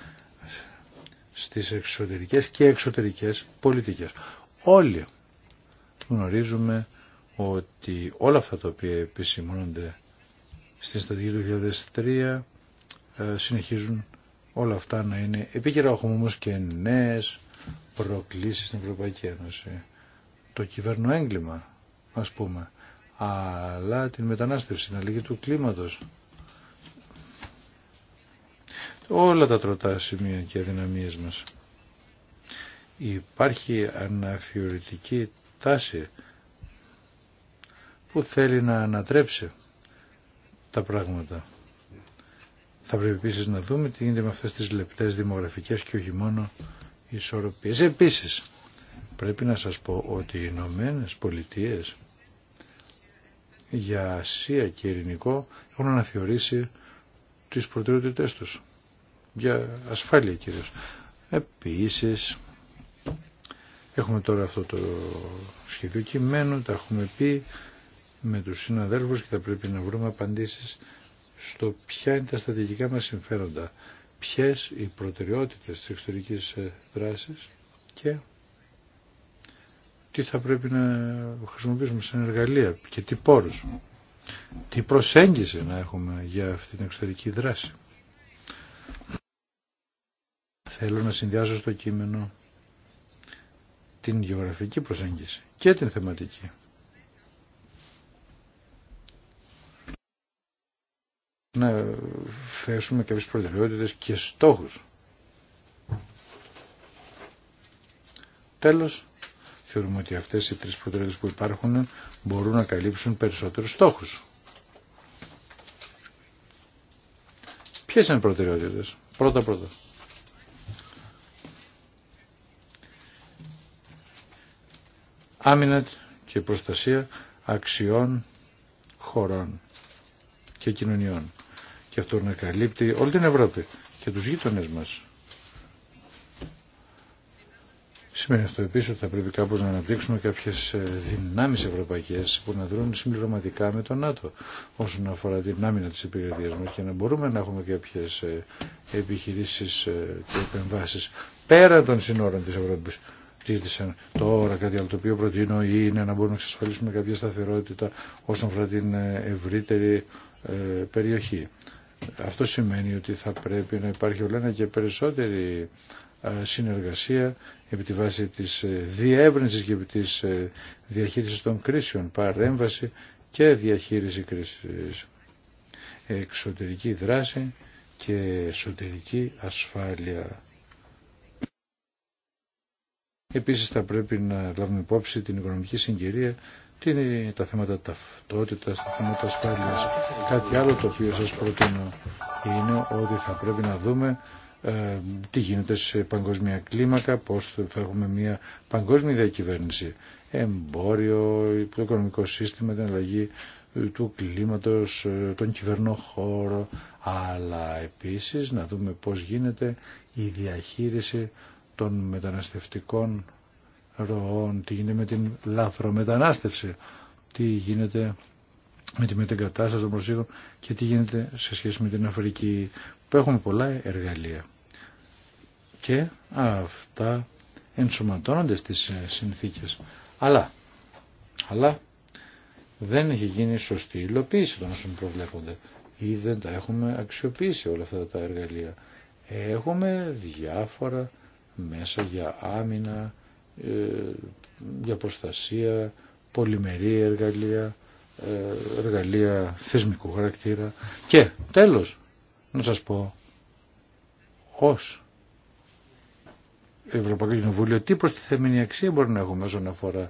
στις εξωτερικές και εξωτερικές πολιτικές. Όλοι γνωρίζουμε ότι όλα αυτά τα οποία επισημώνονται στην στρατηγική του 2003 ε, συνεχίζουν όλα αυτά να είναι επίκαιρα έχουμε όμως και νέες προκλήσεις στην Ευρωπαϊκή Ένωση το κυβερνοέγκλημα, ας πούμε, αλλά την μετανάστευση, την αλλαγή του κλίματος. Όλα τα τροτά σημεία και αδυναμίες μας. Υπάρχει αναφιωρητική τάση που θέλει να ανατρέψει τα πράγματα. Θα πρέπει επίσης να δούμε τι γίνεται με αυτές τις λεπτές δημογραφικές και όχι μόνο ισορροπίες. Επίσης, Πρέπει να σας πω ότι οι Ηνωμένε Πολιτείε για Ασία και Ειρηνικό έχουν αναθεωρήσει τις προτεραιότητές τους. Για ασφάλεια κυρίως. Επίσης, έχουμε τώρα αυτό το σχεδίο κειμένο, τα έχουμε πει με τους συναδέλφους και θα πρέπει να βρούμε απαντήσεις στο ποια είναι τα στρατηγικά μας συμφέροντα, ποιες οι προτεραιότητες της εξωτερικής ε, δράσης και τι θα πρέπει να χρησιμοποιήσουμε σαν εργαλεία και τι πόρους. Τι προσέγγιση να έχουμε για αυτή την εξωτερική δράση. Θέλω να συνδυάσω στο κείμενο την γεωγραφική προσέγγιση και την θεματική. Να θέσουμε κάποιες προτεραιότητες και στόχους. Τέλος, θεωρούμε ότι αυτές οι τρεις προτεραιότητες που υπάρχουν μπορούν να καλύψουν περισσότερους στόχους. Ποιες είναι οι προτεραιότητες. Πρώτα πρώτα. Άμυνα και προστασία αξιών χωρών και κοινωνιών. Και αυτό να καλύπτει όλη την Ευρώπη και τους γείτονες μας. Σημαίνει αυτό επίση ότι θα πρέπει κάπω να αναπτύξουμε κάποιε δυνάμει ευρωπαϊκέ που να δρούν συμπληρωματικά με το ΝΑΤΟ όσον αφορά την άμυνα τη υπηρεσία μα και να μπορούμε να έχουμε κάποιε επιχειρήσει ε, και επεμβάσει πέρα των συνόρων τη Ευρώπη, τώρα κάτι άλλο το οποίο προτείνω είναι να μπορούμε να εξασφαλίσουμε κάποια σταθερότητα όσον αφορά την ε, ευρύτερη ε, περιοχή. Αυτό σημαίνει ότι θα πρέπει να υπάρχει ολένα και περισσότερη ε, συνεργασία επί τη βάση της ε, διεύρυνσης και επί της ε, διαχείρισης των κρίσεων, παρέμβαση και διαχείριση κρίσης, εξωτερική δράση και εσωτερική ασφάλεια. Επίσης θα πρέπει να λάβουμε υπόψη την οικονομική συγκυρία, τι τα θέματα ταυτότητας, τα θέματα ασφάλειας. Κάτι άλλο το οποίο σας προτείνω είναι ότι θα πρέπει να δούμε ε, τι γίνεται σε παγκοσμία κλίμακα, πώς θα έχουμε μια παγκόσμια διακυβέρνηση, εμπόριο, το οικονομικό σύστημα, την αλλαγή του κλίματος, ε, τον κυβερνό χώρο, αλλά επίσης να δούμε πώς γίνεται η διαχείριση των μεταναστευτικών ροών, τι γίνεται με την λάθρομετανάστευση, τι γίνεται με τη μετεγκατάσταση των προσήγων και τι γίνεται σε σχέση με την Αφρική που έχουμε πολλά εργαλεία και αυτά ενσωματώνονται στις ε, συνθήκες αλλά, αλλά δεν έχει γίνει σωστή υλοποίηση των όσων προβλέπονται ή δεν τα έχουμε αξιοποιήσει όλα αυτά τα εργαλεία έχουμε διάφορα μέσα για άμυνα ε, για προστασία πολυμερή εργαλεία ε, εργαλεία θεσμικού χαρακτήρα. Και τέλος, να σας πω, ως Ευρωπαϊκό Κοινοβούλιο, τι προστιθέμενη αξία μπορεί να έχουμε όσον αφορά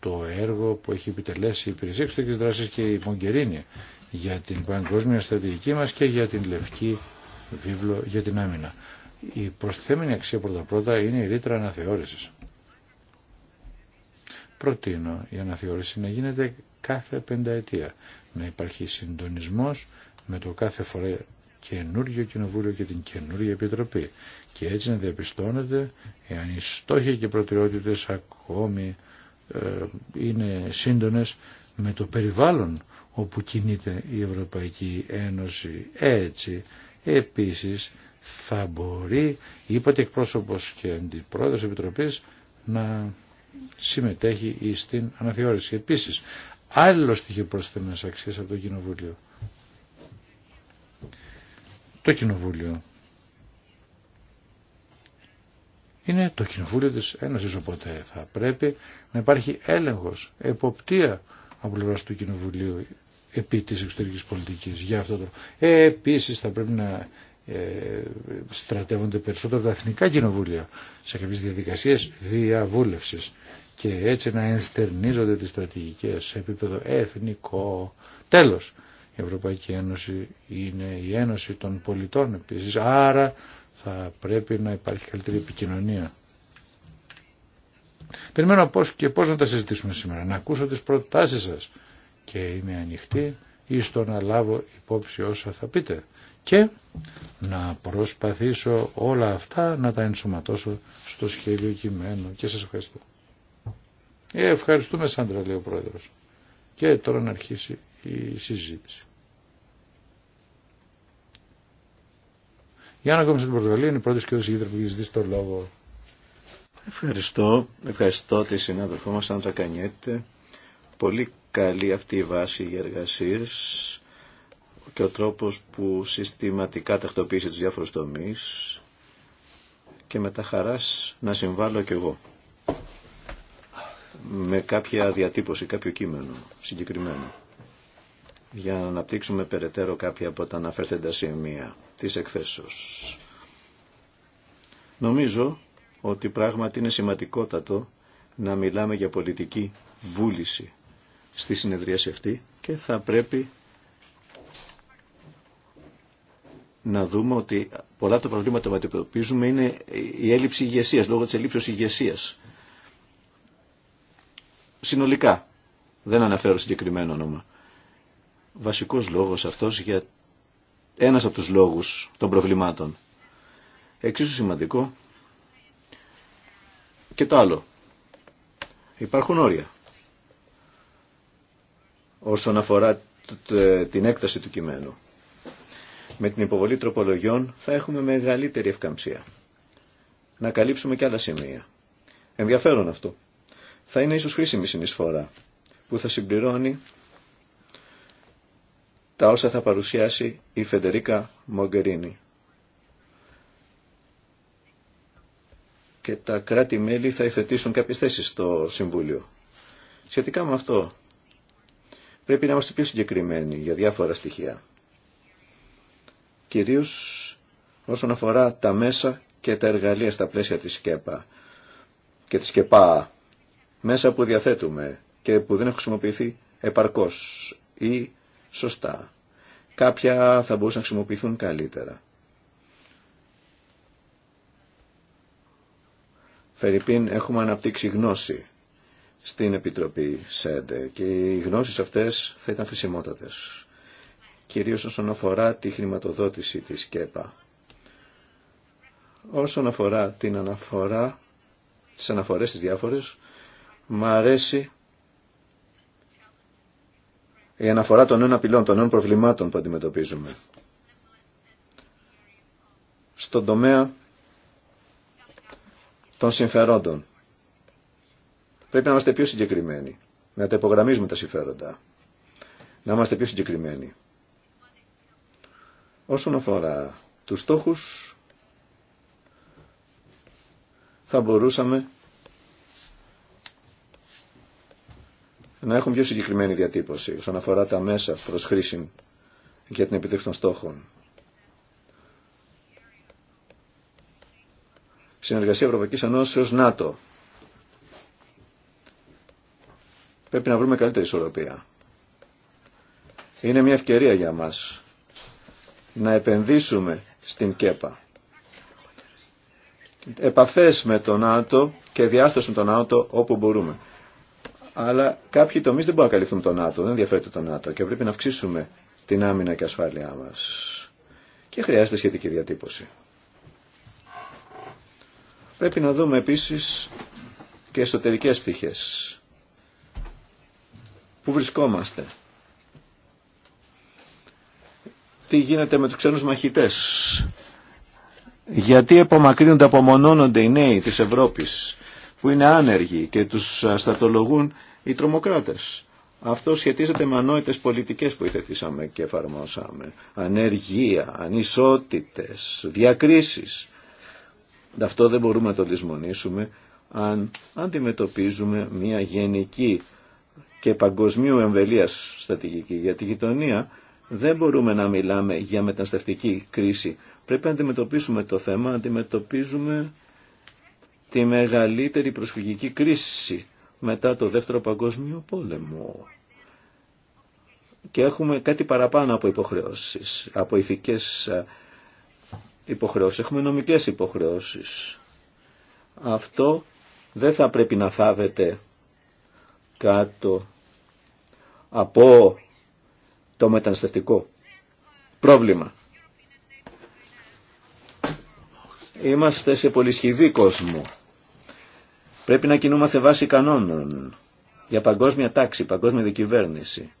το έργο που έχει επιτελέσει η Υπηρεσία και η Μογκερίνη για την παγκόσμια στρατηγική μας και για την λευκή βίβλο για την άμυνα. Η προστιθέμενη αξία πρώτα-πρώτα είναι η ρήτρα αναθεώρησης. Προτείνω η αναθεώρηση να γίνεται κάθε πενταετία. Να υπάρχει συντονισμός με το κάθε φορά καινούργιο κοινοβούλιο και την καινούργια επιτροπή. Και έτσι να διαπιστώνεται εάν οι στόχοι και προτεραιότητες ακόμη ε, είναι σύντονες με το περιβάλλον όπου κινείται η Ευρωπαϊκή Ένωση. Έτσι, επίσης, θα μπορεί, είπατε εκπρόσωπο και αντιπρόεδρος επιτροπής, να συμμετέχει στην αναθεώρηση. Επίσης, άλλο στοιχείο προσθέμενες αξίες από το Κοινοβούλιο. Το Κοινοβούλιο είναι το Κοινοβούλιο της Ένωσης, οπότε θα πρέπει να υπάρχει έλεγχος, εποπτεία από πλευράς του Κοινοβουλίου επί της εξωτερικής πολιτικής για αυτό το. Ε, επίσης θα πρέπει να ε, στρατεύονται περισσότερο τα εθνικά κοινοβούλια σε κάποιες διαδικασίες διαβούλευσης και έτσι να ενστερνίζονται τις στρατηγικές σε επίπεδο εθνικό. Τέλος, η Ευρωπαϊκή Ένωση είναι η Ένωση των πολιτών επίσης, άρα θα πρέπει να υπάρχει καλύτερη επικοινωνία. Περιμένω πώς και πώς να τα συζητήσουμε σήμερα, να ακούσω τις προτάσεις σας και είμαι ανοιχτή ή στο να λάβω υπόψη όσα θα πείτε και να προσπαθήσω όλα αυτά να τα ενσωματώσω στο σχέδιο κειμένου και σας ευχαριστώ. Ε, ευχαριστούμε Σάντρα, λέει ο πρόεδρος. Και τώρα να αρχίσει η συζήτηση. Για να ακόμη στην Πορτογαλία, είναι η πρώτη και γύρω που έχει το λόγο. Ευχαριστώ. Ευχαριστώ τη συνάδελφό μας Σάντρα Κανιέτε. Πολύ καλή αυτή η βάση για εργασίες και ο τρόπος που συστηματικά τακτοποίησε τους διάφορους τομείς και με τα χαράς να συμβάλλω κι εγώ με κάποια διατύπωση, κάποιο κείμενο συγκεκριμένο για να αναπτύξουμε περαιτέρω κάποια από τα αναφέρθεντα σημεία της εκθέσεως. Νομίζω ότι πράγματι είναι σημαντικότατο να μιλάμε για πολιτική βούληση στη σε αυτή και θα πρέπει να δούμε ότι πολλά τα προβλήματα που αντιμετωπίζουμε είναι η έλλειψη ηγεσία, λόγω της έλλειψης ηγεσίας συνολικά. Δεν αναφέρω συγκεκριμένο όνομα. Βασικός λόγος αυτός για ένας από τους λόγους των προβλημάτων. Εξίσου σημαντικό και το άλλο. Υπάρχουν όρια όσον αφορά την έκταση του κειμένου. Με την υποβολή τροπολογιών θα έχουμε μεγαλύτερη ευκαμψία. Να καλύψουμε και άλλα σημεία. Ενδιαφέρον αυτό θα είναι ίσως χρήσιμη συνεισφορά που θα συμπληρώνει τα όσα θα παρουσιάσει η Φεντερίκα Μογκερίνη. Και τα κράτη-μέλη θα υθετήσουν κάποιες θέσεις στο Συμβούλιο. Σχετικά με αυτό, πρέπει να είμαστε πιο συγκεκριμένοι για διάφορα στοιχεία. Κυρίως όσον αφορά τα μέσα και τα εργαλεία στα πλαίσια της ΣΚΕΠΑ και της ΚΕΠΑ μέσα που διαθέτουμε και που δεν έχουν χρησιμοποιηθεί επαρκώς ή σωστά. Κάποια θα μπορούσαν να χρησιμοποιηθούν καλύτερα. Φερρυπίν έχουμε αναπτύξει γνώση στην Επιτροπή ΣΕΝΤΕ και οι γνώσεις αυτές θα ήταν χρησιμότατες. Κυρίως όσον αφορά τη χρηματοδότηση της ΚΕΠΑ. Όσον αφορά την αναφορά, τις αναφορές τις διάφορες, Μ' αρέσει η αναφορά των νέων απειλών, των νέων προβλημάτων που αντιμετωπίζουμε. Στον τομέα των συμφερόντων. Πρέπει να είμαστε πιο συγκεκριμένοι, να τα υπογραμμίζουμε τα συμφέροντα, να είμαστε πιο συγκεκριμένοι. Όσον αφορά τους στόχους, θα μπορούσαμε να έχουμε πιο συγκεκριμένη διατύπωση όσον αφορά τα μέσα προς χρήση για την επιτύχηση των στόχων. Συνεργασία Ευρωπαϊκής Ενώσεως ΝΑΤΟ. Πρέπει να βρούμε καλύτερη ισορροπία. Είναι μια ευκαιρία για μας να επενδύσουμε στην ΚΕΠΑ. Επαφές με τον ΝΑΤΟ και διάρθρωση με τον ΝΑΤΟ όπου μπορούμε αλλά κάποιοι τομεί δεν μπορούν να καλυφθούν τον ΝΑΤΟ, δεν ενδιαφέρεται τον ΝΑΤΟ και πρέπει να αυξήσουμε την άμυνα και ασφάλειά μα. Και χρειάζεται σχετική διατύπωση. Πρέπει να δούμε επίση και εσωτερικέ πτυχέ. Πού βρισκόμαστε. Τι γίνεται με τους ξένους μαχητές. Γιατί απομακρύνονται, απομονώνονται οι νέοι της Ευρώπης που είναι άνεργοι και τους στατολογούν οι τρομοκράτες. Αυτό σχετίζεται με ανόητες πολιτικές που υθετήσαμε και εφαρμόσαμε. Ανεργία, ανισότητες, διακρίσεις. Αυτό δεν μπορούμε να το λησμονήσουμε αν αντιμετωπίζουμε μια γενική και παγκοσμίου εμβελίας στρατηγική για τη γειτονία, δεν μπορούμε να μιλάμε για μεταναστευτική κρίση. Πρέπει να αντιμετωπίσουμε το θέμα, αντιμετωπίζουμε τη μεγαλύτερη προσφυγική κρίση μετά το Δεύτερο Παγκόσμιο Πόλεμο. Και έχουμε κάτι παραπάνω από υποχρεώσεις, από ηθικές ε, υποχρεώσεις. Έχουμε νομικές υποχρεώσεις. Αυτό δεν θα πρέπει να θάβεται κάτω από το μεταναστευτικό πρόβλημα. Είμαστε σε πολυσχηδή κόσμο. Πρέπει να κινούμαστε βάσει κανόνων για παγκόσμια τάξη, παγκόσμια δικυβέρνηση.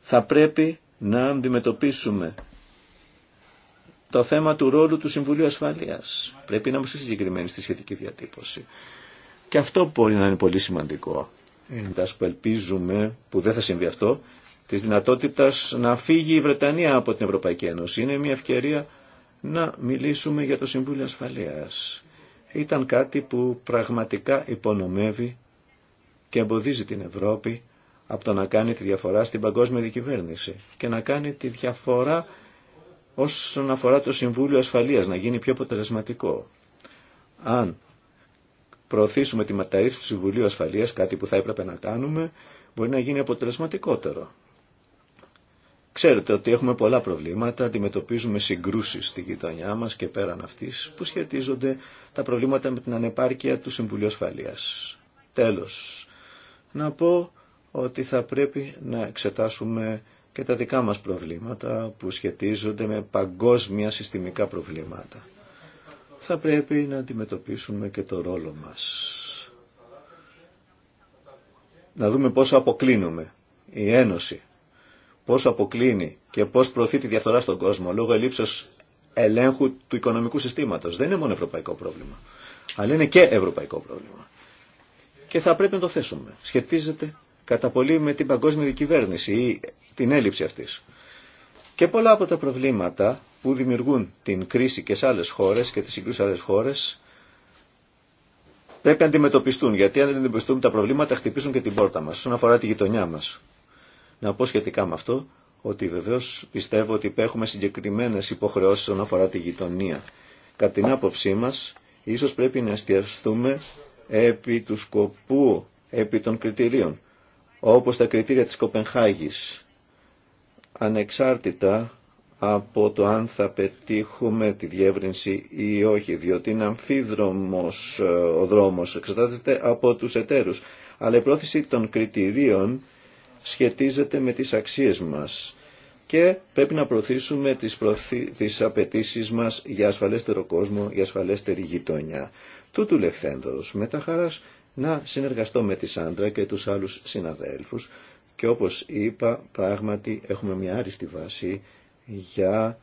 Θα πρέπει να αντιμετωπίσουμε το θέμα του ρόλου του Συμβουλίου Ασφαλείας. Πρέπει να είμαστε συγκεκριμένοι στη σχετική διατύπωση. Και αυτό μπορεί να είναι πολύ σημαντικό. Είναι που ελπίζουμε, που δεν θα συμβεί αυτό, της δυνατότητας να φύγει η Βρετανία από την Ευρωπαϊκή Ένωση. Είναι μια ευκαιρία να μιλήσουμε για το Συμβούλιο Ασφαλείας ήταν κάτι που πραγματικά υπονομεύει και εμποδίζει την Ευρώπη από το να κάνει τη διαφορά στην παγκόσμια δικυβέρνηση και να κάνει τη διαφορά όσον αφορά το Συμβούλιο Ασφαλείας, να γίνει πιο αποτελεσματικό. Αν προωθήσουμε τη μεταρρύθμιση του Συμβουλίου Ασφαλείας, κάτι που θα έπρεπε να κάνουμε, μπορεί να γίνει αποτελεσματικότερο. Ξέρετε ότι έχουμε πολλά προβλήματα, αντιμετωπίζουμε συγκρούσεις στη γειτονιά μας και πέραν αυτής που σχετίζονται τα προβλήματα με την ανεπάρκεια του Συμβουλίου Ασφαλείας. Τέλος, να πω ότι θα πρέπει να εξετάσουμε και τα δικά μας προβλήματα που σχετίζονται με παγκόσμια συστημικά προβλήματα. Θα πρέπει να αντιμετωπίσουμε και το ρόλο μας. Να δούμε πόσο αποκλίνουμε. Η Ένωση πόσο αποκλίνει και πώς προωθεί τη διαφθορά στον κόσμο λόγω ελλείψεως ελέγχου του οικονομικού συστήματος. Δεν είναι μόνο ευρωπαϊκό πρόβλημα, αλλά είναι και ευρωπαϊκό πρόβλημα. Και θα πρέπει να το θέσουμε. Σχετίζεται κατά πολύ με την παγκόσμια κυβέρνηση ή την έλλειψη αυτής. Και πολλά από τα προβλήματα που δημιουργούν την κρίση και σε άλλες χώρες και τις συγκρούσεις άλλες χώρες πρέπει να αντιμετωπιστούν, γιατί αν δεν αντιμετωπιστούν τα προβλήματα χτυπήσουν και την πόρτα μας, όσον αφορά τη γειτονιά μας. Να πω σχετικά με αυτό ότι βεβαίως πιστεύω ότι υπέχουμε συγκεκριμένε υποχρεώσει όσον αφορά τη γειτονία. Κατά την άποψή μας, ίσως πρέπει να εστιαστούμε επί του σκοπού, επί των κριτηρίων, όπως τα κριτήρια της Κοπενχάγης, ανεξάρτητα από το αν θα πετύχουμε τη διεύρυνση ή όχι, διότι είναι αμφίδρομος ε, ο δρόμος, εξετάζεται από τους εταίρους. Αλλά η πρόθεση των κριτηρίων σχετίζεται με τις αξίες μας και πρέπει να προωθήσουμε τις, προθυ... τις απαιτήσεις μας για ασφαλέστερο κόσμο, για ασφαλέστερη γειτονιά. Τούτου λεχθέντος με τα χαράς να συνεργαστώ με τη Σάντρα και τους άλλους συναδέλφους και όπως είπα πράγματι έχουμε μια άριστη βάση για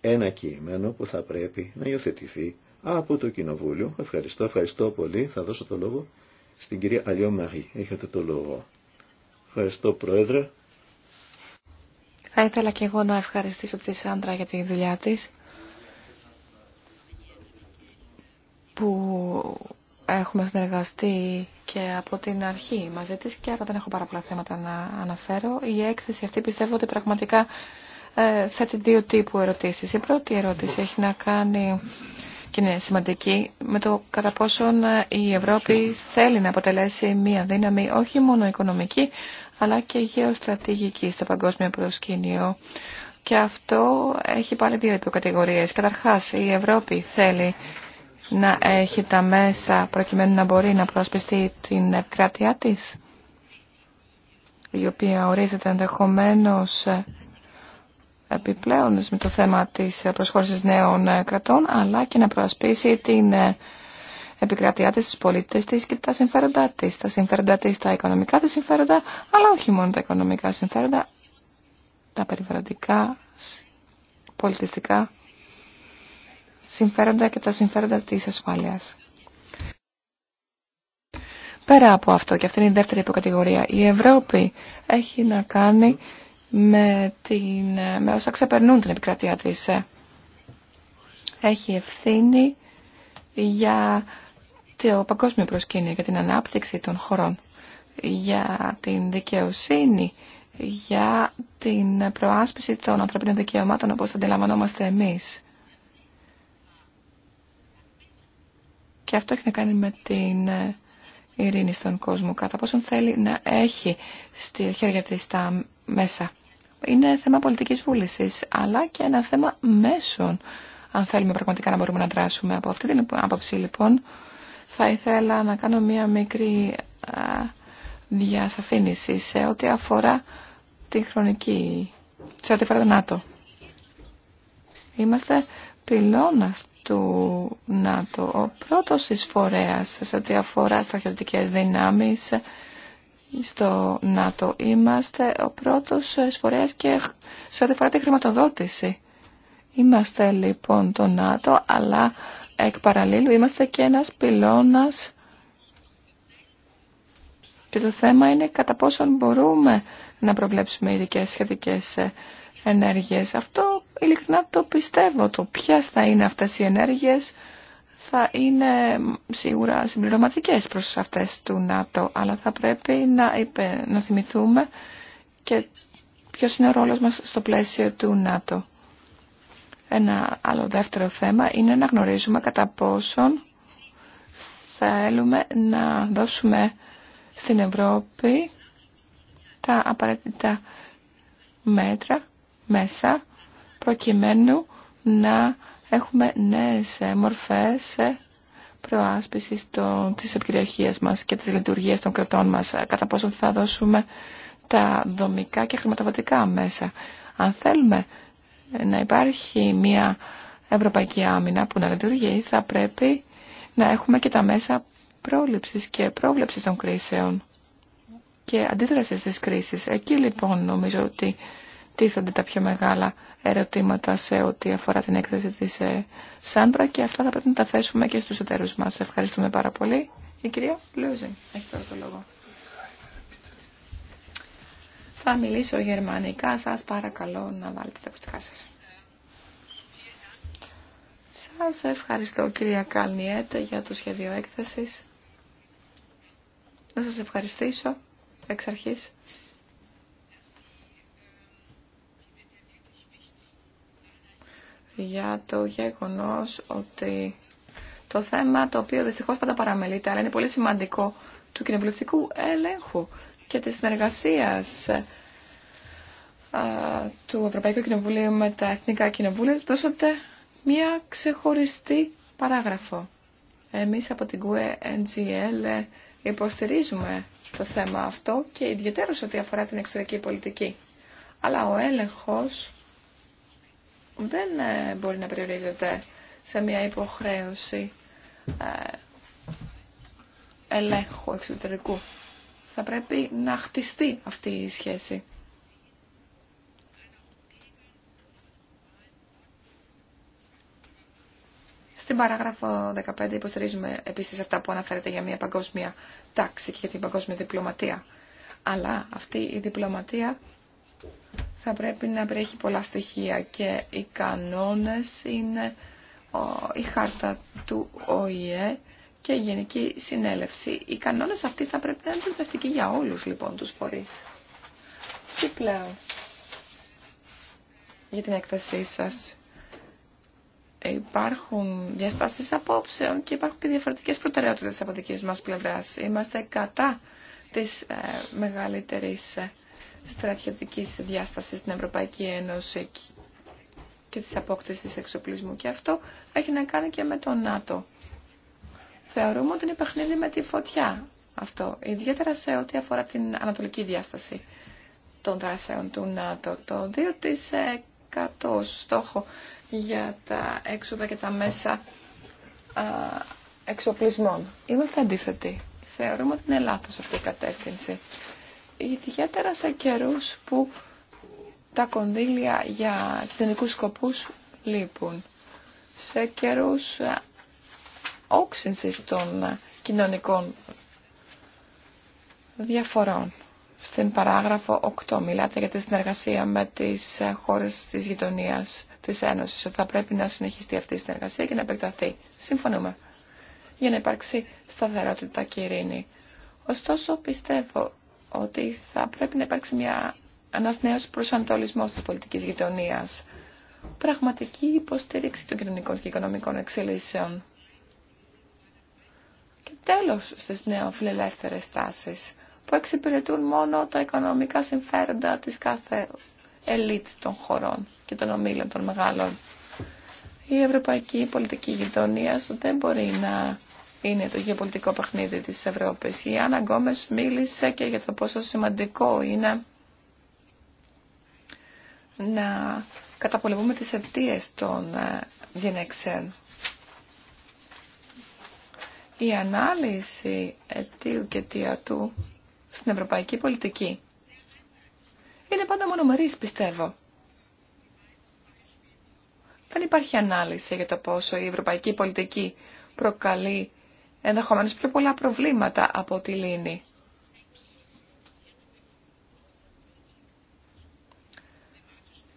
ένα κείμενο που θα πρέπει να υιοθετηθεί από το Κοινοβούλιο. Ευχαριστώ, ευχαριστώ πολύ. Θα δώσω το λόγο στην κυρία Αλιό Μαρή. Έχετε το λόγο. Ευχαριστώ Πρόεδρε. Θα ήθελα και εγώ να ευχαριστήσω τη Σάντρα για τη δουλειά της που έχουμε συνεργαστεί και από την αρχή μαζί της και άρα δεν έχω πάρα πολλά θέματα να αναφέρω. Η έκθεση αυτή πιστεύω ότι πραγματικά ε, θέτει δύο τύπου ερωτήσεις. Η πρώτη ερώτηση έχει να κάνει και είναι σημαντική με το κατά πόσον η Ευρώπη θέλει να αποτελέσει μια δύναμη όχι μόνο οικονομική αλλά και γεωστρατηγική στο παγκόσμιο προσκήνιο. Και αυτό έχει πάλι δύο υποκατηγορίες. Καταρχάς, η Ευρώπη θέλει να έχει τα μέσα προκειμένου να μπορεί να προασπιστεί την επικράτειά της, η οποία ορίζεται ενδεχομένω επιπλέον με το θέμα της προσχώρησης νέων κρατών, αλλά και να προασπίσει την επικρατειά της, τους πολίτες της και τα συμφέροντά της. Τα συμφέροντά της, τα οικονομικά της συμφέροντα, αλλά όχι μόνο τα οικονομικά συμφέροντα, τα περιβαλλοντικά, πολιτιστικά συμφέροντα και τα συμφέροντα της ασφάλειας. Πέρα από αυτό, και αυτή είναι η δεύτερη υποκατηγορία, η Ευρώπη έχει να κάνει με, όσα ξεπερνούν την επικρατεία της. Έχει ευθύνη για το παγκόσμιο προσκήνιο για την ανάπτυξη των χωρών, για την δικαιοσύνη, για την προάσπιση των ανθρωπίνων δικαιωμάτων όπως τα αντιλαμβανόμαστε εμείς. Και αυτό έχει να κάνει με την ε, ειρήνη στον κόσμο, κατά πόσον θέλει να έχει στη χέρια της τα μέσα. Είναι θέμα πολιτικής βούλησης, αλλά και ένα θέμα μέσων, αν θέλουμε πραγματικά να μπορούμε να δράσουμε. Από αυτή την άποψη λοιπόν, θα ήθελα να κάνω μία μικρή διασαφήνιση σε ό,τι αφορά τη χρονική, σε ό,τι αφορά το ΝΑΤΟ. Είμαστε πυλώνας του ΝΑΤΟ, ο πρώτος εισφορέας σε ό,τι αφορά στρατιωτικές δυνάμεις στο ΝΑΤΟ. Είμαστε ο πρώτος εισφορέας και σε ό,τι αφορά τη χρηματοδότηση. Είμαστε λοιπόν το ΝΑΤΟ, αλλά εκ παραλίλου είμαστε και ένας πυλώνας και το θέμα είναι κατά πόσον μπορούμε να προβλέψουμε ειδικέ σχετικές ε, ενέργειες. Αυτό ειλικρινά το πιστεύω. Το ποιε θα είναι αυτές οι ενέργειες θα είναι σίγουρα συμπληρωματικές προς αυτές του ΝΑΤΟ, αλλά θα πρέπει να, είπε, να θυμηθούμε και ποιος είναι ο ρόλος μας στο πλαίσιο του ΝΑΤΟ. Ένα άλλο δεύτερο θέμα είναι να γνωρίζουμε κατά πόσον θέλουμε να δώσουμε στην Ευρώπη τα απαραίτητα μέτρα μέσα προκειμένου να έχουμε νέες μορφές προάσπισης των, της επικυριαρχίας μας και της λειτουργίας των κρατών μας, κατά πόσον θα δώσουμε τα δομικά και χρηματοδοτικά μέσα. Αν θέλουμε να υπάρχει μια ευρωπαϊκή άμυνα που να λειτουργεί, θα πρέπει να έχουμε και τα μέσα πρόληψης και πρόβλεψης των κρίσεων και αντίδρασης της κρίσης. Εκεί λοιπόν νομίζω ότι τίθενται τα πιο μεγάλα ερωτήματα σε ό,τι αφορά την έκθεση της ε, Σάντρα και αυτά θα πρέπει να τα θέσουμε και στους εταίρους μας. Ευχαριστούμε πάρα πολύ. Η κυρία Λούζιν έχει τώρα το λόγο. Θα μιλήσω γερμανικά, σας παρακαλώ να βάλετε τα ακουστικά σας. Σας ευχαριστώ κυρία Καλνιέτε για το σχέδιο έκθεσης. Να σας ευχαριστήσω εξ αρχής. για το γεγονός ότι το θέμα το οποίο δυστυχώς πάντα παραμελείται, αλλά είναι πολύ σημαντικό, του κοινοβουλευτικού ελέγχου και της συνεργασίας του Ευρωπαϊκού Κοινοβουλίου με τα Εθνικά Κοινοβούλια δώσατε μία ξεχωριστή παράγραφο. Εμείς από την ΚΟΕ NGL ε, υποστηρίζουμε το θέμα αυτό και ιδιαίτερως ότι αφορά την εξωτερική πολιτική. Αλλά ο έλεγχος δεν ε, μπορεί να περιορίζεται σε μια υποχρέωση ε, ελέγχου εξωτερικού θα πρέπει να χτιστεί αυτή η σχέση. Στην παράγραφο 15 υποστηρίζουμε επίσης αυτά που αναφέρεται για μια παγκόσμια τάξη και για την παγκόσμια διπλωματία. Αλλά αυτή η διπλωματία θα πρέπει να περιέχει πολλά στοιχεία και οι κανόνες είναι η χάρτα του ΟΗΕ και γενική συνέλευση. Οι κανόνες αυτοί θα πρέπει να είναι δεσμευτικοί για όλους λοιπόν τους φορείς. Τι πλέον για την έκθεσή σα. Υπάρχουν διαστάσεις απόψεων και υπάρχουν και διαφορετικές προτεραιότητες από δική μας πλευράς. Είμαστε κατά της ε, μεγαλύτερης ε, στρατιωτικής διάστασης στην Ευρωπαϊκή Ένωση και της απόκτησης εξοπλισμού. Και αυτό έχει να κάνει και με το ΝΑΤΟ. Θεωρούμε ότι είναι παιχνίδι με τη φωτιά αυτό, ιδιαίτερα σε ό,τι αφορά την ανατολική διάσταση των δράσεων του ΝΑΤΟ. Το 2% στόχο για τα έξοδα και τα μέσα εξοπλισμών. Είμαστε αντίθετοι. Θεωρούμε ότι είναι λάθος αυτή η κατεύθυνση. Ιδιαίτερα σε καιρού που τα κονδύλια για κοινωνικούς σκοπούς λείπουν. Σε όξυνση των κοινωνικών διαφορών. Στην παράγραφο 8 μιλάτε για τη συνεργασία με τις χώρες της γειτονίας της Ένωσης, ότι θα πρέπει να συνεχιστεί αυτή η συνεργασία και να επεκταθεί. Συμφωνούμε. Για να υπάρξει σταθερότητα και ειρήνη. Ωστόσο, πιστεύω ότι θα πρέπει να υπάρξει μια ένας νέος προσανατολισμός της πολιτικής γειτονίας. Πραγματική υποστήριξη των κοινωνικών και οικονομικών εξελίσεων τέλος στις νεοφιλελεύθερες τάσεις που εξυπηρετούν μόνο τα οικονομικά συμφέροντα της κάθε ελίτ των χωρών και των ομίλων των μεγάλων. Η ευρωπαϊκή πολιτική γειτονία δεν μπορεί να είναι το γεωπολιτικό παιχνίδι της Ευρώπης. Η Άννα Γκόμες μίλησε και για το πόσο σημαντικό είναι να καταπολεμούμε τις αιτίε των διενέξεων. Ε, η ανάλυση αιτίου και αιτιατού στην ευρωπαϊκή πολιτική είναι πάντα μονομερής, πιστεύω. Δεν υπάρχει ανάλυση για το πόσο η ευρωπαϊκή πολιτική προκαλεί ενδεχομένως πιο πολλά προβλήματα από τη λύνη.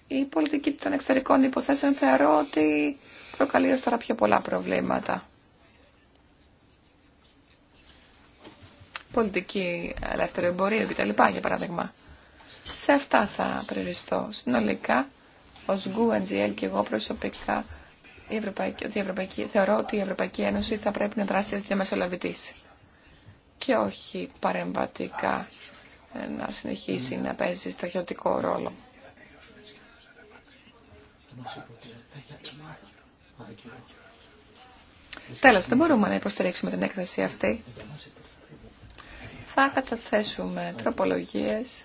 Η πολιτική των εξωτερικών υποθέσεων θεωρώ ότι προκαλεί ως τώρα πιο πολλά προβλήματα. πολιτική ελεύθερη εμπορία κτλ. για παράδειγμα. Σε αυτά θα περιοριστώ. Συνολικά, ως Αντζιέλ και εγώ προσωπικά Ευρωπαϊκή, ότι η θεωρώ ότι η Ευρωπαϊκή Ένωση θα πρέπει να δράσει ως διαμεσολαβητής και όχι παρεμβατικά ε, να συνεχίσει να παίζει στρατιωτικό ρόλο. Τέλος, δεν μπορούμε να υποστηρίξουμε την έκθεση αυτή θα καταθέσουμε τροπολογίες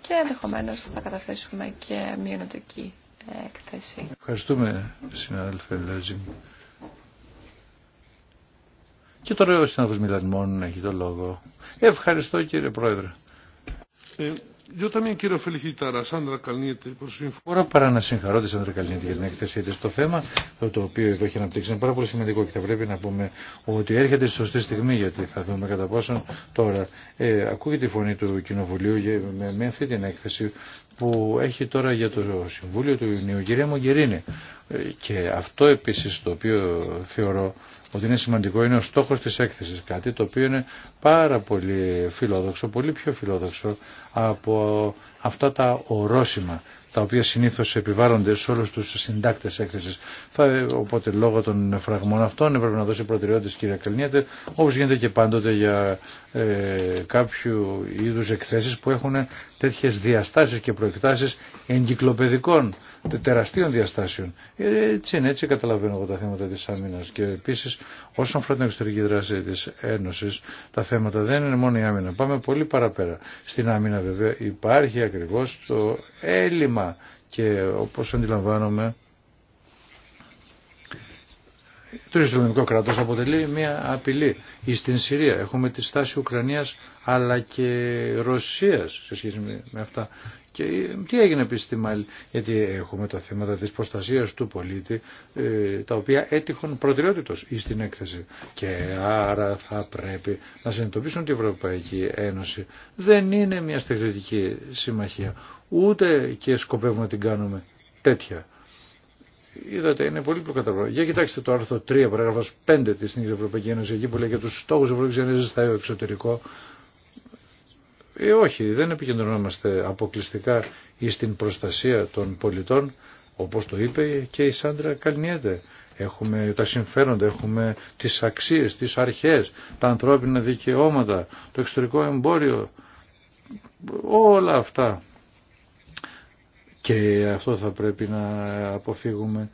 και ενδεχομένω θα καταθέσουμε και μειονοτική έκθεση. Ευχαριστούμε συνάδελφε Λέζιμ. Και τώρα ο συνάδελφος Μιλανμόν έχει το λόγο. Ευχαριστώ κύριε Πρόεδρε. Ε, Yo también quiero felicitar a Sandra Καλνίτη por su informe. παρά να συγχαρώ τη Σάντρα Καλνίτη για την έκθεσή τη. στο θέμα το οποίο εδώ έχει αναπτύξει είναι πάρα πολύ σημαντικό και θα πρέπει να πούμε ότι έρχεται στη σωστή στιγμή γιατί θα δούμε κατά πόσον τώρα ε, ακούγεται η φωνή του Κοινοβουλίου με, με αυτή την έκθεση που έχει τώρα για το Συμβούλιο του Ιουνίου, κυρία Μογκερίνη. Ε, και αυτό επίσης το οποίο θεωρώ ότι είναι σημαντικό είναι ο στόχος της έκθεσης. Κάτι το οποίο είναι πάρα πολύ φιλόδοξο, πολύ πιο φιλόδοξο από αυτά τα ορόσημα τα οποία συνήθως επιβάλλονται σε όλους τους συντάκτες έκθεσης. οπότε λόγω των φραγμών αυτών έπρεπε να δώσει στην κυρία Καλνιέτε, όπως γίνεται και πάντοτε για ε, κάποιου είδους εκθέσεις που έχουν τέτοιες διαστάσεις και προεκτάσεις εγκυκλοπαιδικών, τεραστίων διαστάσεων. Ε, έτσι είναι, έτσι καταλαβαίνω εγώ τα θέματα της άμυνας. Και επίσης όσον αφορά την εξωτερική δράση της Ένωσης, τα θέματα δεν είναι μόνο η άμυνα. Πάμε πολύ παραπέρα. Στην άμυνα βέβαια υπάρχει ακριβώς το έλλειμμα και όπως αντιλαμβάνομαι το Ισλαμικό κράτος αποτελεί μια απειλή. Ή στην Συρία έχουμε τη στάση Ουκρανίας αλλά και Ρωσίας σε σχέση με αυτά. Και ε, τι έγινε επίσης στη Μάλη. Γιατί έχουμε τα θέματα της προστασίας του πολίτη ε, τα οποία έτυχαν προτεραιότητος ή στην έκθεση. Και άρα θα πρέπει να συνειδητοποιήσουν ότι η Ευρωπαϊκή Ένωση δεν είναι μια στρατιωτική συμμαχία. Ούτε και αρα θα πρεπει να συνειδητοποιησουν την ευρωπαικη ενωση δεν ειναι μια στρατιωτικη συμμαχια ουτε και σκοπευουμε να την κάνουμε τέτοια. Είδατε, είναι πολύ πιο Για κοιτάξτε το άρθρο 3, παράγραφος 5 τη Ευρωπαϊκή Ένωση, εκεί που λέει για τους στόχους Ευρωπαϊκή Ένωση στα εξωτερικό. Ε, όχι, δεν επικεντρωνόμαστε αποκλειστικά ή στην προστασία των πολιτών, όπω το είπε και η Σάντρα Καλνιέτε. Έχουμε τα συμφέροντα, έχουμε τι αξίε, τι αρχέ, τα ανθρώπινα δικαιώματα, το εξωτερικό εμπόριο, όλα αυτά και αυτό θα πρέπει να αποφύγουμε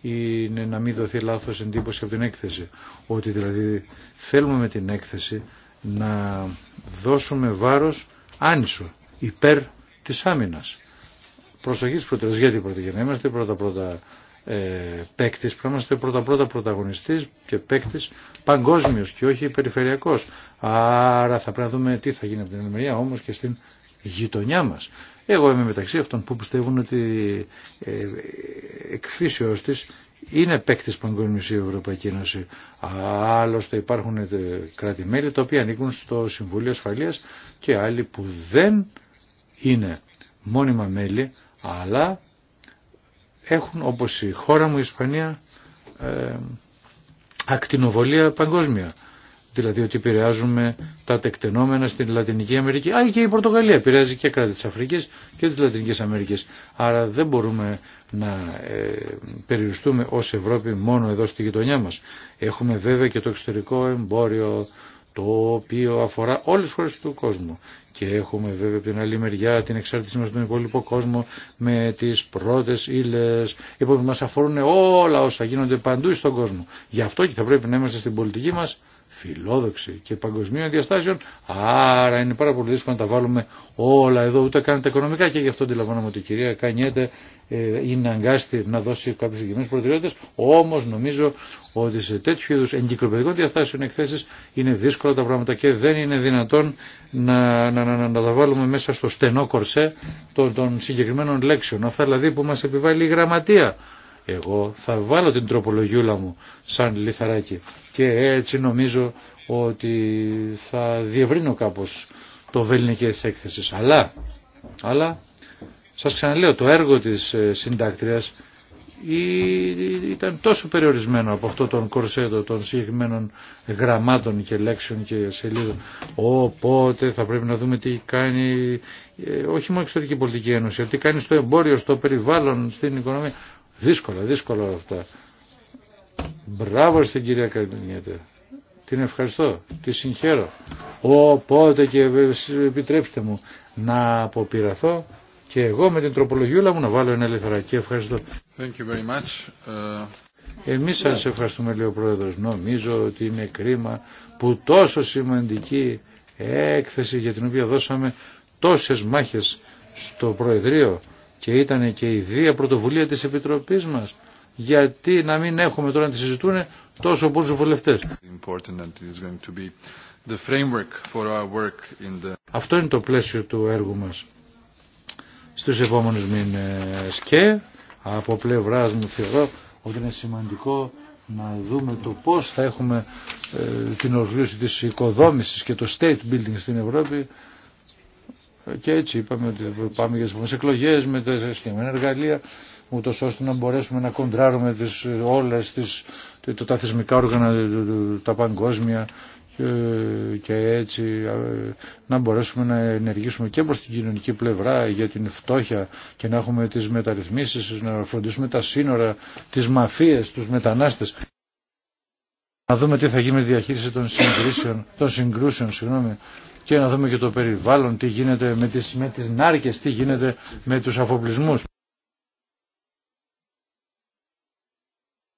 είναι να μην δοθεί λάθος εντύπωση από την έκθεση. Ότι δηλαδή θέλουμε με την έκθεση να δώσουμε βάρος άνισο, υπέρ της άμυνας. Προσοχή της προτεραιότητας, γιατί πρώτα για να είμαστε πρώτα-πρώτα ε, παίκτης, πρέπει να είμαστε πρώτα-πρώτα πρωταγωνιστής και παίκτης παγκόσμιος και όχι περιφερειακός. Άρα θα πρέπει να δούμε τι θα γίνει από την ενημερία όμως και στην γειτονιά μας. Εγώ είμαι μεταξύ αυτών που πιστεύουν ότι ε, εκφύσεως της είναι παίκτη παγκόσμιο η Ευρωπαϊκή Ένωση. Άλλωστε υπάρχουν ε, κράτη-μέλη τα οποία ανήκουν στο Συμβούλιο Ασφαλείας και άλλοι που δεν είναι μόνιμα μέλη αλλά έχουν όπως η χώρα μου η Ισπανία ε, ακτινοβολία παγκόσμια δηλαδή ότι επηρεάζουμε τα τεκτενόμενα στην Λατινική Αμερική. Α, και η Πορτογαλία επηρεάζει και κράτη της Αφρικής και της Λατινικής Αμερικής. Άρα δεν μπορούμε να ε, περιοριστούμε ως Ευρώπη μόνο εδώ στη γειτονιά μας. Έχουμε βέβαια και το εξωτερικό εμπόριο το οποίο αφορά όλες τις χώρες του κόσμου και έχουμε βέβαια από την άλλη μεριά την εξάρτησή μας τον υπόλοιπο κόσμο με τις πρώτες ύλες. που μας αφορούν όλα όσα γίνονται παντού στον κόσμο. Γι' αυτό και θα πρέπει να είμαστε στην πολιτική μας φιλόδοξη και παγκοσμίων διαστάσεων. Άρα είναι πάρα πολύ δύσκολο να τα βάλουμε όλα εδώ, ούτε καν τα οικονομικά και γι' αυτό αντιλαμβάνομαι ότι η κυρία Κανιέτε ε, είναι αγκάστη να δώσει κάποιε συγκεκριμένε προτεραιότητε. Όμω νομίζω ότι σε τέτοιου είδου εγκυκλοπαιδικών διαστάσεων εκθέσει είναι δύσκολα τα πράγματα και δεν είναι δυνατόν να, να, να, να τα βάλουμε μέσα στο στενό κορσέ των, των συγκεκριμένων λέξεων. Αυτά δηλαδή που μας επιβάλλει η γραμματεία. Εγώ θα βάλω την τροπολογιούλα μου σαν λιθαράκι και έτσι νομίζω ότι θα διευρύνω κάπως το βελνικέ της έκθεσης. Αλλά, αλλά σας ξαναλέω το έργο της ε, συντάκτριας ήταν τόσο περιορισμένο από αυτό τον κορσέτο των συγκεκριμένων γραμμάτων και λέξεων και σελίδων. Οπότε θα πρέπει να δούμε τι κάνει ε, όχι μόνο η εξωτερική πολιτική ένωση, τι κάνει στο εμπόριο, στο περιβάλλον, στην οικονομία. Δύσκολα, δύσκολα αυτά. Μπράβο στην κυρία Καρδινιέτε. Την ευχαριστώ, τη συγχαίρω. Οπότε και επιτρέψτε μου να αποπειραθώ και εγώ με την τροπολογιούλα μου να βάλω ένα και Ευχαριστώ. Thank you ε, Εμείς σας ναι. ευχαριστούμε λέει ο Πρόεδρος. Νομίζω ότι είναι κρίμα που τόσο σημαντική έκθεση για την οποία δώσαμε τόσες μάχες στο Προεδρείο και ήταν και η δια πρωτοβουλία της Επιτροπής μας. Γιατί να μην έχουμε τώρα να τη συζητούν τόσο πολλούς βουλευτές. Αυτό είναι το πλαίσιο του έργου μας στους επόμενους μήνες και από πλευράς μου θεωρώ ότι είναι σημαντικό να δούμε το πώς θα έχουμε ε, την ολοκλήρωση της οικοδόμησης και το state building στην Ευρώπη και έτσι είπαμε ότι πάμε για τις εκλογές με τα συγκεκριμένα εργαλεία ούτως ώστε να μπορέσουμε να κοντράρουμε τις, όλες τις, τα θεσμικά όργανα, τα παγκόσμια ε, και έτσι ε, να μπορέσουμε να ενεργήσουμε και προς την κοινωνική πλευρά για την φτώχεια και να έχουμε τις μεταρρυθμίσεις, να φροντίσουμε τα σύνορα, τις μαφίες, τους μετανάστες. Να δούμε τι θα γίνει με τη διαχείριση των, των συγκρούσεων συγγνώμη, και να δούμε και το περιβάλλον, τι γίνεται με τις, με τις νάρκες, τι γίνεται με τους αφοπλισμούς.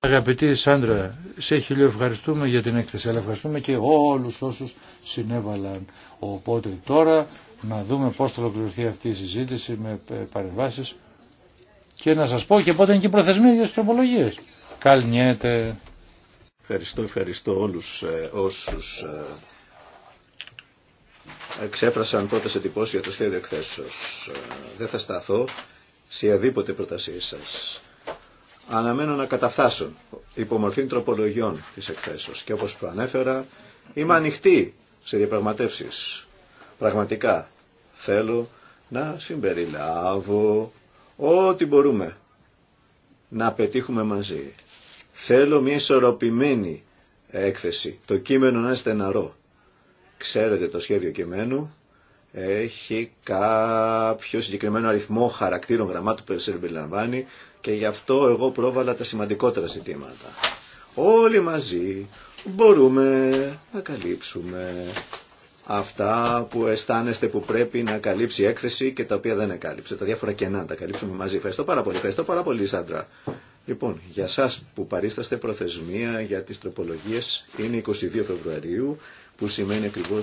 Αγαπητή Σάντρα, σε ευχαριστούμε για την έκθεση, αλλά ευχαριστούμε και όλους όσους συνέβαλαν. Οπότε τώρα να δούμε πώς θα ολοκληρωθεί αυτή η συζήτηση με παρεμβάσεις και να σας πω και πότε είναι και η προθεσμία για τις τροπολογίες. Καλνιέται. Ευχαριστώ, ευχαριστώ όλους ε, όσους ε, εξέφρασαν σε για το σχέδιο εκθέσεως. Ε, δεν θα σταθώ σε αδίποτε προτασίες σας αναμένω να καταφθάσουν υπομορφήν τροπολογιών της εκθέσεως. Και όπως προανέφερα, είμαι ανοιχτή σε διαπραγματεύσεις. Πραγματικά θέλω να συμπεριλάβω ό,τι μπορούμε να πετύχουμε μαζί. Θέλω μια ισορροπημένη έκθεση, το κείμενο να είναι στεναρό. Ξέρετε το σχέδιο κειμένου έχει κάποιο συγκεκριμένο αριθμό χαρακτήρων γραμμάτων που περιλαμβάνει και γι' αυτό εγώ πρόβαλα τα σημαντικότερα ζητήματα. Όλοι μαζί μπορούμε να καλύψουμε αυτά που αισθάνεστε που πρέπει να καλύψει η έκθεση και τα οποία δεν εκάλυψε. Τα διάφορα κενά τα καλύψουμε μαζί. Ευχαριστώ πάρα πολύ. Ευχαριστώ πάρα πολύ, Σάντρα. Λοιπόν, για σας που παρίσταστε προθεσμία για τις τροπολογίε είναι 22 Φεβρουαρίου, που σημαίνει ακριβώ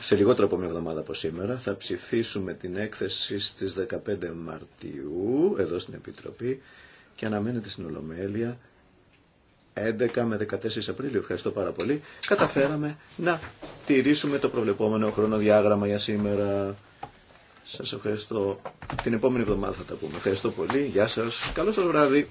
σε λιγότερο από μια εβδομάδα από σήμερα θα ψηφίσουμε την έκθεση στις 15 Μαρτιού εδώ στην Επιτροπή και αναμένεται στην Ολομέλεια 11 με 14 Απρίλιο. Ευχαριστώ πάρα πολύ. Καταφέραμε να τηρήσουμε το προβλεπόμενο χρονοδιάγραμμα για σήμερα. Σας ευχαριστώ. Την επόμενη εβδομάδα θα τα πούμε. Ευχαριστώ πολύ. Γεια σας. Καλό σας βράδυ.